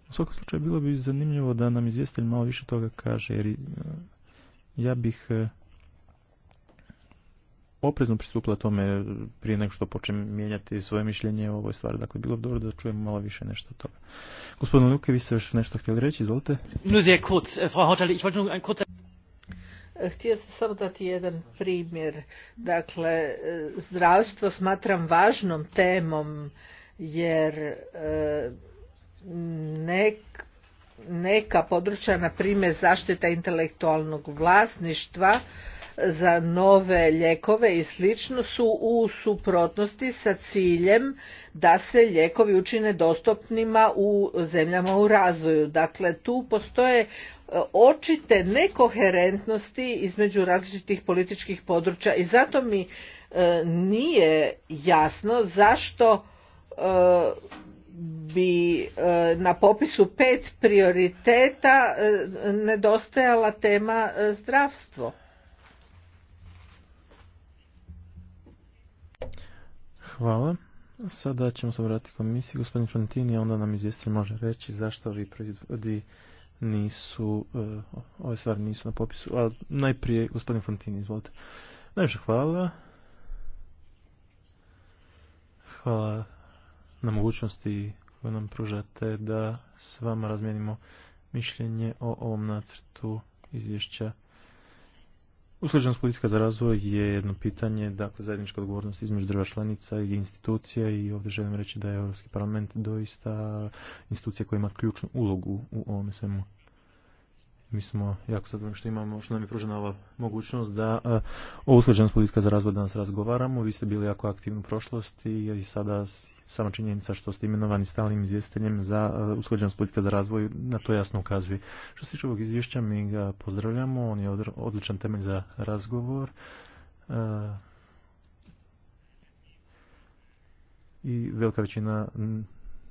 [SPEAKER 2] U svakom slučaju bilo bi zanimljivo da nam izvjestitelj malo više toga kaže, jer e, ja bih e, oprezno pristupila tome prije nego što počem mijenjati svoje mišljenje o ovoj stvari. Dakle, bilo bi dobro da čujemo malo više nešto od toga. Gospodin Luke, vi ste još nešto htjeli reći, izvolite.
[SPEAKER 1] Htio sam samo dati jedan primjer. Dakle, eh, zdravstvo smatram važnom temom jer eh, nek, neka područja, na primjer zaštita intelektualnog vlasništva, za nove lijekove i slično su u suprotnosti sa ciljem da se lijekovi učine dostupnima u zemljama u razvoju. Dakle, tu postoje e, očite nekoherentnosti između različitih političkih područja i zato mi e, nije jasno zašto e, bi na popisu pet prioriteta nedostajala tema zdravstvo.
[SPEAKER 2] Hvala. Sada ćemo se vratiti komisiji. Gospodin Fantini, onda nam izvjestitelj može reći zašto ovi proizvodi nisu, eh, ove stvari nisu na popisu. A najprije gospodin Fantini, izvolite. Najviše hvala. Hvala na mogućnosti koju nam pružate da s vama razmijenimo mišljenje o ovom nacrtu izvješća Usklađenost politika za razvoj je jedno pitanje, dakle zajednička odgovornost između država članica i institucija i ovdje želim reći da je Europski parlament doista institucija koja ima ključnu ulogu u ovome svemu. Mi smo jako sad što imamo, što nam je pružena ova mogućnost da e, o usklađenost politika za razvoj danas razgovaramo. Vi ste bili jako aktivni u prošlosti i sada Sama činjenica što ste imenovani stalnim izvjestiteljem za e, usklađenost politika za razvoj na to jasno ukazuje. Što se tiče ovog izvješća, mi ga pozdravljamo, on je odličan temelj za razgovor. E, I velika većina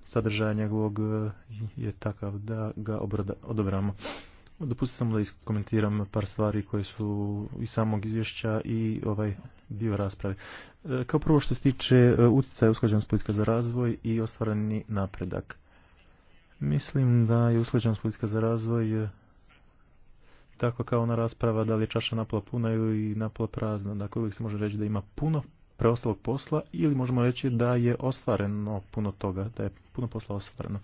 [SPEAKER 2] sadržaja njegovog e, je takav da ga odobramo. Dopustite samo da iskomentiram par stvari koje su i samog izvješća i ovaj dio rasprave. Kao prvo što se tiče e, utjecaja usklađenost politika za razvoj i ostvareni napredak. Mislim da je usklađenost politika za razvoj e, tako kao ona rasprava da li je čaša napola puna ili napola prazna. Dakle, uvijek se može reći da ima puno preostalog posla ili možemo reći da je ostvareno puno toga, da je puno posla ostvareno.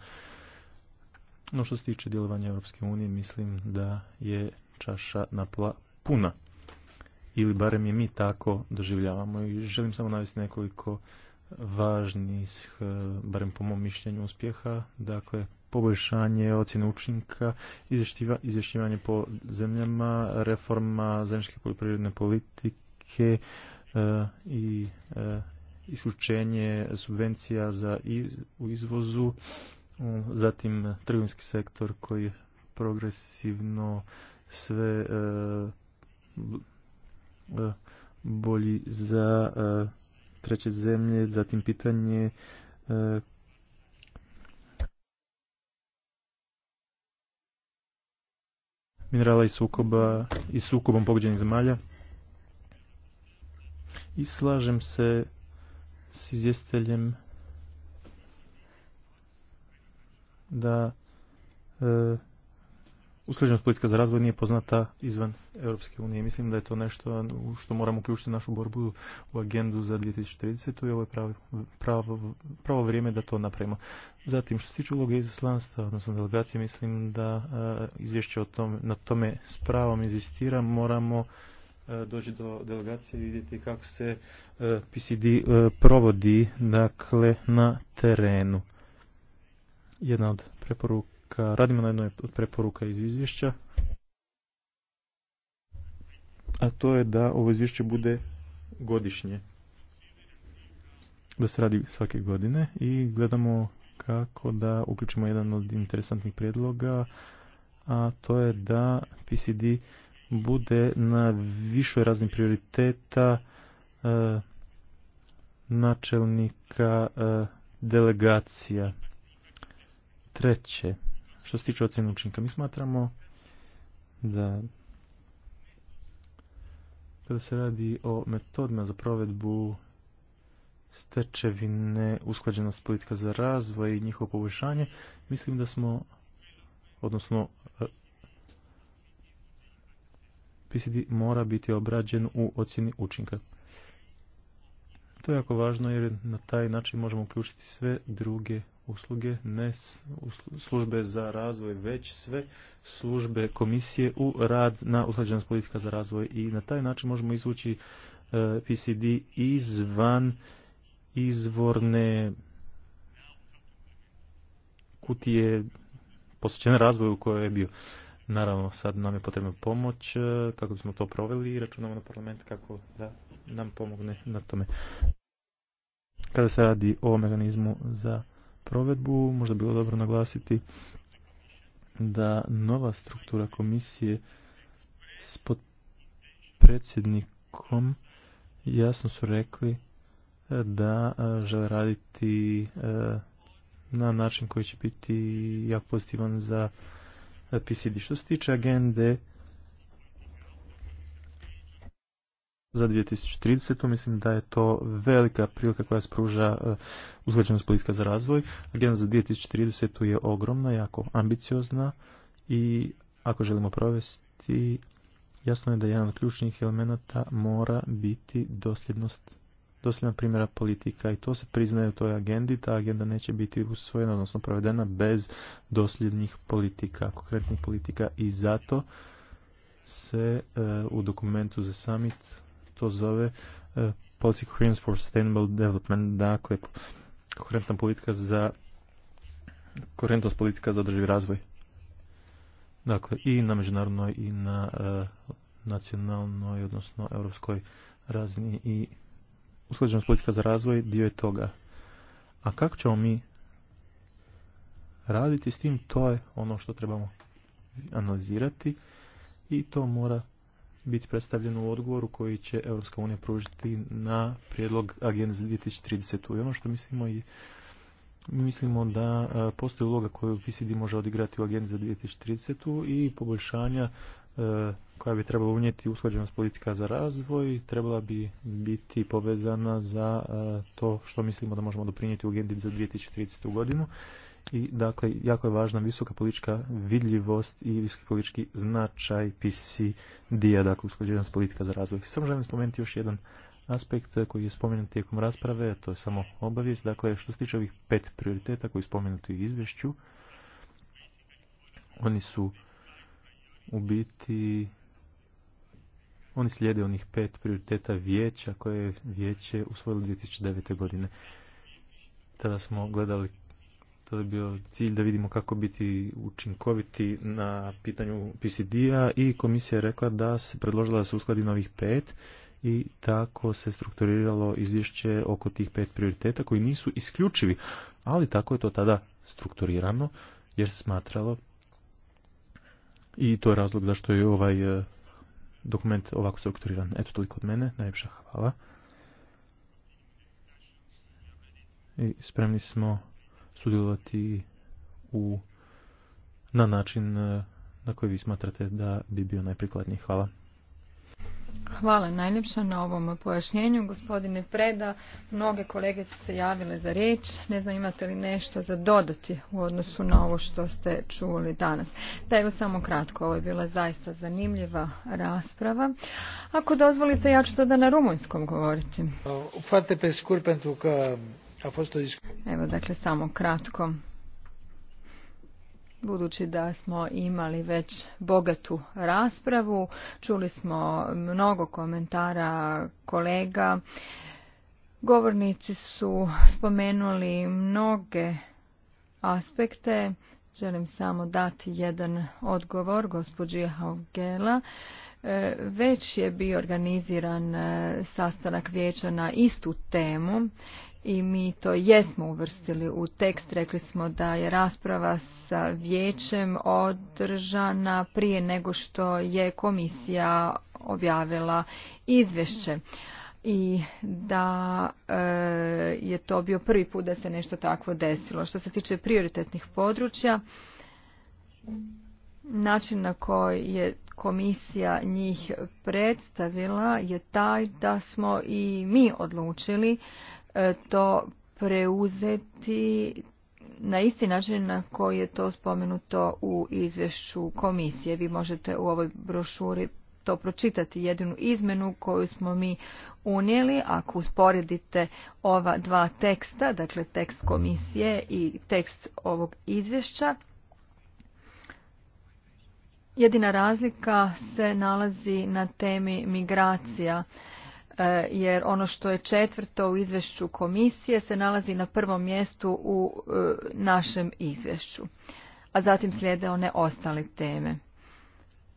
[SPEAKER 2] No što se tiče djelovanja Europske unije, mislim da je čaša napola puna ili barem je mi tako doživljavamo i želim samo navesti nekoliko važnih, eh, barem po mom mišljenju, uspjeha, dakle poboljšanje ocjene učinka, izvješćivanje po zemljama, reforma zemljske poljoprivredne politike eh, i eh, isključenje subvencija za iz, u izvozu, zatim trgovinski sektor koji progresivno sve E, bolji za e, treće zemlje, zatim pitanje e, minerala i sukoba i sukobom pogođenih zemalja. I slažem se s izvjestiteljem da usklađenost politika za razvoj nije poznata izvan Europske unije. Mislim da je to nešto što moramo uključiti našu borbu u agendu za 2030. i ovo je pravo, pravo, vrijeme da to napravimo. Zatim, što se tiče uloge izaslanstva, odnosno delegacije, mislim da e, izvješće o tome, na tome s pravom inzistira. Moramo e, doći do delegacije i vidjeti kako se e, PCD provodi dakle, na terenu. Jedna od preporuka preporuka, radimo na jednoj od preporuka iz izvješća, a to je da ovo izvješće bude godišnje. Da se radi svake godine i gledamo kako da uključimo jedan od interesantnih prijedloga, a to je da PCD bude na višoj razini prioriteta e, načelnika e, delegacija. Treće, što se tiče ocjene učinka, mi smatramo da kada se radi o metodima za provedbu stečevine, usklađenost politika za razvoj i njihovo poboljšanje, mislim da smo, odnosno PCD mora biti obrađen u ocjeni učinka. To je jako važno jer na taj način možemo uključiti sve druge usluge, ne službe za razvoj, već sve službe komisije u rad na usklađenost politika za razvoj i na taj način možemo izvući e, PCD izvan izvorne kutije posvećene razvoju u je bio. Naravno, sad nam je potrebna pomoć e, kako bismo to proveli i računamo na parlament kako da nam pomogne na tome. Kada se radi o mehanizmu za provedbu, možda bilo dobro naglasiti da nova struktura komisije s predsjednikom jasno su rekli e, da e, žele raditi e, na način koji će biti jako pozitivan za PCD. Što se tiče agende za 2030. Mislim da je to velika prilika koja spruža e, usklađenost politika za razvoj. Agenda za 2030. je ogromna, jako ambiciozna i ako želimo provesti, jasno je da jedan od ključnih elemenata mora biti dosljednost dosljedna primjera politika i to se priznaje u toj agendi, ta agenda neće biti usvojena, odnosno provedena bez dosljednih politika, konkretnih politika i zato se e, u dokumentu za summit to zove e, Policy Coherence for Sustainable Development, dakle koherentna politika za koherentnost politika za održivi razvoj. Dakle, i na međunarodnoj i na e, nacionalnoj, odnosno europskoj razini i usklađenost politika za razvoj dio je toga. A kako ćemo mi raditi s tim, to je ono što trebamo analizirati i to mora biti predstavljen u odgovoru koji će Europska unija pružiti na prijedlog agenda za 2030. I ono što mislimo i mislimo da e, postoji uloga koju PCD može odigrati u agendi za 2030. i poboljšanja e, koja bi trebala unijeti usklađenost politika za razvoj, trebala bi biti povezana za e, to što mislimo da možemo doprinijeti u agendi za 2030. godinu i dakle, jako je važna visoka politička vidljivost i visoki politički značaj PC-dija, dakle usklađivanost politika za razvoj. Samo želim spomenuti još jedan aspekt koji je spomenut tijekom rasprave, to je samo obavijest. Dakle, što se tiče ovih pet prioriteta koji je spomenuti u izvješću, oni su u biti oni slijede onih pet prioriteta vijeća koje je vijeće usvojilo 2009. godine. Tada smo gledali to je bio cilj da vidimo kako biti učinkoviti na pitanju PCD-a i komisija je rekla da se predložila da se uskladi novih pet i tako se strukturiralo izvješće oko tih pet prioriteta koji nisu isključivi, ali tako je to tada strukturirano jer se smatralo i to je razlog zašto je ovaj e, dokument ovako strukturiran. Eto toliko od mene, najljepša hvala. I spremni smo sudjelovati u, na način e, na koji vi smatrate da bi bio najprikladniji. Hvala.
[SPEAKER 3] Hvala najljepša na ovom pojašnjenju. Gospodine Preda, mnoge kolege su se javile za riječ. Ne znam imate li nešto za dodati u odnosu na ovo što ste čuli danas. Da evo samo kratko, ovo je bila zaista zanimljiva rasprava. Ako dozvolite, ja ću sada na rumunjskom govoriti. pe scurt, Evo dakle samo kratko. Budući da smo imali već bogatu raspravu, čuli smo mnogo komentara kolega. Govornici su spomenuli mnoge aspekte. Želim samo dati jedan odgovor gospođi Haugela. E, već je bio organiziran e, sastanak vijeća na istu temu i mi to jesmo uvrstili u tekst. Rekli smo da je rasprava sa vijećem održana prije nego što je komisija objavila izvješće i da e, je to bio prvi put da se nešto takvo desilo. Što se tiče prioritetnih područja, način na koji je komisija njih predstavila je taj da smo i mi odlučili E, to preuzeti na isti način na koji je to spomenuto u izvješću komisije. Vi možete u ovoj brošuri to pročitati jedinu izmenu koju smo mi unijeli. Ako usporedite ova dva teksta, dakle tekst komisije i tekst ovog izvješća, jedina razlika se nalazi na temi migracija E, jer ono što je četvrto u izvješću komisije se nalazi na prvom mjestu u e, našem izvješću. A zatim slijede one ostale teme.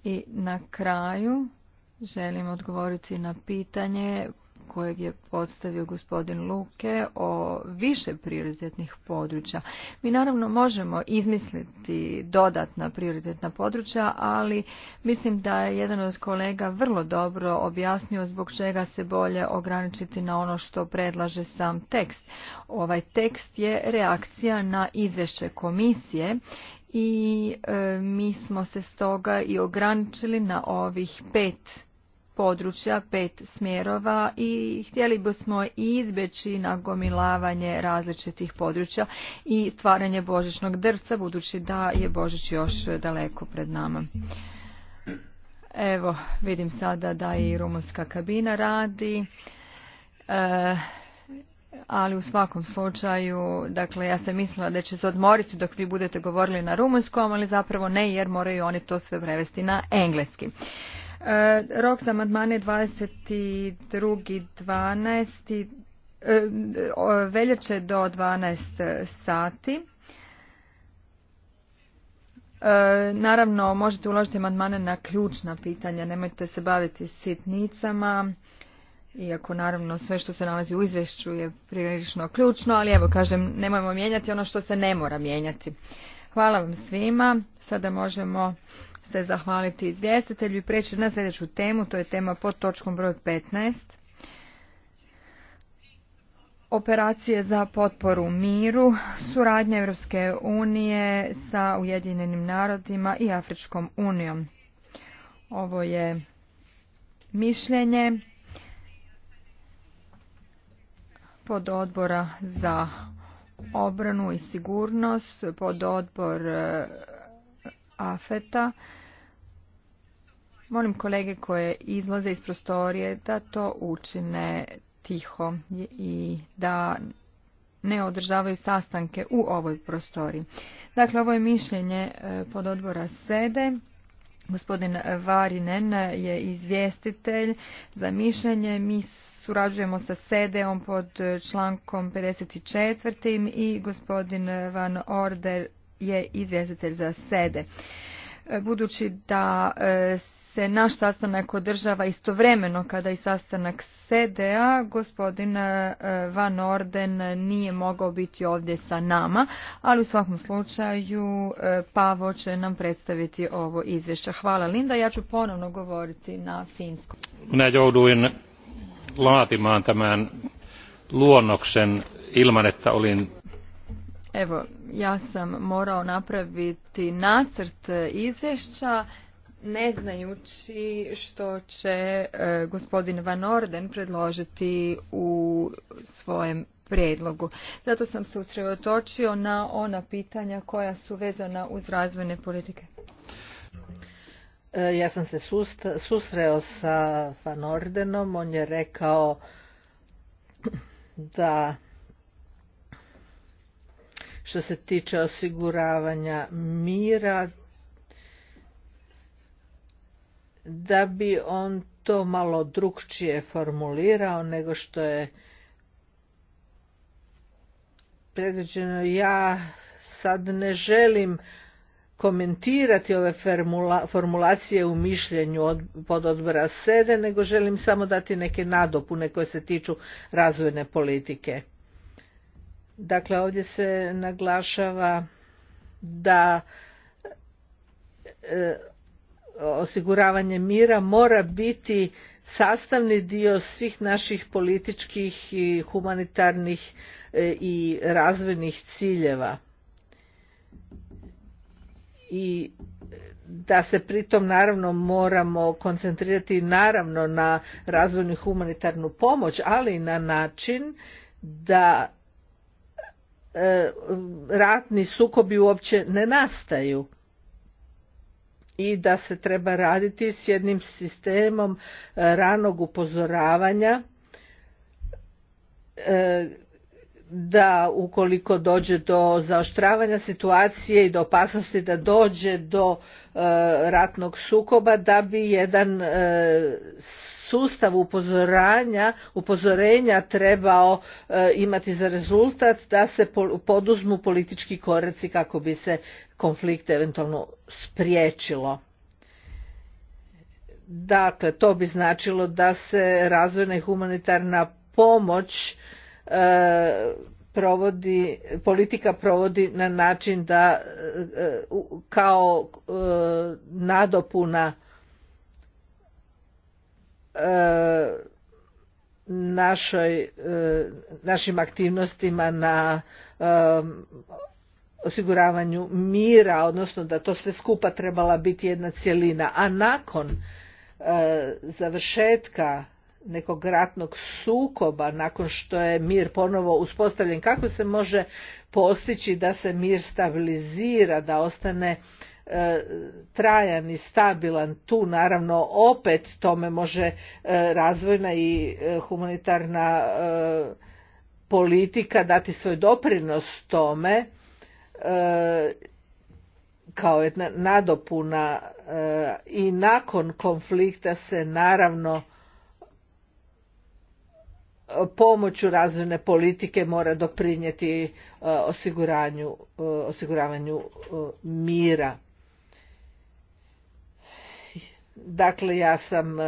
[SPEAKER 3] I na kraju želim odgovoriti na pitanje kojeg je podstavio gospodin Luke o više prioritetnih područja. Mi naravno možemo izmisliti dodatna prioritetna područja, ali mislim da je jedan od kolega vrlo dobro objasnio zbog čega se bolje ograničiti na ono što predlaže sam tekst. Ovaj tekst je reakcija na izvješće komisije i e, mi smo se stoga i ograničili na ovih pet područja, pet smjerova i htjeli bismo izbjeći nagomilavanje različitih područja i stvaranje božičnog drvca, budući da je božić još daleko pred nama. Evo, vidim sada da i rumunska kabina radi. E, ali u svakom slučaju, dakle ja sam mislila da će se odmoriti dok vi budete govorili na rumunskom, ali zapravo ne jer moraju oni to sve prevesti na engleski. E, rok za amandmane 22.12. E, veljače do 12 sati. E, naravno, možete uložiti amandmane na ključna pitanja, nemojte se baviti sitnicama, iako naravno sve što se nalazi u izvješću je prilično ključno, ali evo kažem, nemojmo mijenjati ono što se ne mora mijenjati. Hvala vam svima, sada možemo se zahvaliti izvjestitelju i preći na sljedeću temu, to je tema pod točkom broj 15. Operacije za potporu miru, suradnje Europske unije sa Ujedinjenim narodima i Afričkom unijom. Ovo je mišljenje pod odbora za obranu i sigurnost, pod odbor AFETA. Molim kolege koje izlaze iz prostorije da to učine tiho i da ne održavaju sastanke u ovoj prostoriji. Dakle, ovo je mišljenje e, pod odbora SEDE. Gospodin Varinen je izvjestitelj za mišljenje. Mi surađujemo sa SEDEom pod člankom 54. i gospodin Van Order je izvjestitelj za sede. E, budući da e, se naš sastanak održava istovremeno kada i sastanak SEDEA, gospodin e, Van Orden nije mogao biti ovdje sa nama, ali u svakom slučaju Pavo će nam predstaviti ovo izvješće. Hvala Linda, ja ću ponovno govoriti na finskom.
[SPEAKER 2] Minä jouduin laatimaan tämän luonnoksen ilman, olin
[SPEAKER 3] Evo, ja sam morao napraviti nacrt izvješća ne znajući što će e, gospodin Van Orden predložiti u svojem predlogu. Zato sam se usredotočio na ona pitanja koja su vezana uz razvojne politike.
[SPEAKER 1] E, ja sam se susreo sa Van Ordenom, on je rekao da što se tiče osiguravanja mira, da bi on to malo drukčije formulirao nego što je predviđeno. Ja sad ne želim komentirati ove formula, formulacije u mišljenju od, pod odbora sede, nego želim samo dati neke nadopune koje se tiču razvojne politike. Dakle, ovdje se naglašava da e, osiguravanje mira mora biti sastavni dio svih naših političkih i humanitarnih e, i razvojnih ciljeva. I da se pritom naravno moramo koncentrirati naravno na razvojnu humanitarnu pomoć, ali i na način da E, ratni sukobi uopće ne nastaju i da se treba raditi s jednim sistemom e, ranog upozoravanja e, da ukoliko dođe do zaoštravanja situacije i do opasnosti da dođe do ratnog sukoba da bi jedan sustav upozoranja, upozorenja trebao e, imati za rezultat da se poduzmu politički koraci kako bi se konflikt eventualno spriječilo. Dakle, to bi značilo da se razvojna i humanitarna pomoć e, provodi, politika provodi na način da e, kao nadopuna E, našoj, e, našim aktivnostima na e, osiguravanju mira, odnosno da to sve skupa trebala biti jedna cjelina, a nakon završetka nekog ratnog sukoba nakon što je mir ponovo uspostavljen kako se može postići da se mir stabilizira da ostane E, trajan i stabilan tu naravno opet tome može e, razvojna i e, humanitarna politika dati svoj doprinos tome kao jedna nadopuna i nakon konflikta se naravno pomoću razvojne politike mora doprinijeti osiguranju, osiguravanju mira. Dakle, ja sam e,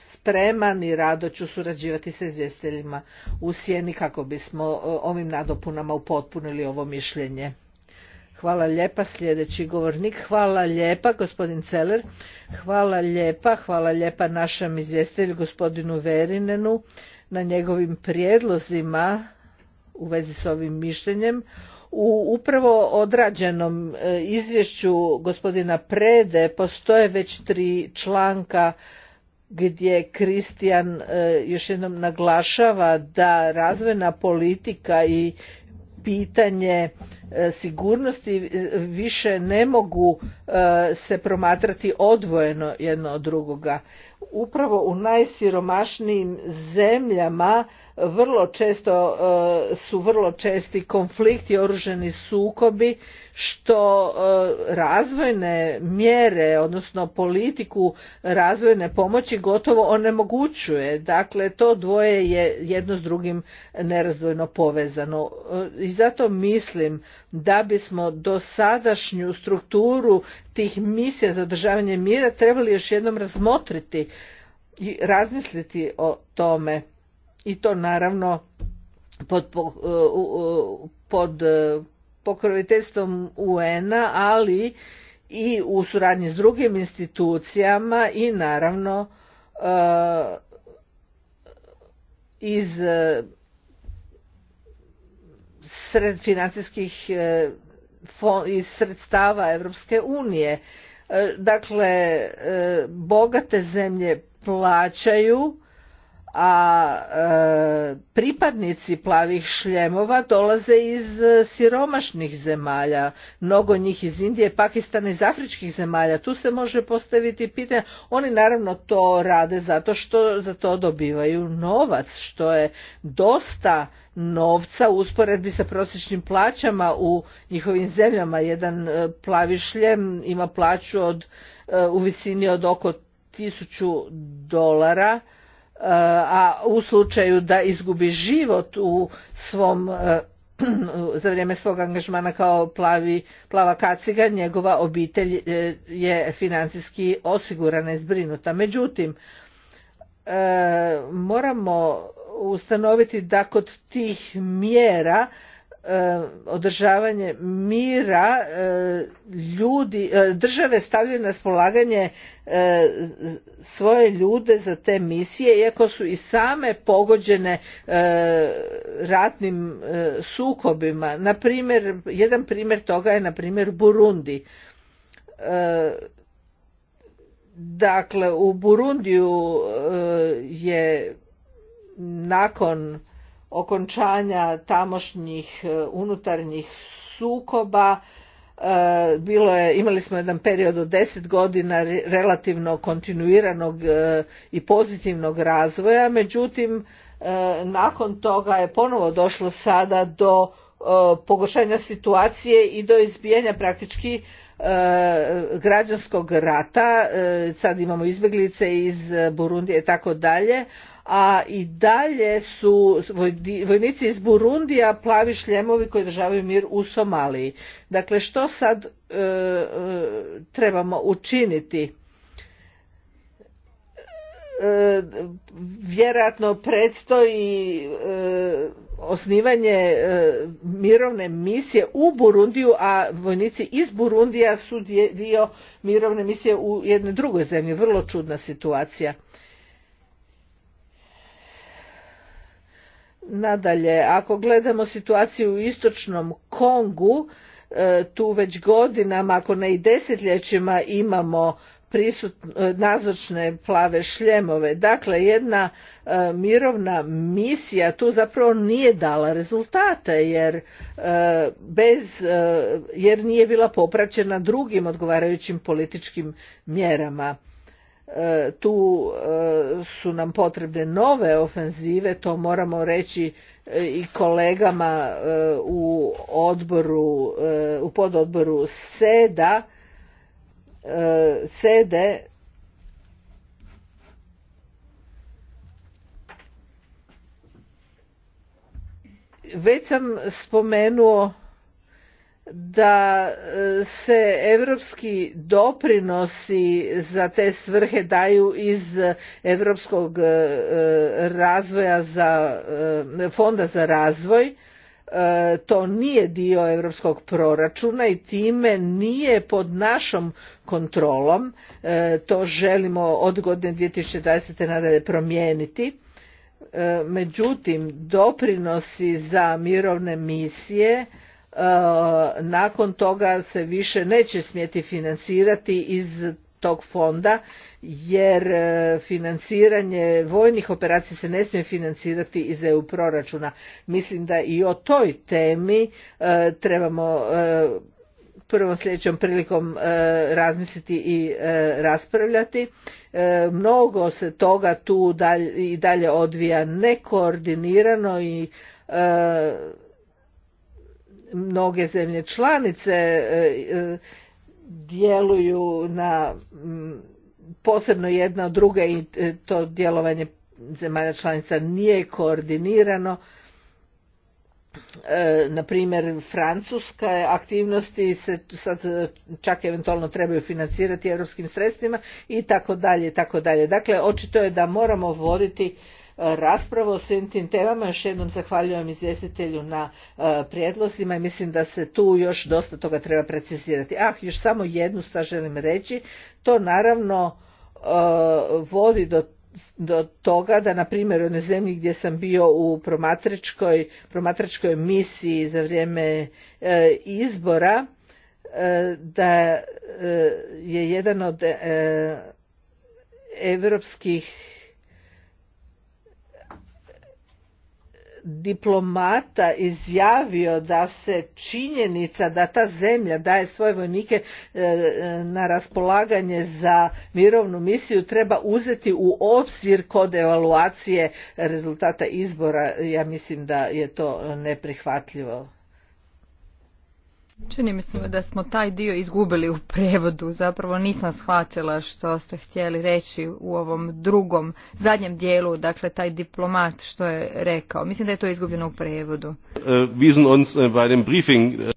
[SPEAKER 1] spreman i rado ću surađivati sa izvjestiteljima u sjeni kako bismo e, ovim nadopunama upotpunili ovo mišljenje. Hvala lijepa, sljedeći govornik. Hvala lijepa, gospodin Celer. Hvala lijepa, hvala lijepa našem izvjestitelju gospodinu Verinenu na njegovim prijedlozima u vezi s ovim mišljenjem. U upravo odrađenom e, izvješću gospodina Prede postoje već tri članka gdje Kristijan e, još jednom naglašava da razvojna politika i pitanje e, sigurnosti više ne mogu se promatrati odvojeno jedno od drugoga. Upravo u najsiromašnijim zemljama vrlo često e, su vrlo česti konflikti, oruženi sukobi što e, razvojne mjere odnosno politiku razvojne pomoći gotovo onemogućuje. Dakle to dvoje je jedno s drugim nerazvojno povezano. E, I zato mislim da bismo dosadašnju strukturu tih misija za održavanje mira trebali još jednom razmotriti i razmisliti o tome i to naravno pod, e, pod e, pokroviteljstvom UN-a, ali i u suradnji s drugim institucijama i naravno e, iz sred financijskih iz sredstava Europske unije. Dakle, bogate zemlje plaćaju a e, pripadnici plavih šljemova dolaze iz e, siromašnih zemalja, mnogo njih iz Indije, Pakistana, iz afričkih zemalja. Tu se može postaviti pitanje, oni naravno to rade zato što za to dobivaju novac, što je dosta novca u usporedbi sa prosječnim plaćama u njihovim zemljama. Jedan e, plavi šljem ima plaću od, u visini od oko tisuću dolara, a u slučaju da izgubi život u svom e, za vrijeme svog angažmana kao plavi, plava kaciga njegova obitelj e, je financijski osigurana i zbrinuta. Međutim, e, moramo ustanoviti da kod tih mjera E, održavanje mira e, ljudi, e, države stavljaju na spolaganje svoje ljude za te misije iako su i same pogođene ratnim sukobima. Na primjer, jedan primjer toga je na primjer Burundi. Dakle, u Burundiju je nakon okončanja tamošnjih e, unutarnjih sukoba e, bilo je, imali smo jedan period od deset godina relativno kontinuiranog e, i pozitivnog razvoja, međutim nakon toga je ponovo došlo sada do pogošanja situacije i do izbijanja praktički građanskog rata, sad imamo izbjeglice iz Burundije i tako dalje, a i dalje su vojnici iz Burundija plavi šljemovi koji državaju mir u Somaliji. Dakle, što sad e, e, trebamo učiniti? E, vjerojatno predstoji e, osnivanje mirovne misije u Burundiju, a vojnici iz Burundija su dio mirovne misije u jednoj drugoj zemlji. Vrlo čudna situacija. Nadalje, ako gledamo situaciju u istočnom Kongu, e, tu već godinama, ako ne i desetljećima imamo prisut, e, nazočne plave šljemove. Dakle, jedna e, mirovna misija tu zapravo nije dala rezultate jer, bez, jer nije bila popraćena drugim odgovarajućim političkim mjerama. E, tu e, su nam potrebne nove ofenzive, to moramo reći e, i kolegama u odboru, u pododboru SEDA, SEDE, Već sam spomenuo da e, se europski doprinosi za te svrhe daju iz europskog e, razvoja za e, fonda za razvoj to nije dio europskog proračuna i time nije pod našom kontrolom to želimo od godine 2020. nadalje promijeniti međutim doprinosi za mirovne misije E, nakon toga se više neće smjeti financirati iz tog fonda jer e, financiranje vojnih operacija se ne smije financirati iz EU proračuna. Mislim da i o toj temi e, trebamo prvom sljedećom prilikom razmisliti i raspravljati. Mnogo se toga tu i dalje odvija nekoordinirano i mnoge zemlje članice e, e, djeluju na posebno jedna od druge i e, to djelovanje zemalja članica nije koordinirano. na primjer Francuska aktivnosti se sad čak eventualno trebaju financirati europskim sredstvima i tako dalje i tako dalje. Dakle, očito je da moramo voditi raspravu o svim tim temama. Još jednom zahvaljujem izvjestitelju na e, prijedlozima i mislim da se tu još dosta toga treba precizirati. Ah, još samo jednu stvar želim reći. To naravno e, vodi do do toga da na primjer u jednoj zemlji gdje sam bio u promatračkoj, promatračkoj misiji za vrijeme e, izbora da je jedan od europskih diplomata izjavio da se činjenica da ta zemlja daje svoje vojnike e, e, na raspolaganje za mirovnu misiju treba uzeti u obzir kod evaluacije rezultata izbora ja mislim da je to neprihvatljivo
[SPEAKER 3] Čini mi se da smo taj dio izgubili u prevodu. Zapravo nisam shvatila što ste htjeli reći u ovom drugom, zadnjem dijelu, dakle taj diplomat što je rekao. Mislim da je to izgubljeno u prevodu.
[SPEAKER 2] E, e, e,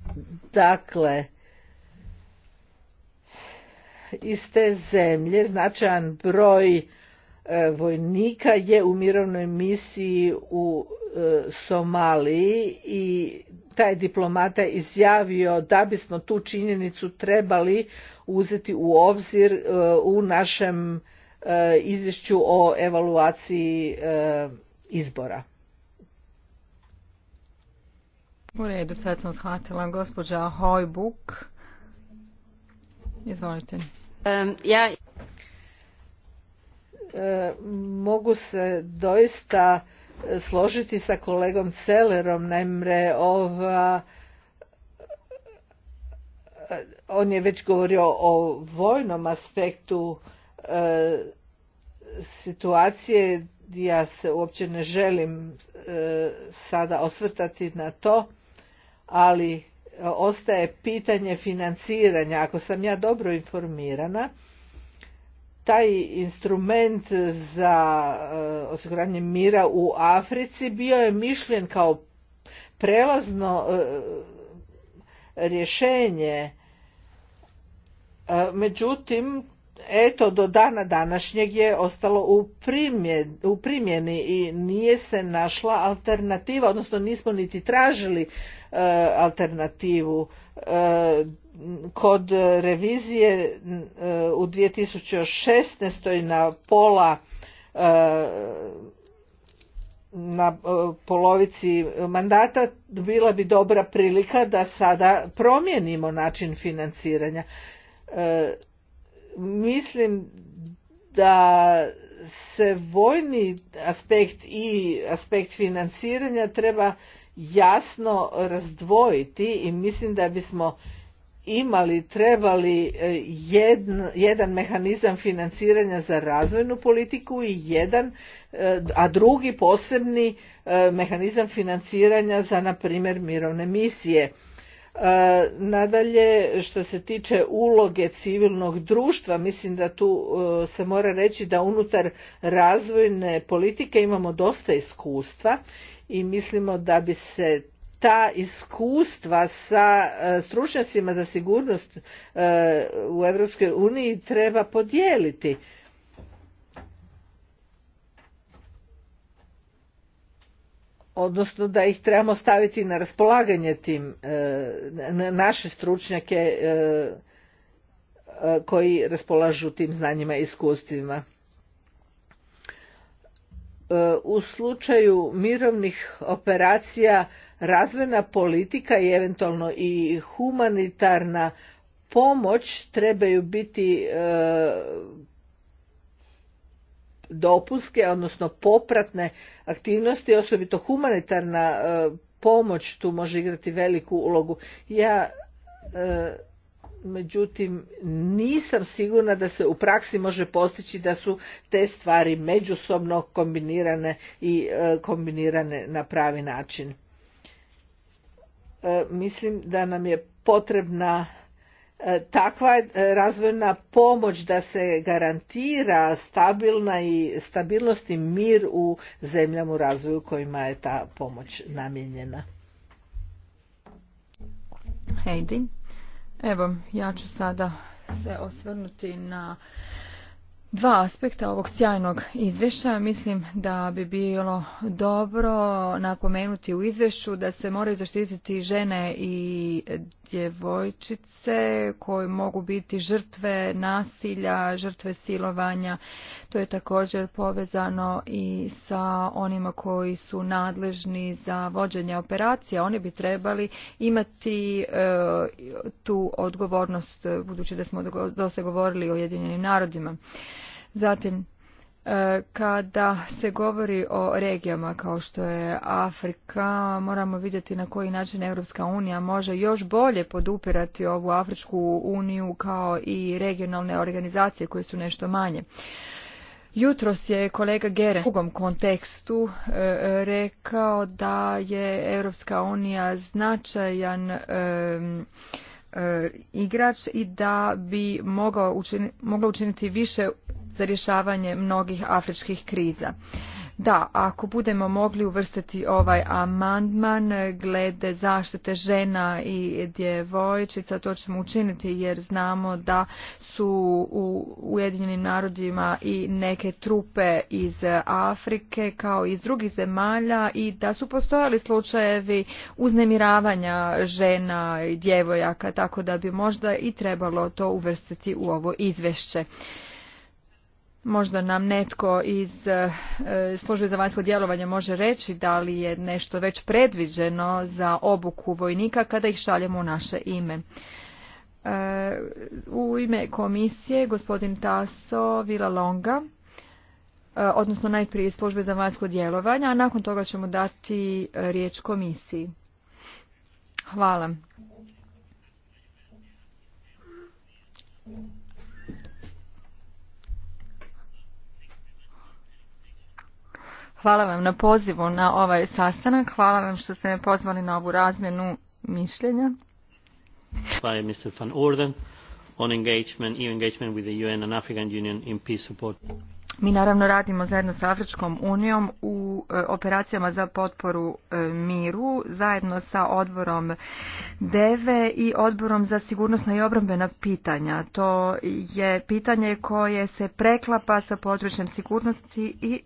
[SPEAKER 3] dakle,
[SPEAKER 1] iz te zemlje značajan broj vojnika je u mirovnoj misiji u Somaliji i taj diplomata izjavio da bismo tu činjenicu trebali uzeti u obzir e, u našem e, izvješću o evaluaciji e, izbora.
[SPEAKER 3] U redu, sad sam shvatila gospođa Hojbuk. Izvolite. ja... mogu se
[SPEAKER 1] doista složiti sa kolegom Celerom, naime ova on je već govorio o vojnom aspektu e, situacije, ja se uopće ne želim e, sada osvrtati na to, ali e, ostaje pitanje financiranja. Ako sam ja dobro informirana, taj instrument za e, osiguranje mira u Africi bio je mišljen kao prelazno e, rješenje e, međutim eto do dana današnjeg je ostalo u, primjeni i nije se našla alternativa odnosno nismo niti tražili e, alternativu e, kod revizije e, u 2016. na pola e, na polovici mandata bila bi dobra prilika da sada promijenimo način financiranja mislim da se vojni aspekt i aspekt financiranja treba jasno razdvojiti i mislim da bismo imali trebali e, jedan, jedan mehanizam financiranja za razvojnu politiku i jedan e, a drugi posebni e, mehanizam financiranja za na primjer mirovne misije Nadalje, što se tiče uloge civilnog društva, mislim da tu e, se mora reći da unutar razvojne politike imamo dosta iskustva i mislimo da bi se ta iskustva sa e, stručnjacima za sigurnost e, u Europskoj uniji treba podijeliti odnosno da ih trebamo staviti na raspolaganje tim e, na naše stručnjake e, e, koji raspolažu tim znanjima i iskustvima u slučaju mirovnih operacija razvojna politika i eventualno i humanitarna pomoć trebaju biti dopunske, odnosno popratne aktivnosti, osobito humanitarna e, pomoć tu može igrati veliku ulogu. Ja e, međutim nisam sigurna da se u praksi može postići da su te stvari međusobno kombinirane i e, kombinirane na pravi način. Mislim da nam je potrebna E, takva e, razvojna pomoć da se garantira stabilna i stabilnost i mir u zemljama u razvoju kojima je ta pomoć namijenjena.
[SPEAKER 3] Heidi, evo ja ću sada se osvrnuti na dva aspekta ovog sjajnog izvješća. Mislim da bi bilo dobro napomenuti u izvješću da se moraju zaštititi žene i djevojčice koje mogu biti žrtve nasilja, žrtve silovanja. To je također povezano i sa onima koji su nadležni za vođenje operacija. Oni bi trebali imati e, tu odgovornost, budući da smo dosta govorili o Jedinjenim narodima. Zatim, e, kada se govori o regijama kao što je Afrika, moramo vidjeti na koji način Europska unija može još bolje podupirati ovu Afričku uniju kao i regionalne organizacije koje su nešto manje. Jutros je kolega Geren u drugom kontekstu e, rekao da je Europska unija značajan e, E, igrač i da bi mogao mogla učiniti više za rješavanje mnogih afričkih kriza. Da, ako budemo mogli uvrstiti ovaj amandman glede zaštite žena i djevojčica, to ćemo učiniti jer znamo da su u Ujedinjenim narodima i neke trupe iz Afrike kao i iz drugih zemalja i da su postojali slučajevi uznemiravanja žena i djevojaka, tako da bi možda i trebalo to uvrstiti u ovo izvješće. Možda nam netko iz e, službe za vanjsko djelovanje može reći da li je nešto već predviđeno za obuku vojnika kada ih šaljemo u naše ime. E, u ime komisije gospodin Taso Vila Longa, e, odnosno najprije službe za vanjsko djelovanje, a nakon toga ćemo dati riječ komisiji. Hvala. Hvala vam na pozivu na ovaj sastanak. Hvala vam što ste me pozvali na ovu razmjenu mišljenja.
[SPEAKER 1] By Mr. Van Orden on engagement, engagement with the UN and African Union in peace support.
[SPEAKER 3] Mi naravno radimo zajedno sa Afričkom unijom u e, operacijama za potporu e, miru, zajedno sa odborom DEVE i odborom za sigurnosna i obrambena pitanja. To je pitanje koje se preklapa sa područjem sigurnosti i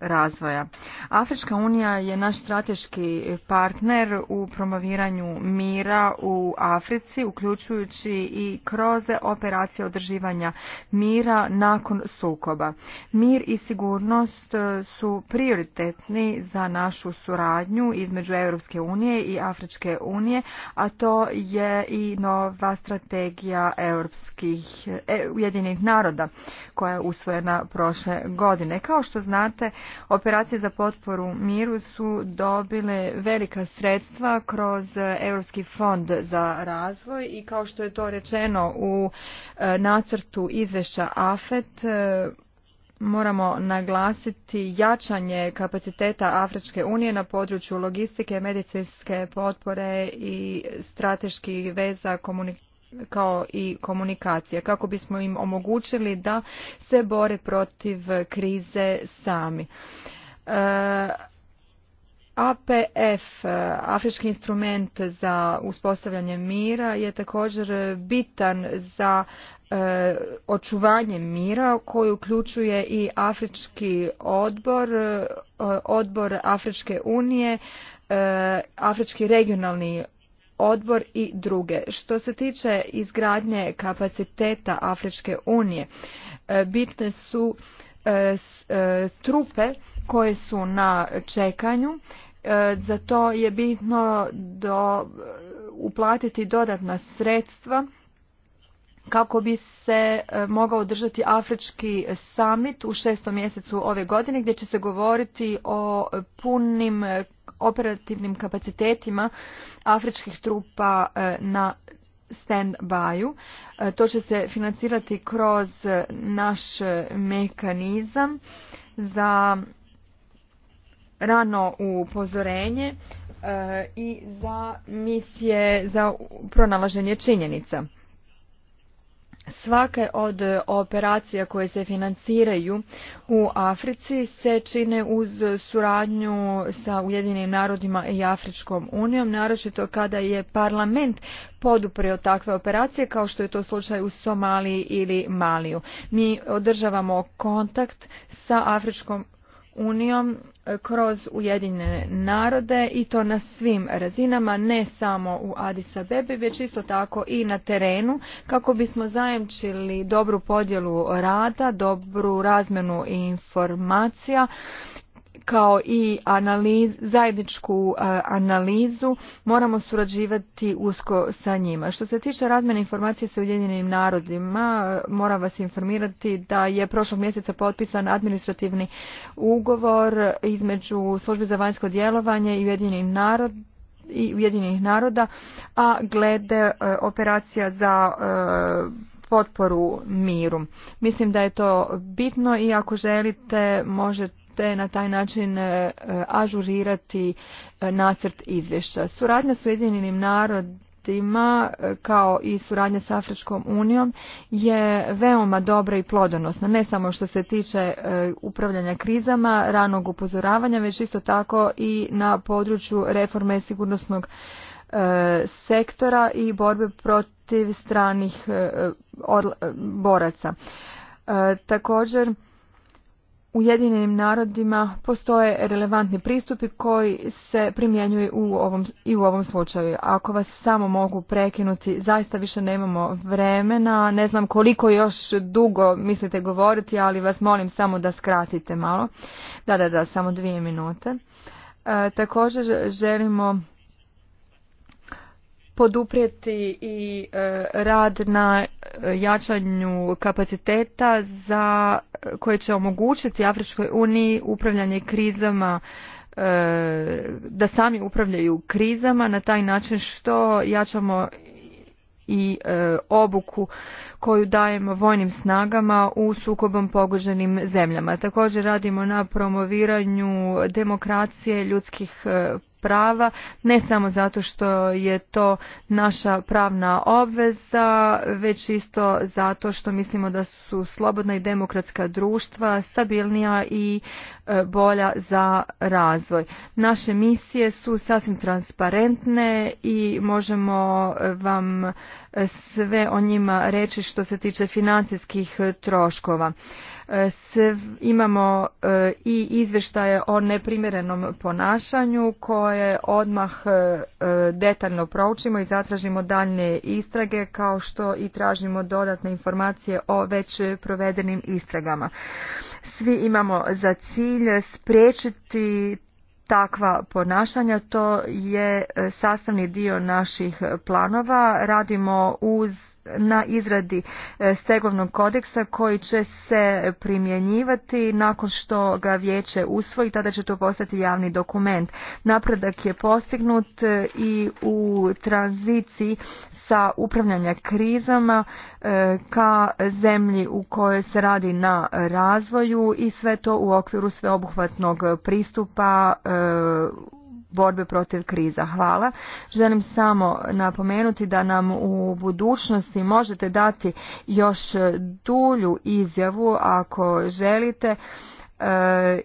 [SPEAKER 3] razvoja. Afrička unija je naš strateški partner u promoviranju mira u Africi, uključujući i kroz operacije održivanja mira nakon sukoba. Mir i sigurnost e, su prioritetni za našu suradnju između Europske unije i Afričke unije, a to je i nova strategija europskih e, naroda koja je usvojena prošle godine. Kao što znate, Operacije za potporu miru su dobile velika sredstva kroz Europski fond za razvoj i kao što je to rečeno u e, nacrtu izvješća AFET, e, moramo naglasiti jačanje kapaciteta Afričke unije na području logistike, medicinske potpore i strateških veza komunikacije kao i komunikacija kako bismo im omogućili da se bore protiv krize sami. E, APF, e, Afrički instrument za uspostavljanje mira, je također bitan za e, očuvanje mira koji uključuje i Afrički odbor, odbor Afričke unije, Afrički regionalni odbor i druge. Što se tiče izgradnje kapaciteta Afričke unije, e, bitne su e, e, trupe koje su na čekanju. Za to je bitno uplatiti dodatna sredstva kako bi se e, mogao održati Afrički summit u šestom mjesecu ove godine gdje će se govoriti o punim e, operativnim kapacitetima afričkih trupa e, na stand by-u. To će se financirati kroz naš mekanizam za rano upozorenje i za misije za pronalaženje činjenica. Svake od e, operacija koje se financiraju u Africi se čine uz suradnju sa Ujedinim narodima i Afričkom unijom, naročito kada je parlament poduprio takve operacije kao što je to slučaj u Somaliji ili Maliju. Mi održavamo kontakt sa Afričkom unijom kroz Ujedinjene narode i to na svim razinama, ne samo u Addis Abebi, već isto tako i na terenu kako bismo zajemčili dobru podjelu rada, dobru razmenu informacija, kao i analiz, zajedničku e, analizu moramo surađivati usko sa njima. Što se tiče razmjene informacije sa Ujedinjenim narodima, e, moram vas informirati da je prošlog mjeseca potpisan administrativni ugovor između službe za vanjsko djelovanje i Ujedinjenih i Ujedinjenih naroda, a glede e, operacija za potporu miru. Mislim da je to bitno i ako želite možete te na taj način e, e, ažurirati e, nacrt izvješća. Suradnja s Ujedinjenim narodima kao i suradnja s Afričkom unijom je veoma dobra i plodonosna, ne samo što se tiče upravljanja krizama, ranog upozoravanja, već isto tako i na području reforme sigurnosnog sektora i borbe protiv stranih boraca. Također Ujedinjenim narodima postoje relevantni pristupi koji se primjenjuju u ovom, i u ovom slučaju. Ako vas samo mogu prekinuti, zaista više nemamo vremena. Ne znam koliko još dugo mislite govoriti, ali vas molim samo da skratite malo. Da, da, da, samo dvije minute. E, također želimo poduprijeti i e, rad na e, jačanju kapaciteta za e, koje će omogućiti Afričkoj uniji upravljanje krizama da sami upravljaju krizama na taj način što jačamo i obuku koju dajemo vojnim snagama u sukobom pogođenim zemljama. Također radimo na promoviranju demokracije, ljudskih prava, ne samo zato što je to naša pravna obveza, već isto zato što mislimo da su slobodna i demokratska društva stabilnija i e, bolja za razvoj. Naše misije su sasvim transparentne i možemo e, vam e, sve o njima reći što se tiče financijskih troškova imamo e, i izvještaje o neprimjerenom ponašanju koje odmah e, detaljno proučimo i zatražimo daljnje istrage kao što i tražimo dodatne informacije o već provedenim istragama. Svi imamo za cilj spriječiti takva ponašanja, to je e, sastavni dio naših planova. Radimo uz na izradi e, stegovnog kodeksa koji će se primjenjivati nakon što ga vijeće usvoji, tada će to postati javni dokument. Napredak je postignut e, i u tranziciji sa upravljanja krizama e, ka zemlji u kojoj se radi na razvoju i sve to u okviru sveobuhvatnog pristupa borbe protiv kriza. Hvala. Želim samo napomenuti da nam u budućnosti možete dati još dulju izjavu ako želite e,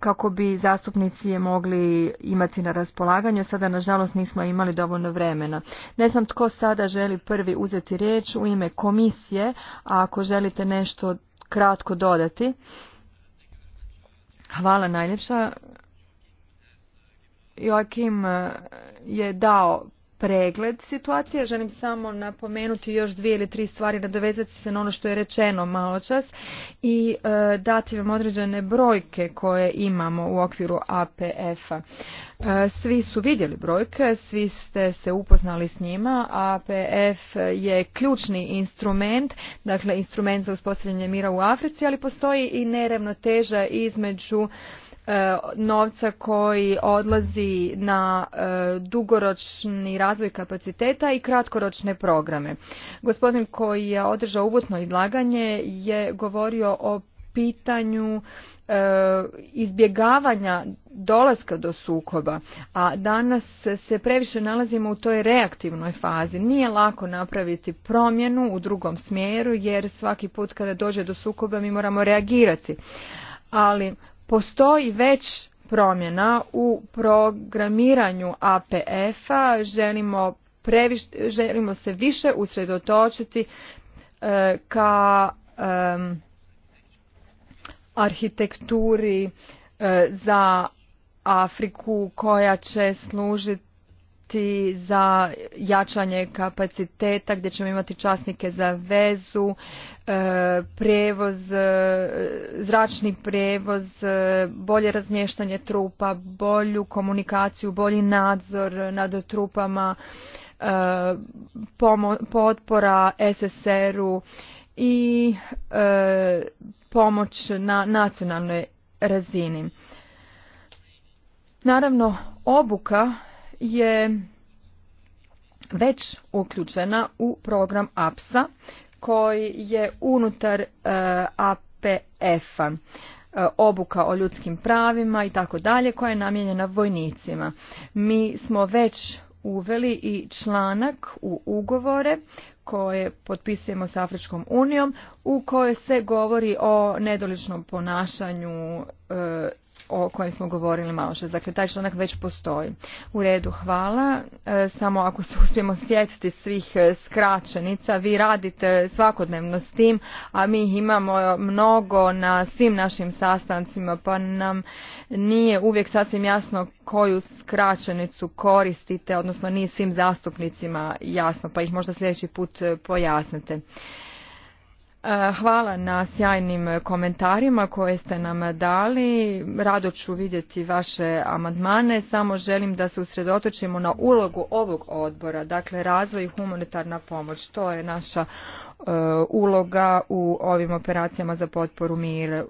[SPEAKER 3] kako bi zastupnici je mogli imati na raspolaganju. Sada, nažalost, nismo imali dovoljno vremena. Ne znam tko sada želi prvi uzeti riječ u ime komisije, a ako želite nešto kratko dodati. Hvala najljepša, Joakim eh, je dao pregled situacije. Želim samo napomenuti još dvije ili tri stvari, nadovezati se na ono što je rečeno malo čas i eh, dati vam određene brojke koje imamo u okviru APF-a. Eh, svi su vidjeli brojke, svi ste se upoznali s njima. APF je ključni instrument, dakle instrument za uspostavljanje mira u Africi, ali postoji i neravnoteža između E, novca koji odlazi na e, dugoročni razvoj kapaciteta i kratkoročne programe. Gospodin koji je održao uvodno izlaganje je govorio o pitanju e, izbjegavanja dolaska do sukoba, a danas se previše nalazimo u toj reaktivnoj fazi. Nije lako napraviti promjenu u drugom smjeru jer svaki put kada dođe do sukoba mi moramo reagirati. Ali Postoji već promjena u programiranju APF-a, želimo, želimo se više usredotočiti e, ka arhitekturi e, za Afriku koja će služiti za jačanje kapaciteta gdje ćemo imati časnike za vezu, e, prijevoz, e, zračni prijevoz, e, bolje razmještanje trupa, bolju komunikaciju, bolji nadzor nad trupama, potpora SSR-u i pomoć na nacionalnoj razini. Naravno, obuka je već uključena u program APSA koji je unutar eh, APF-a eh, obuka o ljudskim pravima i tako dalje koja je namijenjena vojnicima. Mi smo već uveli i članak u ugovore koje potpisujemo s Afričkom unijom u kojoj se govori o nedoličnom ponašanju eh, o kojem smo govorili malo što. Dakle, taj članak već postoji. U redu, hvala. E, samo ako se uspijemo sjetiti svih e, skraćenica, vi radite svakodnevno s tim, a mi ih imamo e, mnogo na svim našim sastancima, pa nam nije uvijek sasvim jasno koju skraćenicu koristite, odnosno nije svim zastupnicima jasno, pa ih možda sljedeći put pojasnite. E, hvala na sjajnim komentarima koje ste nam dali. Rado ću vidjeti vaše amandmane. Samo želim da se usredotočimo na ulogu ovog odbora, dakle razvoj i humanitarna pomoć. To je naša e, uloga u ovim operacijama za potporu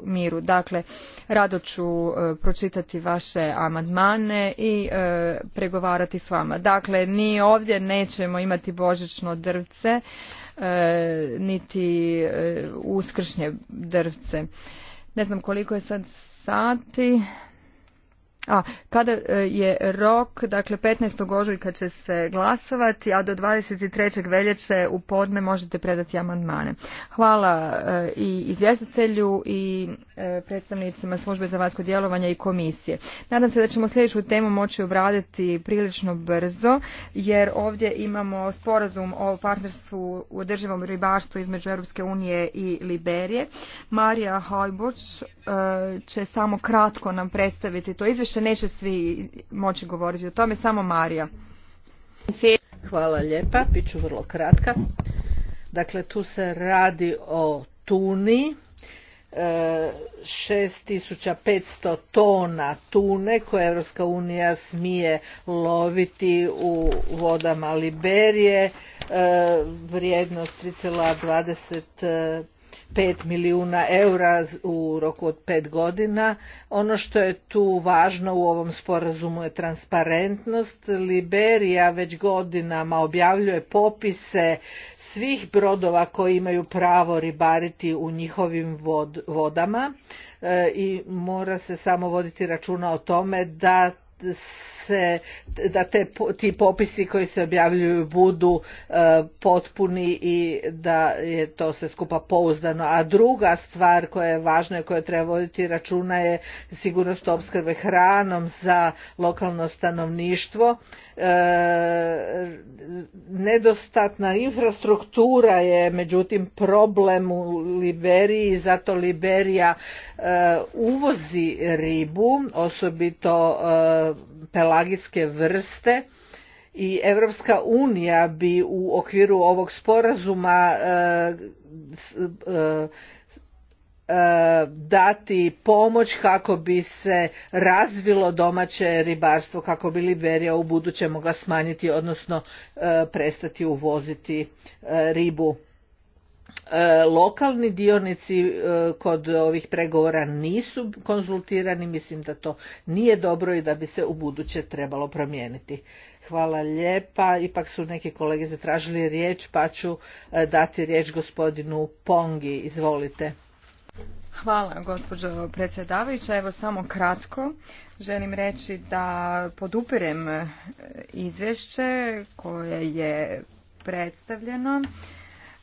[SPEAKER 3] miru. Dakle, rado ću e, pročitati vaše amandmane i pregovarati s vama. Dakle, ni ovdje nećemo imati božično drvce E, niti e, uskršnje drvce. Ne znam koliko je sad sati. A, kada e, je rok, dakle 15. ožujka će se glasovati, a do 23. veljače u podne možete predati amandmane. Hvala e, i izvjestitelju i e, predstavnicima službe za vanjsko djelovanje i komisije. Nadam se da ćemo sljedeću temu moći obraditi prilično brzo, jer ovdje imamo sporazum o partnerstvu u održivom ribarstvu između Europske unije i Liberije. Marija Hojbuć će samo kratko nam predstaviti to izvješće neće svi moći govoriti o tome, samo Marija. Hvala lijepa, bit ću vrlo kratka. Dakle, tu se radi
[SPEAKER 1] o tuni, 6500 e, tona tune koje Europska unija smije loviti u vodama Liberije, e, vrijednost 3,25 5 milijuna eura u roku od 5 godina. Ono što je tu važno u ovom sporazumu je transparentnost. Liberija već godinama objavljuje popise svih brodova koji imaju pravo ribariti u njihovim vodama e, i mora se samo voditi računa o tome da se da te, ti popisi koji se objavljuju budu e, potpuni i da je to sve skupa pouzdano. A druga stvar koja je važna i koja treba voditi računa je sigurnost opskrbe hranom za lokalno stanovništvo E, nedostatna infrastruktura je međutim problem u Liberiji zato Liberija e, uvozi ribu osobito e, pelagijske vrste i Europska unija bi u okviru ovog sporazuma E, dati pomoć kako bi se razvilo domaće ribarstvo, kako bi Liberija u buduće mogla smanjiti, odnosno e, prestati uvoziti e, ribu. Lokalni dionici kod ovih pregovora nisu konzultirani, mislim da to nije dobro i da bi se u buduće trebalo promijeniti. Hvala lijepa, ipak su neki kolege zatražili riječ, pa ću dati riječ gospodinu Pongi, izvolite.
[SPEAKER 3] Hvala gospođo predsjedavajuća. Evo samo kratko. Želim reći da podupirem e, izvješće koje je predstavljeno.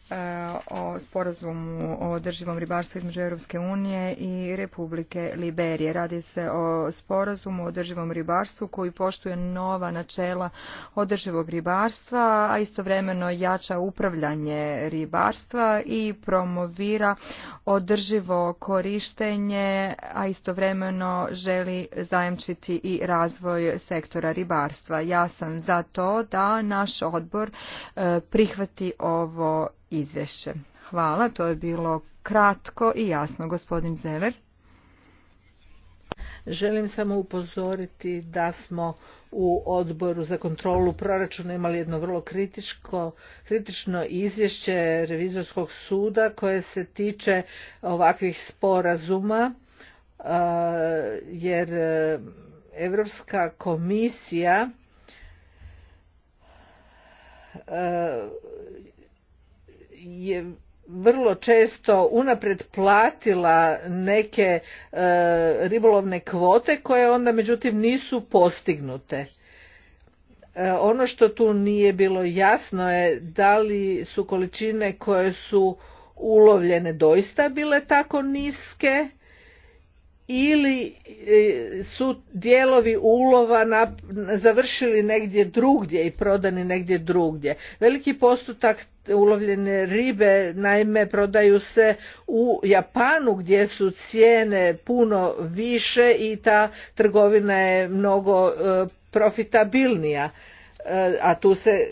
[SPEAKER 3] Eh, o sporazumu o održivom ribarstvu između Europske unije i Republike Liberije. Radi se o sporazumu o održivom ribarstvu koji poštuje nova načela održivog ribarstva, a istovremeno jača upravljanje ribarstva i promovira održivo korištenje, a istovremeno želi zajamčiti i razvoj sektora ribarstva. Ja sam za to da naš odbor eh, prihvati ovo izvješće. Hvala, to je bilo kratko i jasno, gospodin Zeller. Želim
[SPEAKER 1] samo upozoriti da smo u odboru za kontrolu proračuna imali jedno vrlo kritičko, kritično izvješće revizorskog suda koje se tiče ovakvih sporazuma e, jer Evropska komisija e, je vrlo često unaprijed platila neke e, ribolovne kvote koje onda međutim nisu postignute e, ono što tu nije bilo jasno je da li su količine koje su ulovljene doista bile tako niske ili e, su dijelovi ulova završili negdje drugdje i prodani negdje drugdje. Veliki postotak ulovljene ribe naime prodaju se u Japanu gdje su cijene puno više i ta trgovina je mnogo e, profitabilnija e, a tu se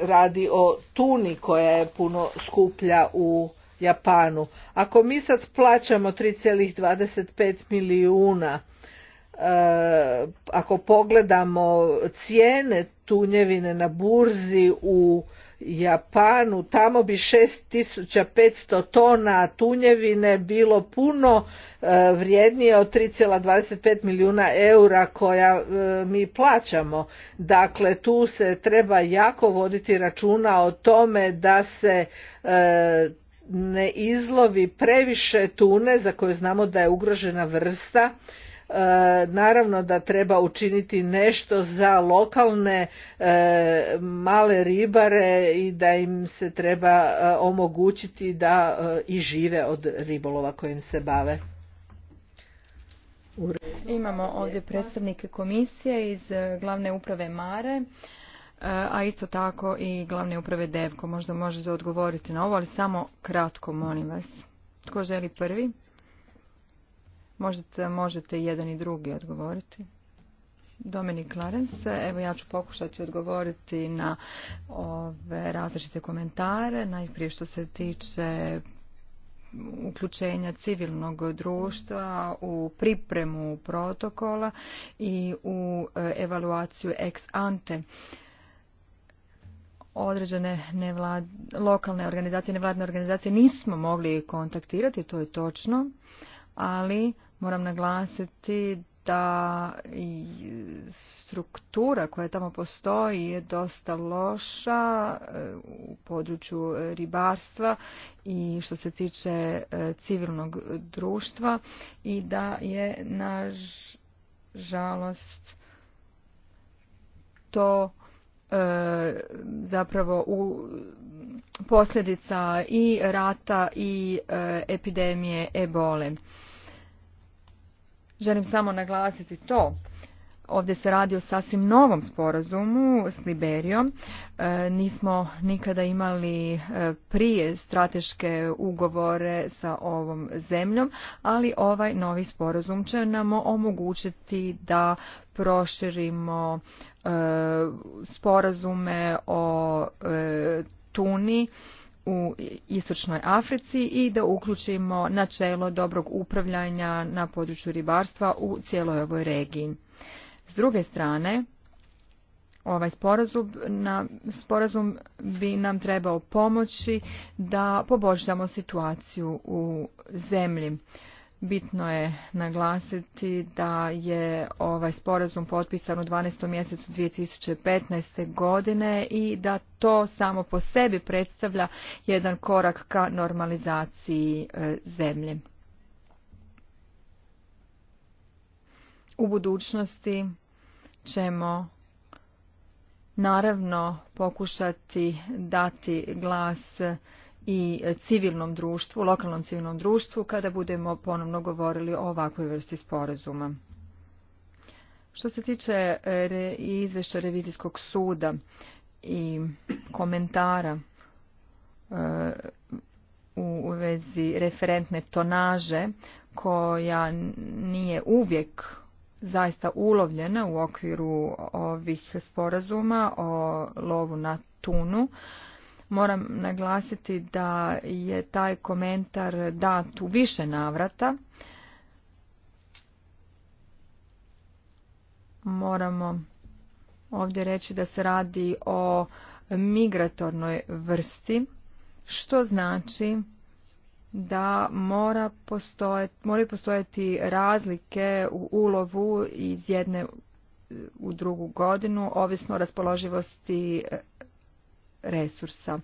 [SPEAKER 1] radi o tuni koja je puno skuplja u Japanu. Ako mi sad plaćamo 3,25 milijuna, e, ako pogledamo cijene tunjevine na burzi u Japanu, tamo bi 6500 tona tunjevine bilo puno e, vrijednije od 3,25 milijuna eura koja e, mi plaćamo. Dakle, tu se treba jako voditi računa o tome da se ne izlovi previše tune za koju znamo da je ugrožena vrsta e, naravno da treba učiniti nešto za lokalne e, male ribare i da im se treba e, omogućiti da i žive od ribolova kojim se bave.
[SPEAKER 3] Imamo ovdje predstavnike komisije iz glavne uprave Mare. E, a isto tako i glavne uprave Devko. Možda možete odgovoriti na ovo, ali samo kratko, molim vas. Tko želi prvi? Možete, možete jedan i drugi odgovoriti. Dominik Clarence, evo ja ću pokušati odgovoriti na ove različite komentare. Najprije što se tiče uključenja civilnog društva u pripremu protokola i u e, evaluaciju ex ante određene nevlad, lokalne organizacije, nevladne organizacije nismo mogli kontaktirati, to je točno, ali moram naglasiti da struktura koja tamo postoji je dosta loša e, u području ribarstva i što se tiče e, civilnog društva i da je naš žalost to E, zapravo u posljedica i rata i e, epidemije ebole. Želim samo naglasiti to. Ovdje se radi o sasvim novom sporazumu s Liberijom. E, nismo nikada imali prije strateške ugovore sa ovom zemljom, ali ovaj novi sporazum će nam omogućiti da proširimo E, sporazume o e, tuni u istočnoj Africi i da uključimo načelo dobrog upravljanja na području ribarstva u cijeloj ovoj regiji. S druge strane, ovaj sporazum, na, sporazum bi nam trebao pomoći da poboljšamo situaciju u zemlji. Bitno je naglasiti da je ovaj sporazum potpisan u 12. mjesecu 2015. godine i da to samo po sebi predstavlja jedan korak ka normalizaciji e, zemlje. U budućnosti ćemo naravno pokušati dati glas i civilnom društvu, lokalnom civilnom društvu, kada budemo ponovno govorili o ovakvoj vrsti sporazuma. Što se tiče e, izvješća revizijskog suda i komentara e, u vezi referentne tonaže koja nije uvijek zaista ulovljena u okviru ovih sporazuma o lovu na tunu. Moram naglasiti da je taj komentar dat u više navrata. Moramo ovdje reći da se radi o migratornoj vrsti, što znači da mora postojati, moraju postojati razlike u ulovu iz jedne u drugu godinu, ovisno o raspoloživosti resursa.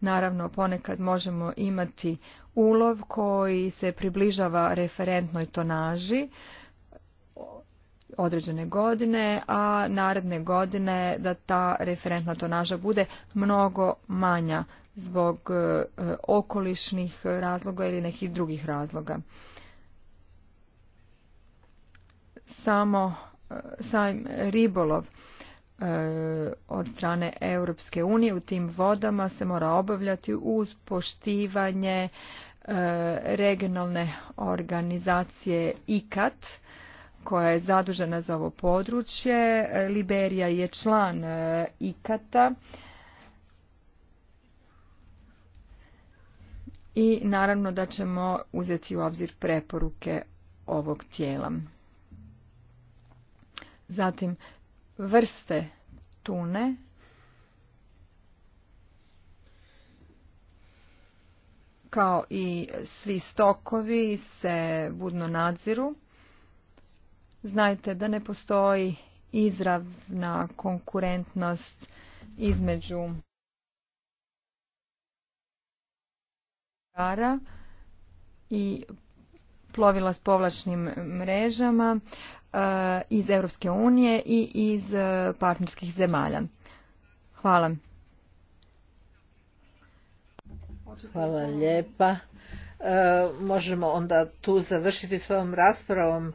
[SPEAKER 3] Naravno, ponekad možemo imati ulov koji se približava referentnoj tonaži određene godine, a naredne godine da ta referentna tonaža bude mnogo manja zbog e, okolišnih razloga ili nekih drugih razloga. Samo e, sam ribolov Eh, od strane Europske unije u tim vodama se mora obavljati uz poštivanje eh, regionalne organizacije ICAT koja je zadužena za ovo područje. Liberija je član eh, ICAT-a i naravno da ćemo uzeti u obzir preporuke ovog tijela. Zatim vrste tune kao i svi stokovi se budno nadziru. Znajte da ne postoji izravna konkurentnost između i plovila s povlačnim mrežama. Eh, iz Europske unije i iz eh, partnerskih zemalja. Hvala. Hvala lijepa. Eh,
[SPEAKER 1] možemo onda tu završiti s ovom raspravom.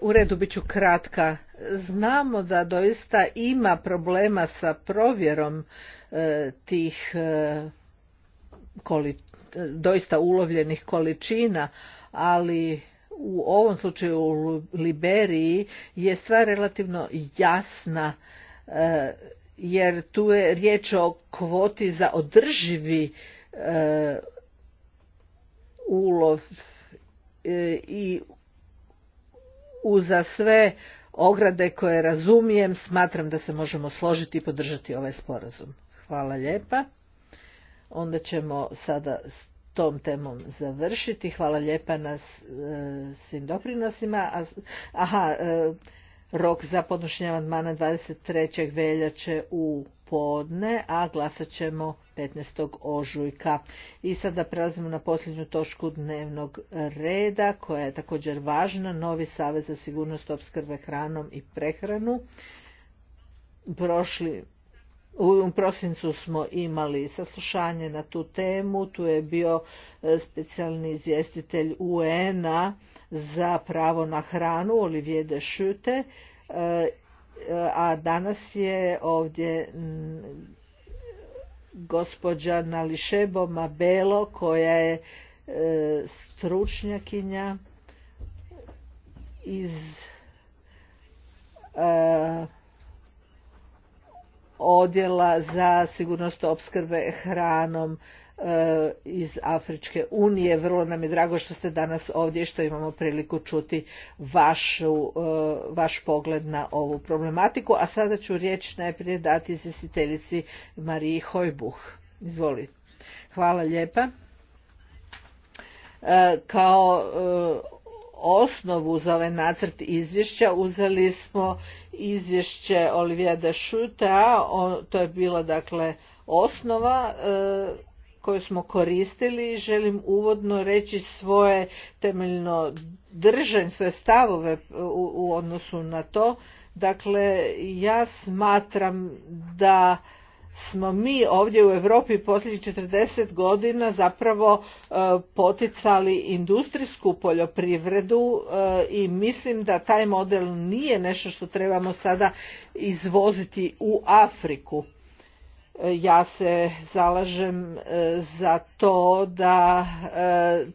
[SPEAKER 1] u redu bit ću kratka. Znamo da doista ima problema sa provjerom tih doista ulovljenih količina, ali u ovom slučaju u Liberiji je stvar relativno jasna e, jer tu je riječ o kvoti za održivi e, ulov e, i uza sve ograde koje razumijem smatram da se možemo složiti i podržati ovaj sporazum. Hvala lijepa. Onda ćemo sada tom temom završiti. Hvala lijepa na e, svim doprinosima. Aha, e, rok za podnošenje amandmana 23. veljače u podne, a glasat ćemo 15. ožujka. I sada prelazimo na posljednju točku dnevnog reda, koja je također važna, novi savez za sigurnost opskrbe hranom i prehranu. Prošli u prosincu smo imali saslušanje na tu temu, tu je bio e, specijalni izvjestitelj UN-a za pravo na hranu, Olivier de e, a danas je ovdje mm, gospođa Nališebo Mabelo koja je e, stručnjakinja iz odjela za sigurnost opskrbe hranom e, iz Afričke unije. Vrlo nam je drago što ste danas ovdje i što imamo priliku čuti vašu, e, vaš pogled na ovu problematiku. A sada ću riječ najprije dati izvjestiteljici Mariji Hojbuh. Izvoli. Hvala lijepa. E, kao osnovu za ovaj nacrt izvješća uzeli smo izvješće Olivija de to je bila dakle osnova e, koju smo koristili. Želim uvodno reći svoje temeljno držanje svoje stavove u odnosu na to. Dakle, ja smatram da smo mi ovdje u Europi posljednjih 40 godina zapravo e, poticali industrijsku poljoprivredu e, i mislim da taj model nije nešto što trebamo sada izvoziti u Afriku. E, ja se zalažem za to da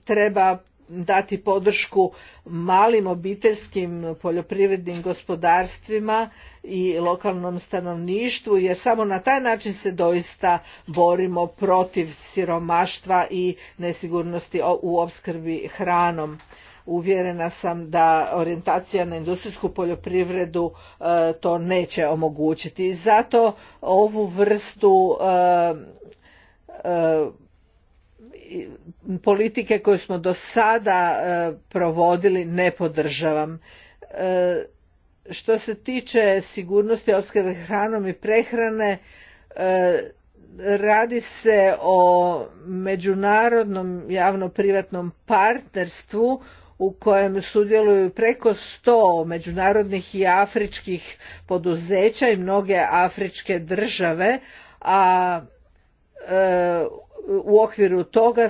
[SPEAKER 1] treba dati podršku malim obiteljskim poljoprivrednim gospodarstvima i lokalnom stanovništvu jer samo na taj način se doista borimo protiv siromaštva i nesigurnosti u opskrbi hranom uvjerena sam da orijentacija na industrijsku poljoprivredu e, to neće omogućiti i zato ovu vrstu e, e, politike koje smo do sada e, provodili ne podržavam. E, što se tiče sigurnosti opskrbe hranom i prehrane, e, radi se o međunarodnom javno-privatnom partnerstvu u kojem sudjeluju preko sto međunarodnih i afričkih poduzeća i mnoge afričke države, a u okviru toga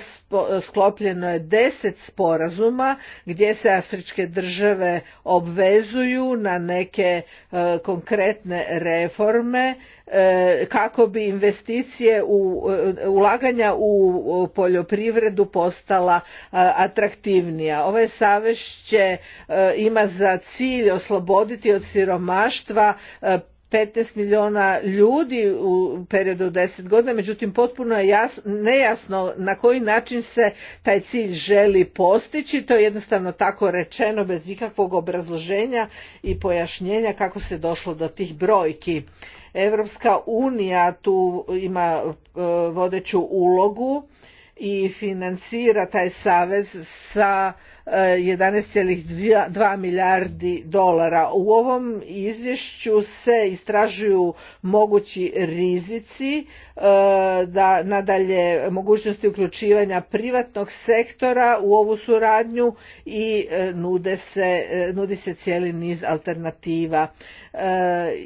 [SPEAKER 1] sklopljeno je deset sporazuma gdje se afričke države obvezuju na neke e, konkretne reforme e, kako bi investicije u e, ulaganja u poljoprivredu postala atraktivnija. Ovaj savez će ima za cilj osloboditi od siromaštva 15 milijuna ljudi u periodu od 10 godina, međutim potpuno je jasno, nejasno na koji način se taj cilj želi postići, to je jednostavno tako rečeno bez ikakvog obrazloženja i pojašnjenja kako se došlo do tih brojki. Evropska unija tu ima e, vodeću ulogu i financira taj savez sa 11,2 milijardi dolara. U ovom izvješću se istražuju mogući rizici, e, da nadalje mogućnosti uključivanja privatnog sektora u ovu suradnju i e, nude se, e, nudi se cijeli niz alternativa.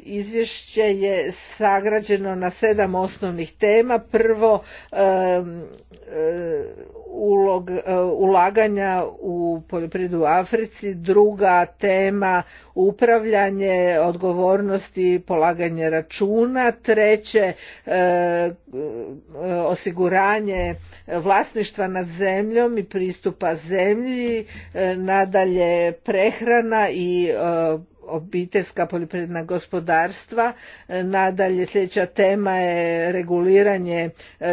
[SPEAKER 1] Izvješće je sagrađeno na sedam osnovnih tema. Prvo, ulog, ulaganja u u poljoprivredu u Africi, druga tema upravljanje, odgovornosti, polaganje računa, treće e, e, osiguranje vlasništva nad zemljom i pristupa zemlji, e, nadalje prehrana i obiteljska poljoprivredna gospodarstva. Nadalje sljedeća tema je reguliranje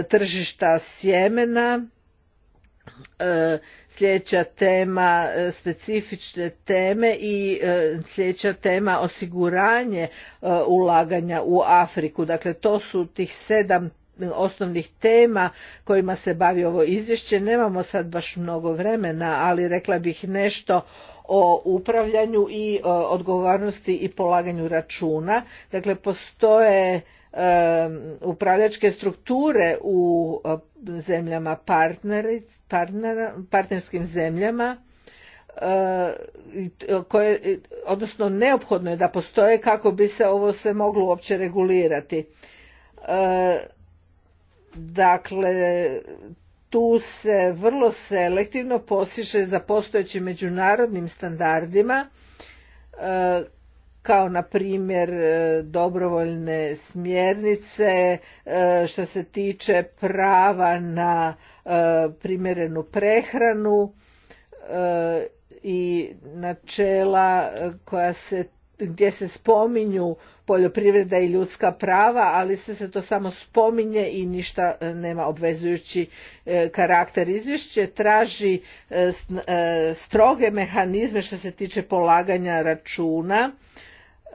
[SPEAKER 1] tržišta sjemena E, sljedeća tema e, specifične teme i e, sljedeća tema osiguranje ulaganja u Afriku. Dakle, to su tih sedam osnovnih tema kojima se bavi ovo izvješće. Nemamo sad baš mnogo vremena, ali rekla bih nešto o upravljanju i odgovornosti i polaganju računa. Dakle, postoje upravljačke strukture u e, zemljama partnerskim zemljama e, koje, odnosno neophodno je da postoje kako bi se ovo sve moglo uopće regulirati. E, dakle, tu se vrlo selektivno posiše za postojećim međunarodnim standardima kao na primjer e, dobrovoljne smjernice e, što se tiče prava na e, primjerenu prehranu i načela koja se gdje se spominju poljoprivreda i ljudska prava, ali se se to samo spominje i ništa nema obvezujući karakter. Izvješće traži stroge mehanizme što se tiče polaganja računa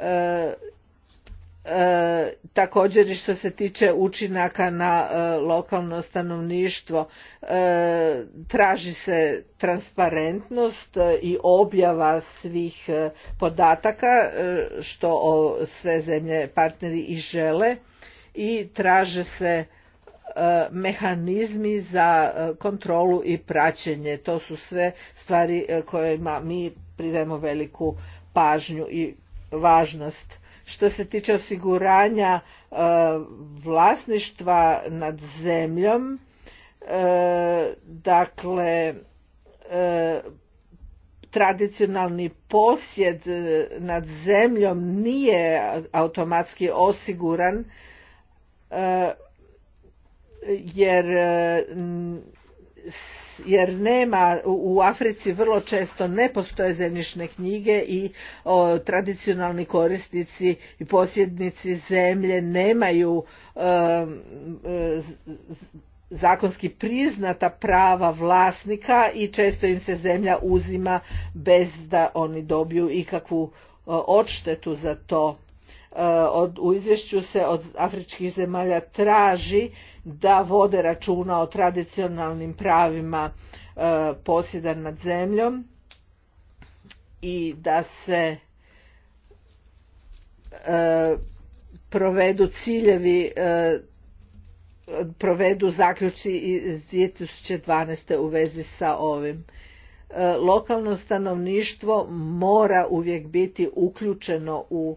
[SPEAKER 1] E, e, također i što se tiče učinaka na e, lokalno stanovništvo traži se transparentnost i objava svih podataka što sve zemlje partneri i žele i traže se mehanizmi za kontrolu i praćenje to su sve stvari kojima mi pridajemo veliku pažnju i važnost. Što se tiče osiguranja e, vlasništva nad zemljom, e, dakle, e, tradicionalni posjed nad zemljom nije automatski osiguran jer jer nema u Africi vrlo često ne postoje zemljišne knjige i tradicionalni korisnici i posjednici zemlje nemaju zakonski priznata prava vlasnika i često im se zemlja uzima bez da oni dobiju ikakvu odštetu za to E, u izvješću se od afričkih zemalja traži da vode računa o tradicionalnim pravima posjedan posjeda nad zemljom i da se e, provedu ciljevi e, provedu zaključci iz 2012. u vezi sa ovim lokalno stanovništvo mora uvijek biti uključeno u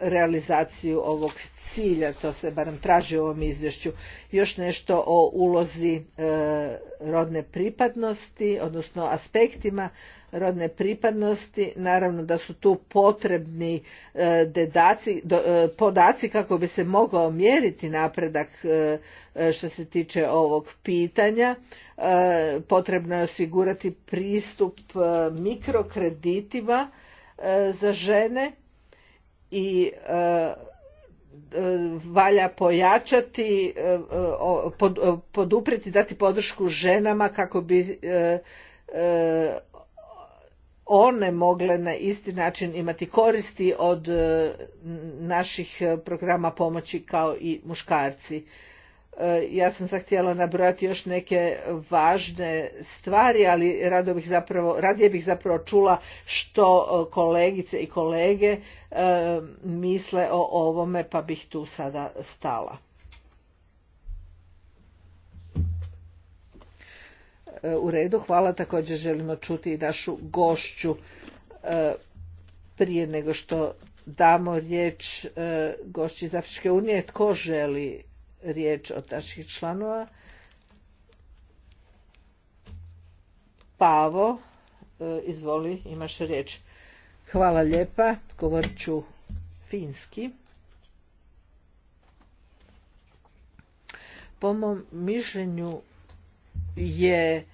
[SPEAKER 1] realizaciju ovog cilja, to se barem traži u ovom izvješću. Još nešto o ulozi e, rodne pripadnosti, odnosno aspektima rodne pripadnosti. Naravno da su tu potrebni e, e, podaci kako bi se mogao mjeriti napredak što se tiče ovog pitanja. Potrebno je osigurati pristup mikrokreditima E, za žene i e, e, valja pojačati, poduprijeti, dati podršku ženama kako bi one mogle na isti način imati koristi od naših programa pomoći kao i muškarci. E, ja sam zahtjela nabrojati još neke važne stvari, ali rado bih zapravo, radije bih zapravo čula što e, kolegice i kolege e, misle o ovome, pa bih tu sada stala. U redu, hvala, također želimo čuti i našu gošću prije nego što damo riječ gošći iz Afričke unije. Tko želi riječ od naših članova. Pavo, e, izvoli, imaš riječ. Hvala lijepa, govorit ću finski. Po mom mišljenju je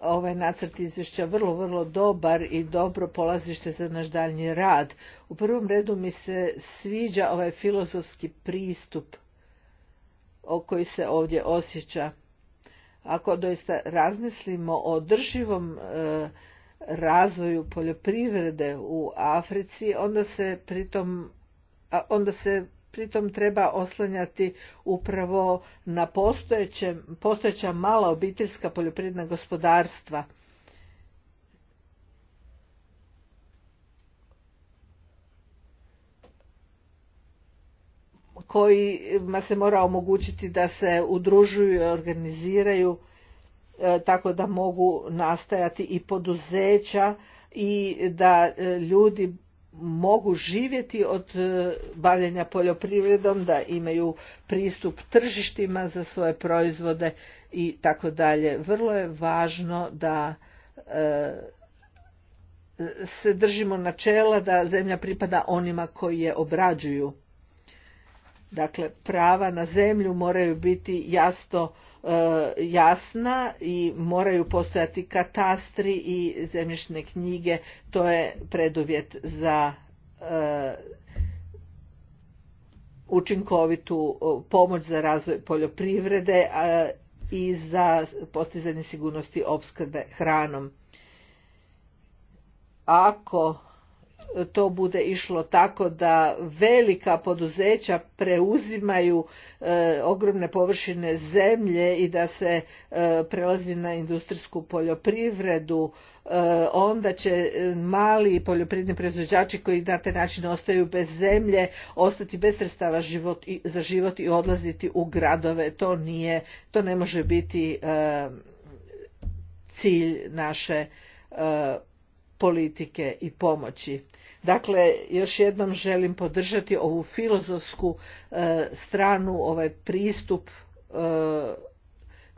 [SPEAKER 1] ovaj nacrt izvješća vrlo, vrlo dobar i dobro polazište za naš daljnji rad. U prvom redu mi se sviđa ovaj filozofski pristup koji se ovdje osjeća. Ako doista razmislimo o drživom e, razvoju poljoprivrede u Africi, onda se pritom, onda se pritom treba oslanjati upravo na postojeća mala obiteljska poljoprivredna gospodarstva. kojima se mora omogućiti da se udružuju i organiziraju e, tako da mogu nastajati i poduzeća i da e, ljudi mogu živjeti od e, bavljenja poljoprivredom, da imaju pristup tržištima za svoje proizvode i tako dalje. Vrlo je važno da se držimo načela da zemlja pripada onima koji je obrađuju. Dakle, prava na zemlju moraju biti jasno e, jasna i moraju postojati katastri i zemljišne knjige. To je preduvjet za e, učinkovitu pomoć za razvoj poljoprivrede i za postizanje sigurnosti opskrbe hranom. Ako to bude išlo tako da velika poduzeća preuzimaju e, ogromne površine zemlje i da se e, prelazi na industrijsku poljoprivredu e, onda će e, mali poljoprivredni proizvođači koji na taj način ostaju bez zemlje ostati bez sredstava život za život i odlaziti u gradove to nije to ne može biti cilj naše politike i pomoći. Dakle, još jednom želim podržati ovu filozofsku e, stranu, ovaj pristup e,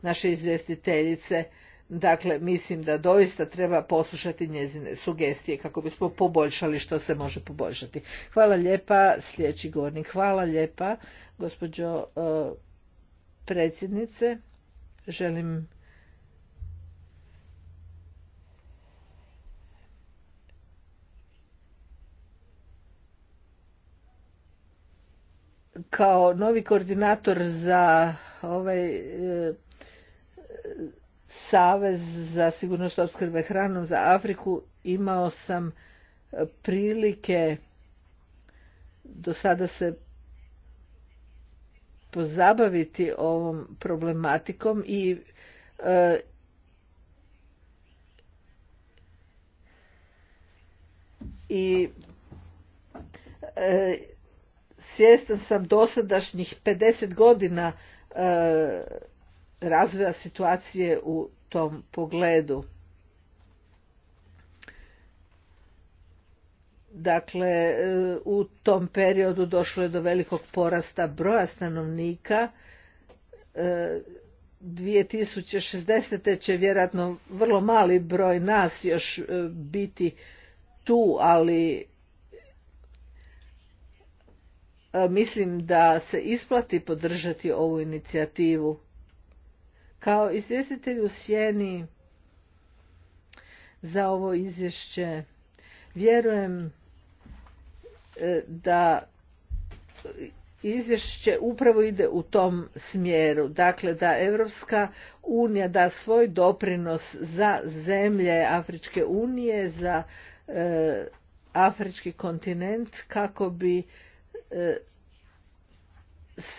[SPEAKER 1] naše izvjestiteljice. Dakle, mislim da doista treba poslušati njezine sugestije kako bismo poboljšali što se može poboljšati. Hvala lijepa, sljedeći govornik. Hvala lijepa, gospođo e, predsjednice. Želim kao novi koordinator za ovaj e, savez za sigurnost opskrbe hranom za Afriku imao sam prilike do sada se pozabaviti ovom problematikom i e, i e, svjestan sam dosadašnjih 50 godina e, razvoja situacije u tom pogledu. Dakle, e, u tom periodu došlo je do velikog porasta broja stanovnika. 2060. E, će vjerojatno vrlo mali broj nas još e, biti tu, ali E, mislim da se isplati podržati ovu inicijativu. Kao izvjestitelj u sjeni za ovo izvješće vjerujem e, da izvješće upravo ide u tom smjeru. Dakle, da europska unija da svoj doprinos za zemlje Afričke unije, za e, Afrički kontinent kako bi E,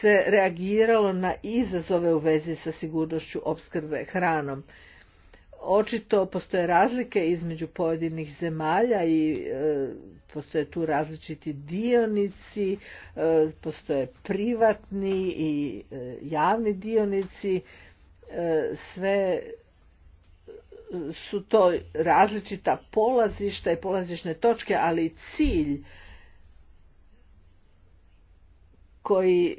[SPEAKER 1] se reagiralo na izazove u vezi sa sigurnošću opskrbe hranom. Očito postoje razlike između pojedinih zemalja i e, postoje tu različiti dionici, e, postoje privatni i javni dionici, sve su to različita polazišta i polazišne točke, ali cilj koji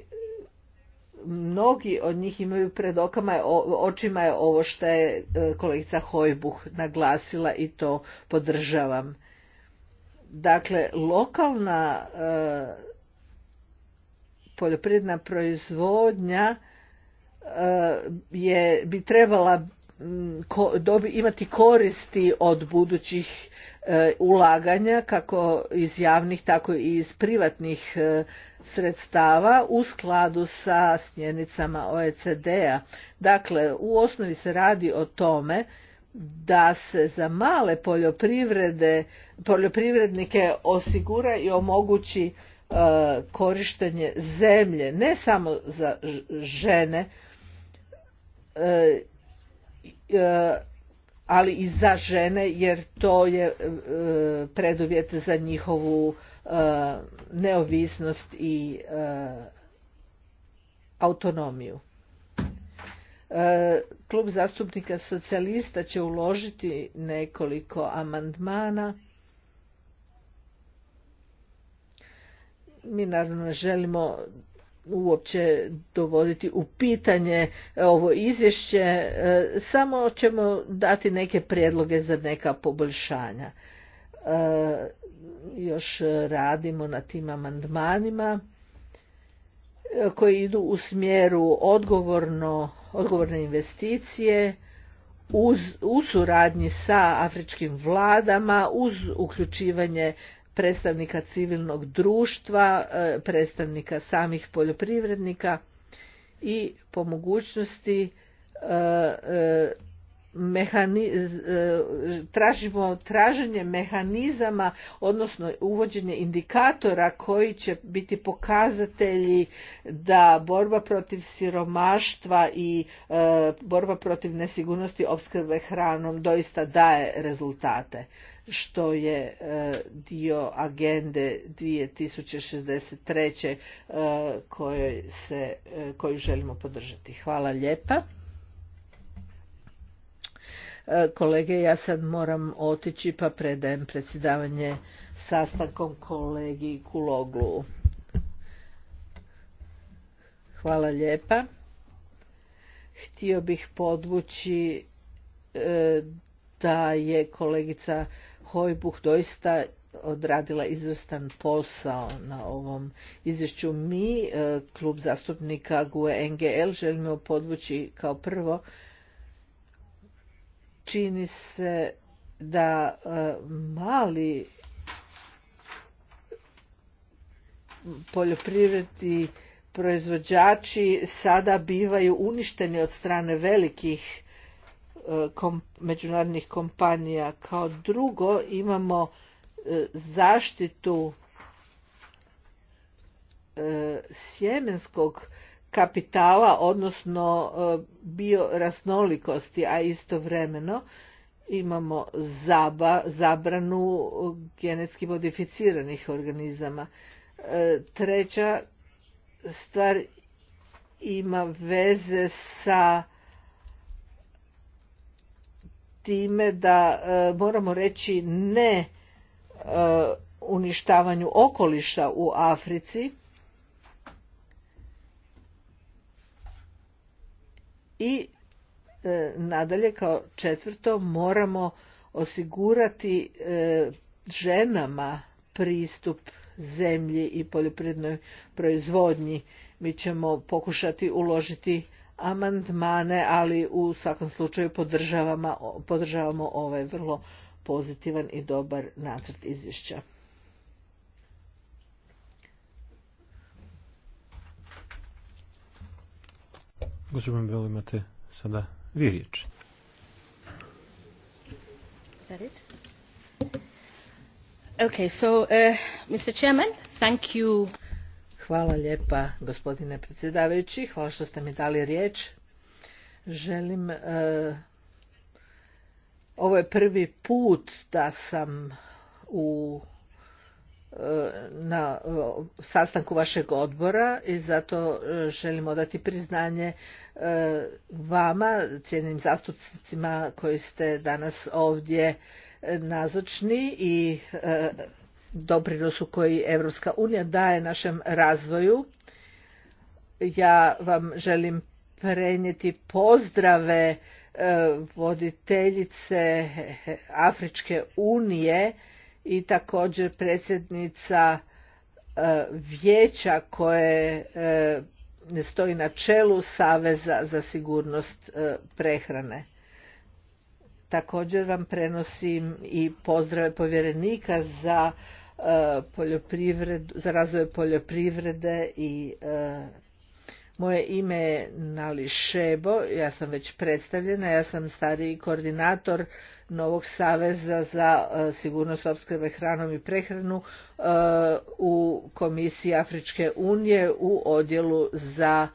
[SPEAKER 1] mnogi od njih imaju pred okama, očima je ovo što je e, kolegica Hojbuh naglasila i to podržavam. Dakle, lokalna e, poljoprivredna proizvodnja e, je bi trebala imati koristi od budućih E, ulaganja kako iz javnih tako i iz privatnih e, sredstava u skladu sa smjernicama OECD-a. Dakle, u osnovi se radi o tome da se za male poljoprivrede, poljoprivrednike osigura i omogući e, korištenje zemlje, ne samo za žene, e, ali i za žene jer to je e, preduvjet za njihovu e, neovisnost i e, autonomiju. Klub zastupnika socijalista će uložiti nekoliko amandmana. Mi naravno želimo uopće dovoditi u pitanje e, ovo izvješće, e, samo ćemo dati neke prijedloge za neka poboljšanja. E, još radimo na tim amandmanima koji idu u smjeru odgovorno, odgovorne investicije uz, u suradnji sa afričkim vladama, uz uključivanje predstavnika civilnog društva, e, predstavnika samih poljoprivrednika i po mogućnosti e, e, traženje mehanizama odnosno uvođenje indikatora koji će biti pokazatelji da borba protiv siromaštva i borba protiv nesigurnosti opskrbe hranom doista daje rezultate što je e, dio agende 2063. E, se, e, koju želimo podržati. Hvala lijepa. Kolege, ja sad moram otići pa predajem predsjedavanje sastankom kolegi Kuloglu. Hvala lijepa. Htio bih podvući da je kolegica Hojbuh doista odradila izvrstan posao na ovom izvješću. Mi, e, klub zastupnika GUE NGL, želimo podvući kao prvo čini se da e, mali poljoprivredni proizvođači sada bivaju uništeni od strane velikih međunarodnih kompanija. Kao drugo imamo e, zaštitu e, sjemenskog kapitala, odnosno e, biorasnolikosti, a istovremeno imamo zabranu genetski modificiranih organizama. Treća stvar ima veze sa time da e, moramo reći ne e, uništavanju okoliša u Africi i e, nadalje kao četvrto moramo osigurati ženama pristup zemlji i poljoprivrednoj proizvodnji mi ćemo pokušati uložiti amandmane, ali u svakom slučaju podržavamo, podržavamo ovaj vrlo pozitivan i dobar nacrt izvješća.
[SPEAKER 2] Gospodin Bel, imate sada vi riječ.
[SPEAKER 1] Okay, so, uh, Mr. Chairman, thank you. Hvala lijepa gospodine predsjedavajući, hvala što ste mi dali riječ. Želim, e, ovo je prvi put da sam u e, na sastanku vašeg odbora i zato e, želim odati priznanje vama, cijenim zastupnicima koji ste danas ovdje nazočni i doprinosu koji Europska unija daje našem razvoju. Ja vam želim prenijeti pozdrave e, voditeljice Afričke unije i također predsjednica e, vijeća koje e, stoji na čelu Saveza za sigurnost prehrane. Također vam prenosim i pozdrave povjerenika za za razvoj poljoprivrede i e, moje ime je Nali Šebo, ja sam već predstavljena, ja sam stariji koordinator Novog saveza za e, sigurnost opskrbe hranom i prehranu e, u Komisiji Afričke unije u odjelu za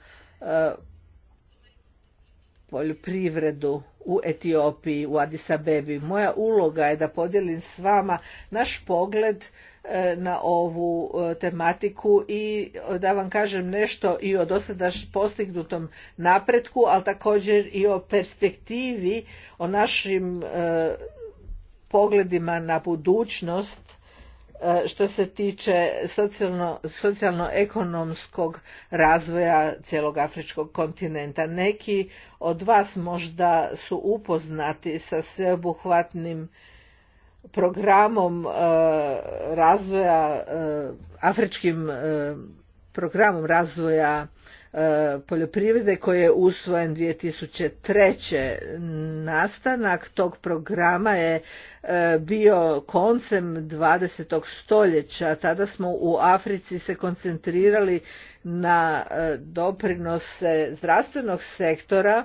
[SPEAKER 1] poljoprivredu u Etiopiji, u Adisabebi. Moja uloga je da podijelim s vama naš pogled E, na ovu e, tematiku i da vam kažem nešto i o dosadaš postignutom napretku, ali također i o perspektivi, o našim e, pogledima na budućnost što se tiče socijalno-ekonomskog razvoja cijelog afričkog kontinenta. Neki od vas možda su upoznati sa sveobuhvatnim E, e, e, programom razvoja afričkim programom razvoja poljoprivrede koji je usvojen 2003. nastanak tog programa je bio koncem 20. stoljeća. Tada smo u Africi se koncentrirali na doprinose zdravstvenog sektora,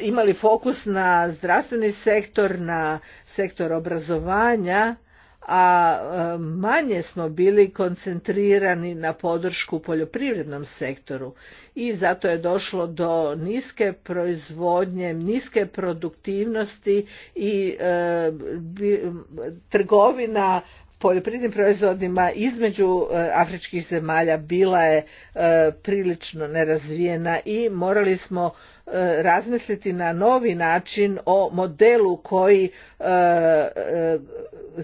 [SPEAKER 1] imali fokus na zdravstveni sektor, na sektor obrazovanja, a e, manje smo bili koncentrirani na podršku poljoprivrednom sektoru i zato je došlo do niske proizvodnje, niske produktivnosti i e, trgovina poljoprivrednim proizvodima između e, afričkih zemalja bila je e, prilično nerazvijena i morali smo e, razmisliti na novi način o modelu koji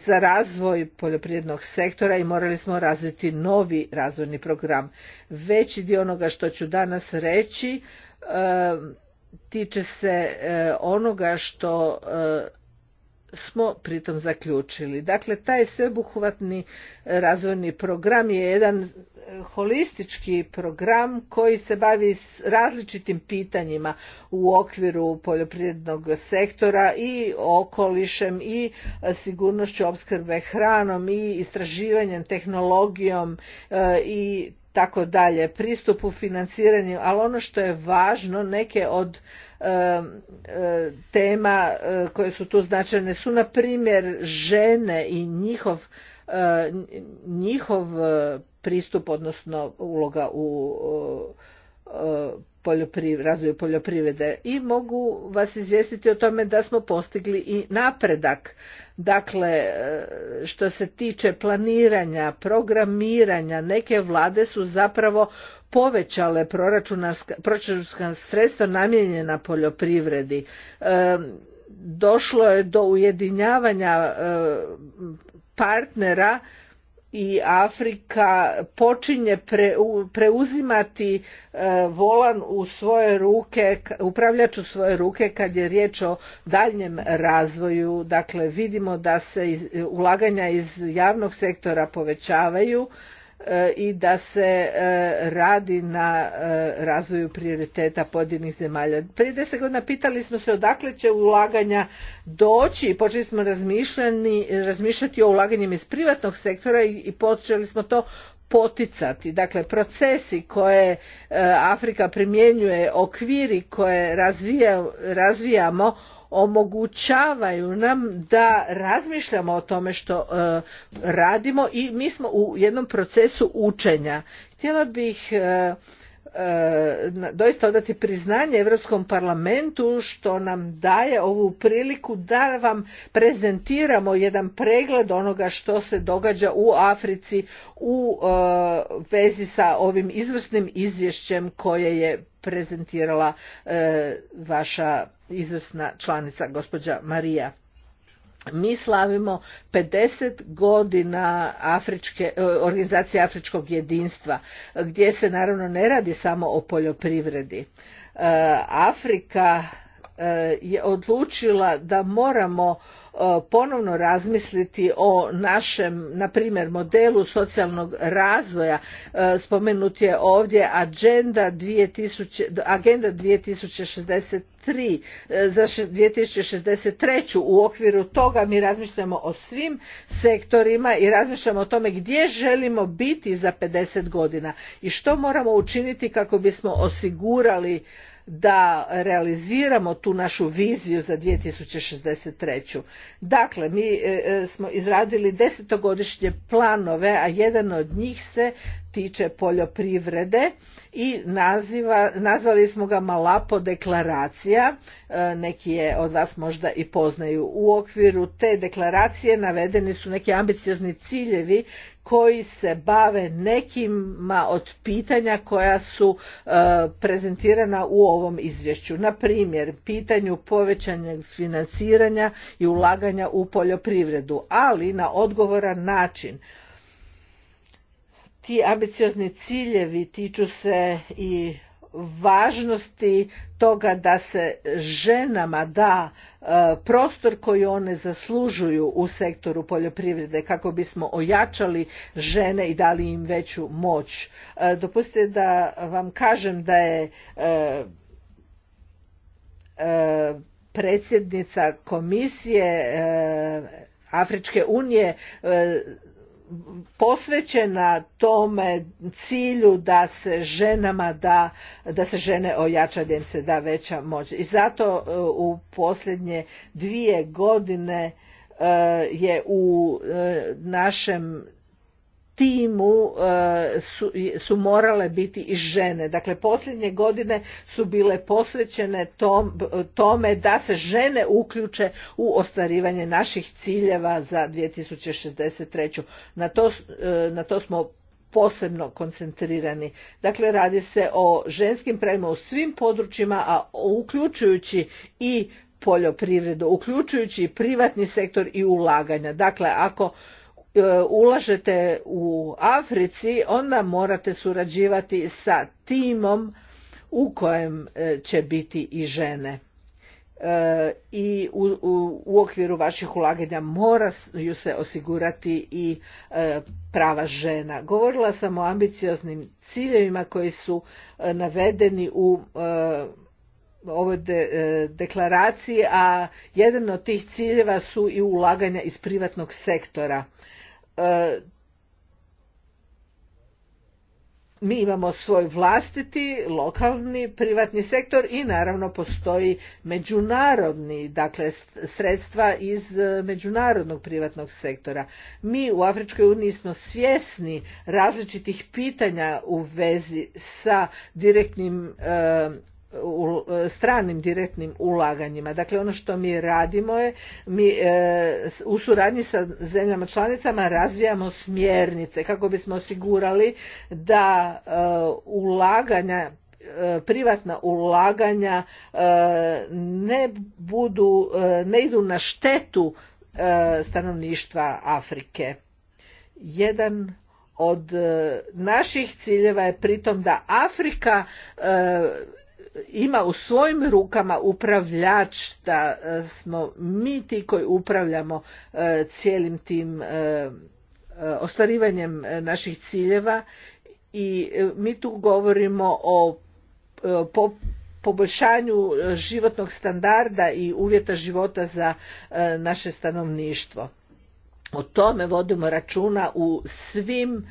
[SPEAKER 1] za razvoj poljoprivrednog sektora i morali smo razviti novi razvojni program. Veći dio onoga što ću danas reći tiče se onoga što smo pritom zaključili. Dakle, taj sveobuhvatni razvojni program je jedan e, holistički program koji se bavi s različitim pitanjima u okviru poljoprivrednog sektora i okolišem i e, sigurnošću opskrbe hranom i istraživanjem, tehnologijom e, i tako dalje, pristupu financiranju, ali ono što je važno, neke od E, tema e, koje su tu značajne su na primjer žene i njihov e, njihov pristup odnosno uloga u razvoju poljoprivrede i mogu vas izvijestiti o tome da smo postigli i napredak Dakle, e, što se tiče planiranja, programiranja, neke vlade su zapravo povećale proračunska sredstva namijenjena poljoprivredi. E, došlo je do ujedinjavanja e, partnera i Afrika počinje preuzimati e, volan u svoje ruke, upravljač u svoje ruke kad je riječ o daljnjem razvoju. Dakle, vidimo da se ulaganja iz javnog sektora povećavaju E, i da se e, radi na e, razvoju prioriteta pojedinih zemalja. Prije deset godina pitali smo se odakle će ulaganja doći i počeli smo razmišljati o ulaganjem iz privatnog sektora i počeli smo to poticati. Dakle, procesi koje Afrika primjenjuje, okviri koje razvijamo, omogućavaju nam da razmišljamo o tome što e, radimo i mi smo u jednom procesu učenja. Htjela bih e, E, doista odati priznanje Europskom parlamentu što nam daje ovu priliku da vam prezentiramo jedan pregled onoga što se događa u Africi u e, vezi sa ovim izvrsnim izvješćem koje je prezentirala e, vaša izvrsna članica gospođa Marija mi slavimo 50 godina Afričke, e, organizacije Afričkog jedinstva, gdje se naravno ne radi samo o poljoprivredi. E, Afrika E, je odlučila da moramo e, ponovno razmisliti o našem na primjer modelu socijalnog razvoja e, spomenut je ovdje agenda 2000 agenda 2063 za 2063 u okviru toga mi razmišljamo o svim sektorima i razmišljamo o tome gdje želimo biti za 50 godina i što moramo učiniti kako bismo osigurali da realiziramo tu našu viziju za 2063. Dakle, mi e, e, smo izradili desetogodišnje planove, a jedan od njih se tiče poljoprivrede i naziva, nazvali smo ga Malapo deklaracija, e, neki je od vas možda i poznaju. U okviru te deklaracije navedeni su neki ambiciozni ciljevi koji se bave nekima od pitanja koja su e, prezentirana u ovom izvješću na primjer pitanju povećanja financiranja i ulaganja u poljoprivredu ali na odgovoran način ti ambiciozni ciljevi tiču se i važnosti toga da se ženama da e, prostor koji one zaslužuju u sektoru poljoprivrede kako bismo ojačali žene i dali im veću moć. E, dopustite da vam kažem da je e, predsjednica komisije Afričke unije posvećena tome cilju da se ženama da, da se žene ojača, da im se da veća moć. I zato e, u posljednje dvije godine e, je u e, našem timu e, su, su morale biti i žene. Dakle, posljednje godine su bile posvećene tom, tome da se žene uključe u ostvarivanje naših ciljeva za 2063. Na to, e, na to smo posebno koncentrirani. Dakle, radi se o ženskim pravima u svim područjima, a uključujući i poljoprivredu, uključujući i privatni sektor i ulaganja. Dakle, ako E, ulažete u Africi, onda morate surađivati sa timom u kojem e, će biti i žene. E, I u, okviru vaših ulaganja moraju se osigurati i prava žena. Govorila sam o ambicioznim ciljevima koji su navedeni u ovoj deklaraciji, a jedan od tih ciljeva su i ulaganja iz privatnog sektora. E, mi imamo svoj vlastiti lokalni privatni sektor i naravno postoji međunarodni dakle sredstva iz e, međunarodnog privatnog sektora mi u Afričkoj uniji smo svjesni različitih pitanja u vezi sa direktnim e, u e, stranim direktnim ulaganjima. Dakle, ono što mi radimo je, mi e, u suradnji sa zemljama članicama razvijamo smjernice kako bismo osigurali da e, ulaganja privatna ulaganja ne budu ne idu na štetu stanovništva Afrike. Jedan od naših ciljeva je pritom da Afrika ima u svojim rukama upravljač da e, smo mi ti koji upravljamo e, cijelim tim e, ostvarivanjem naših ciljeva i mi tu govorimo o poboljšanju životnog standarda i uvjeta života za naše stanovništvo. O tome vodimo računa u svim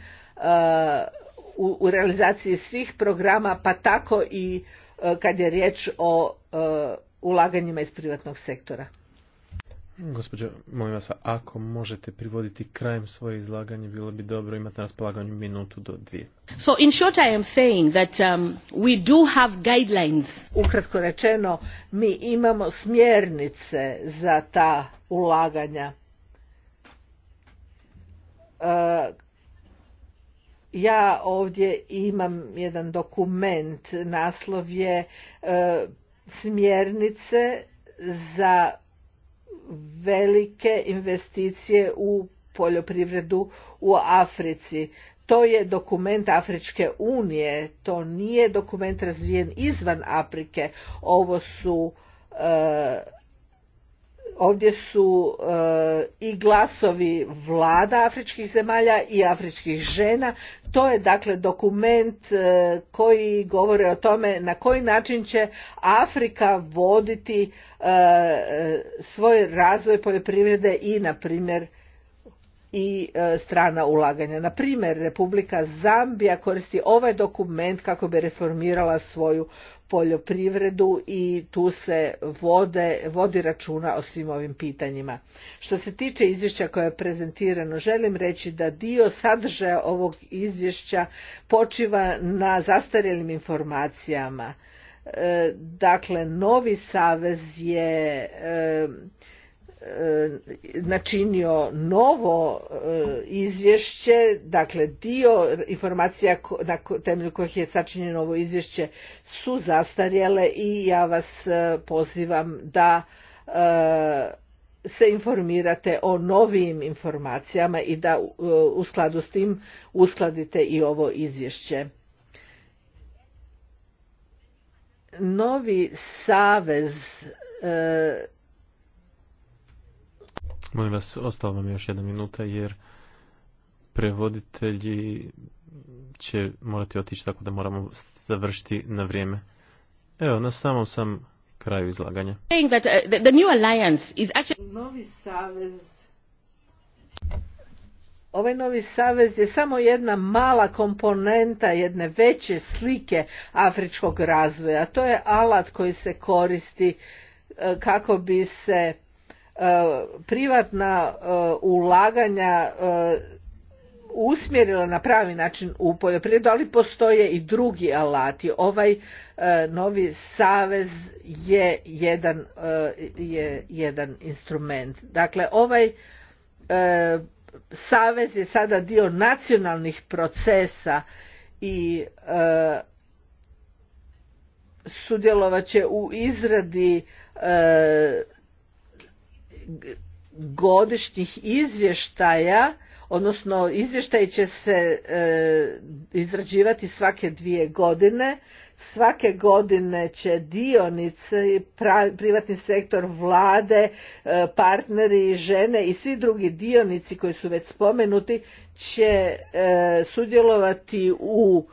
[SPEAKER 1] u realizaciji svih programa pa tako i E, kad je riječ o e, ulaganjima iz privatnog sektora.
[SPEAKER 2] Gospođo, molim vas, ako možete privoditi krajem svoje izlaganje, bilo bi dobro imati na raspolaganju minutu do dvije.
[SPEAKER 1] So in short I am saying that um, we do have guidelines. Ukratko rečeno, mi imamo smjernice za ta ulaganja. Uh, ja ovdje imam jedan dokument, naslov je e, smjernice za velike investicije u poljoprivredu u Africi. To je dokument Afričke unije, to nije dokument razvijen izvan Afrike. Ovo su e, ovdje su e, i glasovi vlada afričkih zemalja i afričkih žena to je dakle dokument e, koji govori o tome na koji način će Afrika voditi e, e svoj razvoj poljoprivrede i na primjer i e, strana ulaganja. Na primjer, Republika Zambija koristi ovaj dokument kako bi reformirala svoju poljoprivredu i tu se vode, vodi računa o svim ovim pitanjima. Što se tiče izvješća koje je prezentirano, želim reći da dio sadržaja ovog izvješća počiva na zastarjelim informacijama. E, dakle, novi savez je e, E, načinio novo e, izvješće, dakle dio informacija na temelju kojih je sačinjeno ovo izvješće su zastarjele i ja vas e, pozivam da se informirate o novijim informacijama i da u skladu s tim uskladite i ovo izvješće. Novi savez
[SPEAKER 2] Molim vas, ostalo vam još jedna minuta jer prevoditelji će morati otići tako da moramo završiti na vrijeme. Evo, na samom sam kraju izlaganja. Uh,
[SPEAKER 1] novi savez Ovaj novi savez je samo jedna mala komponenta jedne veće slike afričkog razvoja. To je alat koji se koristi e, kako bi se E, privatna e, ulaganja e, usmjerila na pravi način u poljoprivredu, ali postoje i drugi alati. Ovaj novi savez je jedan, je jedan instrument. Dakle, ovaj savez je sada dio nacionalnih procesa i sudjelovat će u izradi godišnjih izvještaja odnosno izvještaj će se e, izrađivati svake dvije godine svake godine će dionice privatni sektor vlade e, partneri žene i svi drugi dionici koji su već spomenuti će e, sudjelovati u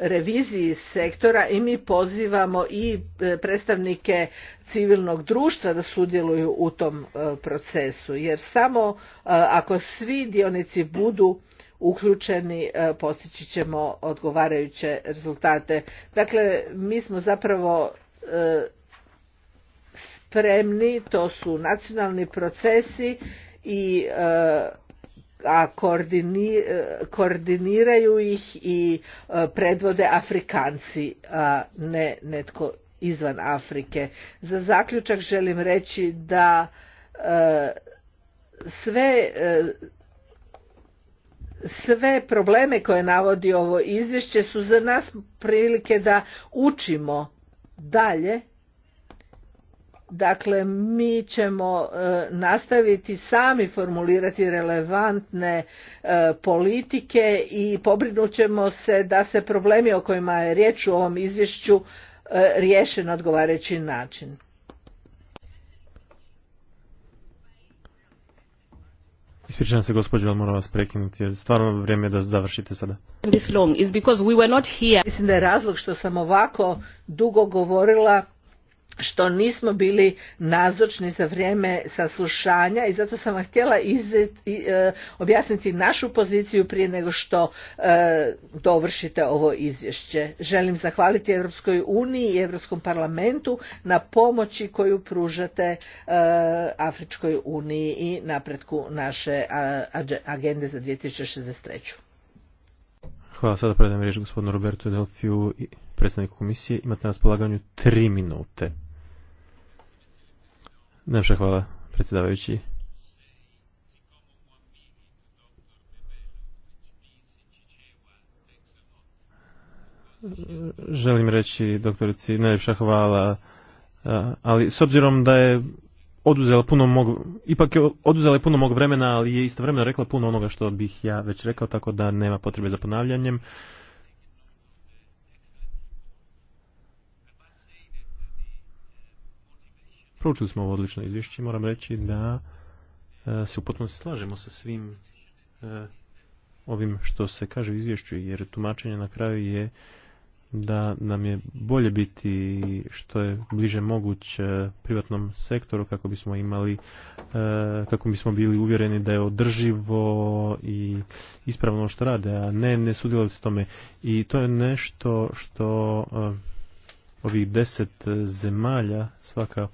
[SPEAKER 1] reviziji sektora i mi pozivamo i e, predstavnike civilnog društva da sudjeluju u tom e, procesu jer samo e, ako svi dionici budu uključeni postići ćemo odgovarajuće rezultate. Dakle, mi smo zapravo spremni, to su nacionalni procesi i a eh, koordiniraju ih i eh, predvode Afrikanci, a ne netko izvan Afrike. Za zaključak želim reći da eh, sve sve probleme koje navodi ovo izvješće su za nas prilike da učimo dalje Dakle, mi ćemo e, nastaviti sami formulirati relevantne e, politike i pobrinut ćemo se da se problemi o kojima je riječ u ovom izvješću e, riješe na odgovarajući način.
[SPEAKER 2] Ispričavam se gospođo, ali moram vas prekinuti jer stvarno vrijeme je da završite sada.
[SPEAKER 1] This long is because we were not here. Mislim da je razlog što sam ovako dugo govorila što nismo bili nazočni za vrijeme saslušanja i zato sam vam htjela e, objasniti našu poziciju prije nego što e, dovršite ovo izvješće. Želim zahvaliti Europskoj uniji i Europskom parlamentu na pomoći koju pružate e, Afričkoj uniji i napretku naše agende za 2063.
[SPEAKER 2] Hvala, sada predajem riječ gospodinu Robertu Delfiju, predstavniku komisije. Imate na raspolaganju tri minute. Najpša hvala, predsjedavajući. Želim reći doktorici najljepša hvala, ali s obzirom da je oduzela puno mog, ipak je oduzela puno mog vremena, ali je isto vremena rekla puno onoga što bih ja već rekao, tako da nema potrebe za ponavljanjem. Proučili smo ovo odlično izvješće moram reći da e, se u potpunosti slažemo sa svim e, ovim što se kaže u izvješću, jer tumačenje na kraju je da nam je bolje biti što je bliže moguć e, privatnom sektoru kako bismo imali kako bismo bili uvjereni da je održivo i ispravno ono što rade a ne ne sudjelovati tome i to je nešto što ovih deset zemalja svaka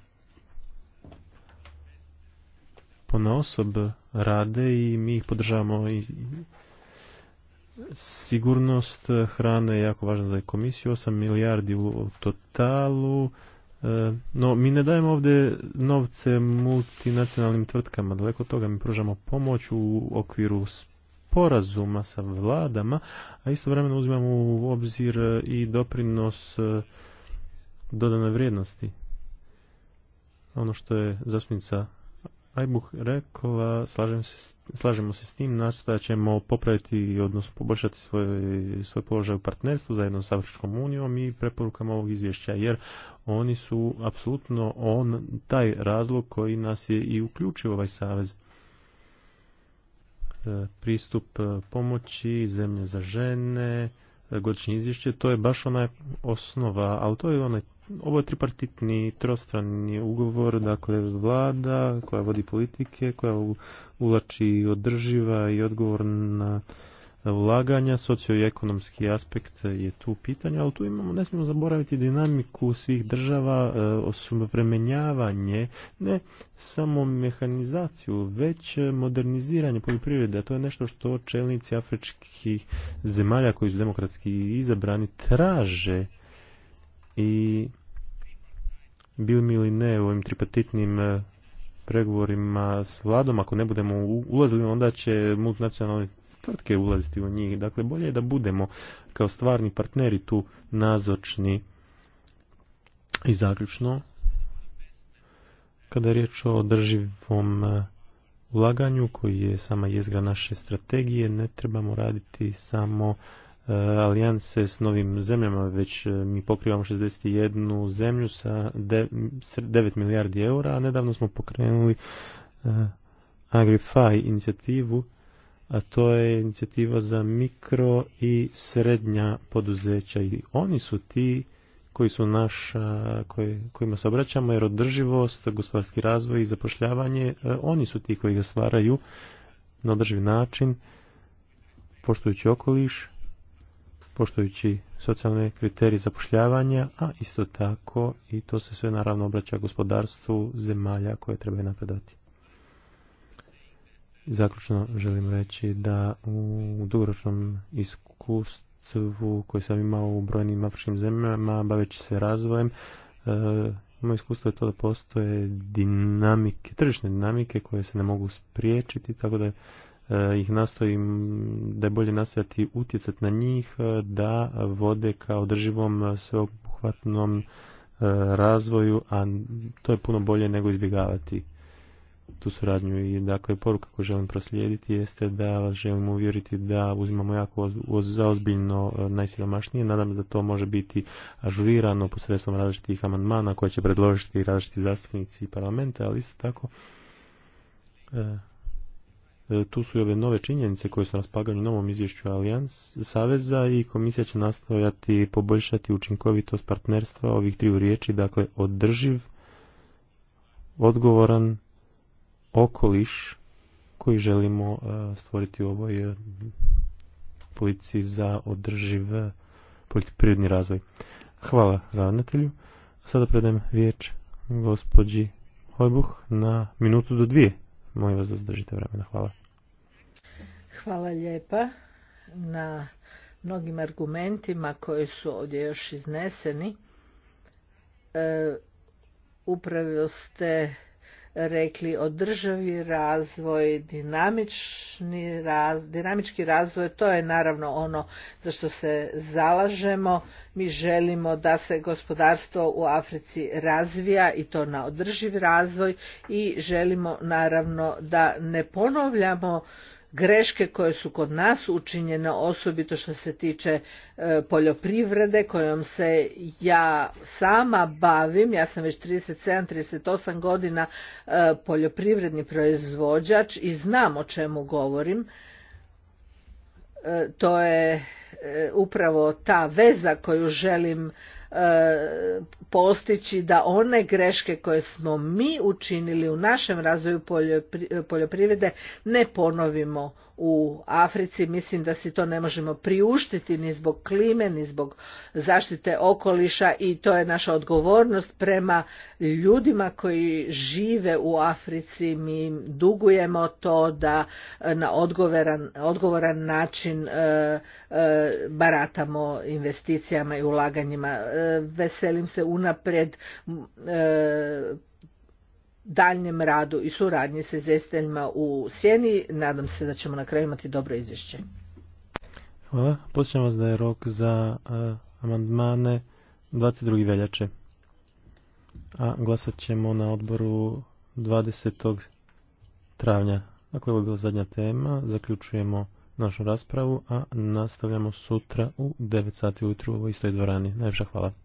[SPEAKER 2] pona osob rade i mi ih podržavamo i sigurnost hrane je jako važna za komisiju, 8 milijardi u totalu, e, no mi ne dajemo ovdje novce multinacionalnim tvrtkama, daleko od toga mi pružamo pomoć u okviru sporazuma sa vladama, a istovremeno uzimamo u obzir i doprinos e, dodane vrijednosti. Ono što je zasmica Ajbuh rekla, slažem se, slažemo se s tim, nastojat ćemo popraviti, odnosno poboljšati svoj, svoj položaj u partnerstvu zajedno sa Afričkom unijom i preporukama ovog izvješća, jer oni su apsolutno on, taj razlog koji nas je i uključio ovaj savez e, pristup e, pomoći, zemlje za žene, e, godišnje izvješće, to je baš ona osnova, ali to je onaj ovo je tripartitni trostrani ugovor, dakle vlada koja vodi politike, koja ulači održiva i odgovorna ulaganja, socioekonomski aspekt je tu pitanje, ali tu imamo, ne smijemo zaboraviti dinamiku svih država, e, osuvremenjavanje, ne samo mehanizaciju, već moderniziranje poljoprivrede, a to je nešto što čelnici afričkih zemalja koji su demokratski izabrani traže i bili mi ili ne u ovim tripatitnim e, pregovorima s vladom, ako ne budemo ulazili, onda će multinacionalne tvrtke ulaziti u njih. Dakle, bolje je da budemo kao stvarni partneri tu nazočni i zaključno. Kada je riječ o održivom e, ulaganju koji je sama jezgra naše strategije, ne trebamo raditi samo Eh, alijanse s novim zemljama, već eh, mi pokrivamo 61 zemlju sa 9 milijardi eura, a nedavno smo pokrenuli eh, AgriFi inicijativu, a to je inicijativa za mikro i srednja poduzeća i oni su ti koji su naš, kojima se obraćamo, jer održivost, gospodarski razvoj i zapošljavanje, oni su ti koji ga stvaraju na održivi način, poštujući okoliš, poštujući socijalne kriterije zapošljavanja, a isto tako i to se sve naravno obraća gospodarstvu zemalja koje trebaju napredati. Zaključno želim reći da u dugoročnom iskustvu koje sam imao u brojnim afričkim zemljama, baveći se razvojem, e, moje iskustvo je to da postoje dinamike, tržišne dinamike koje se ne mogu spriječiti, tako da E, ih nastojim, da je bolje nastojati utjecati na njih e, da vode ka održivom e, sveobuhvatnom razvoju, a to je puno bolje nego izbjegavati tu suradnju i dakle poruka koju želim proslijediti jeste da vas želim uvjeriti da uzimamo jako zaozbiljno najsiromašnije. Nadam da to može biti ažurirano posredstvom različitih amandmana koje će predložiti različiti zastupnici parlamenta, ali isto tako E, tu su i ove nove činjenice koje su u novom izvješću Alijans Saveza i komisija će nastojati poboljšati učinkovitost partnerstva ovih triju riječi, dakle održiv, odgovoran okoliš koji želimo e, stvoriti u ovoj e, politici za održiv prirodni razvoj. Hvala ravnatelju. Sada predajem riječ gospođi Hojbuh na minutu do dvije. Molim vas da zadržite vremena. Hvala.
[SPEAKER 1] Hvala lijepa na mnogim argumentima koji su ovdje još izneseni. E, upravio ste rekli održivi razvoj, dinamični raz, dinamički razvoj, to je naravno ono za što se zalažemo. Mi želimo da se gospodarstvo u Africi razvija i to na održiv razvoj i želimo naravno da ne ponavljamo greške koje su kod nas učinjene osobito što se tiče e, poljoprivrede kojom se ja sama bavim ja sam već 37 38 godina e, poljoprivredni proizvođač i znam o čemu govorim e, to je upravo ta veza koju želim E, postići da one greške koje smo mi učinili u našem razvoju poljoprivrede ne ponovimo u Africi. Mislim da si to ne možemo priuštiti ni zbog klime, ni zbog zaštite okoliša i to je naša odgovornost prema ljudima koji žive u Africi. Mi im dugujemo to da e, na odgovoran, odgovoran način e, e, baratamo investicijama i ulaganjima. veselim se unaprijed daljnjem radu i suradnji sa izvjestiteljima u Sjeni. Nadam se da ćemo na kraju imati dobro izvješće.
[SPEAKER 2] Hvala. Počnem vas da je rok za uh, amandmane 22. veljače. A glasat ćemo na odboru 20. travnja. Dakle, ovo je bila zadnja tema. Zaključujemo našu raspravu, a nastavljamo sutra u 9 sati ujutru u istoj dvorani. Najljepša hvala.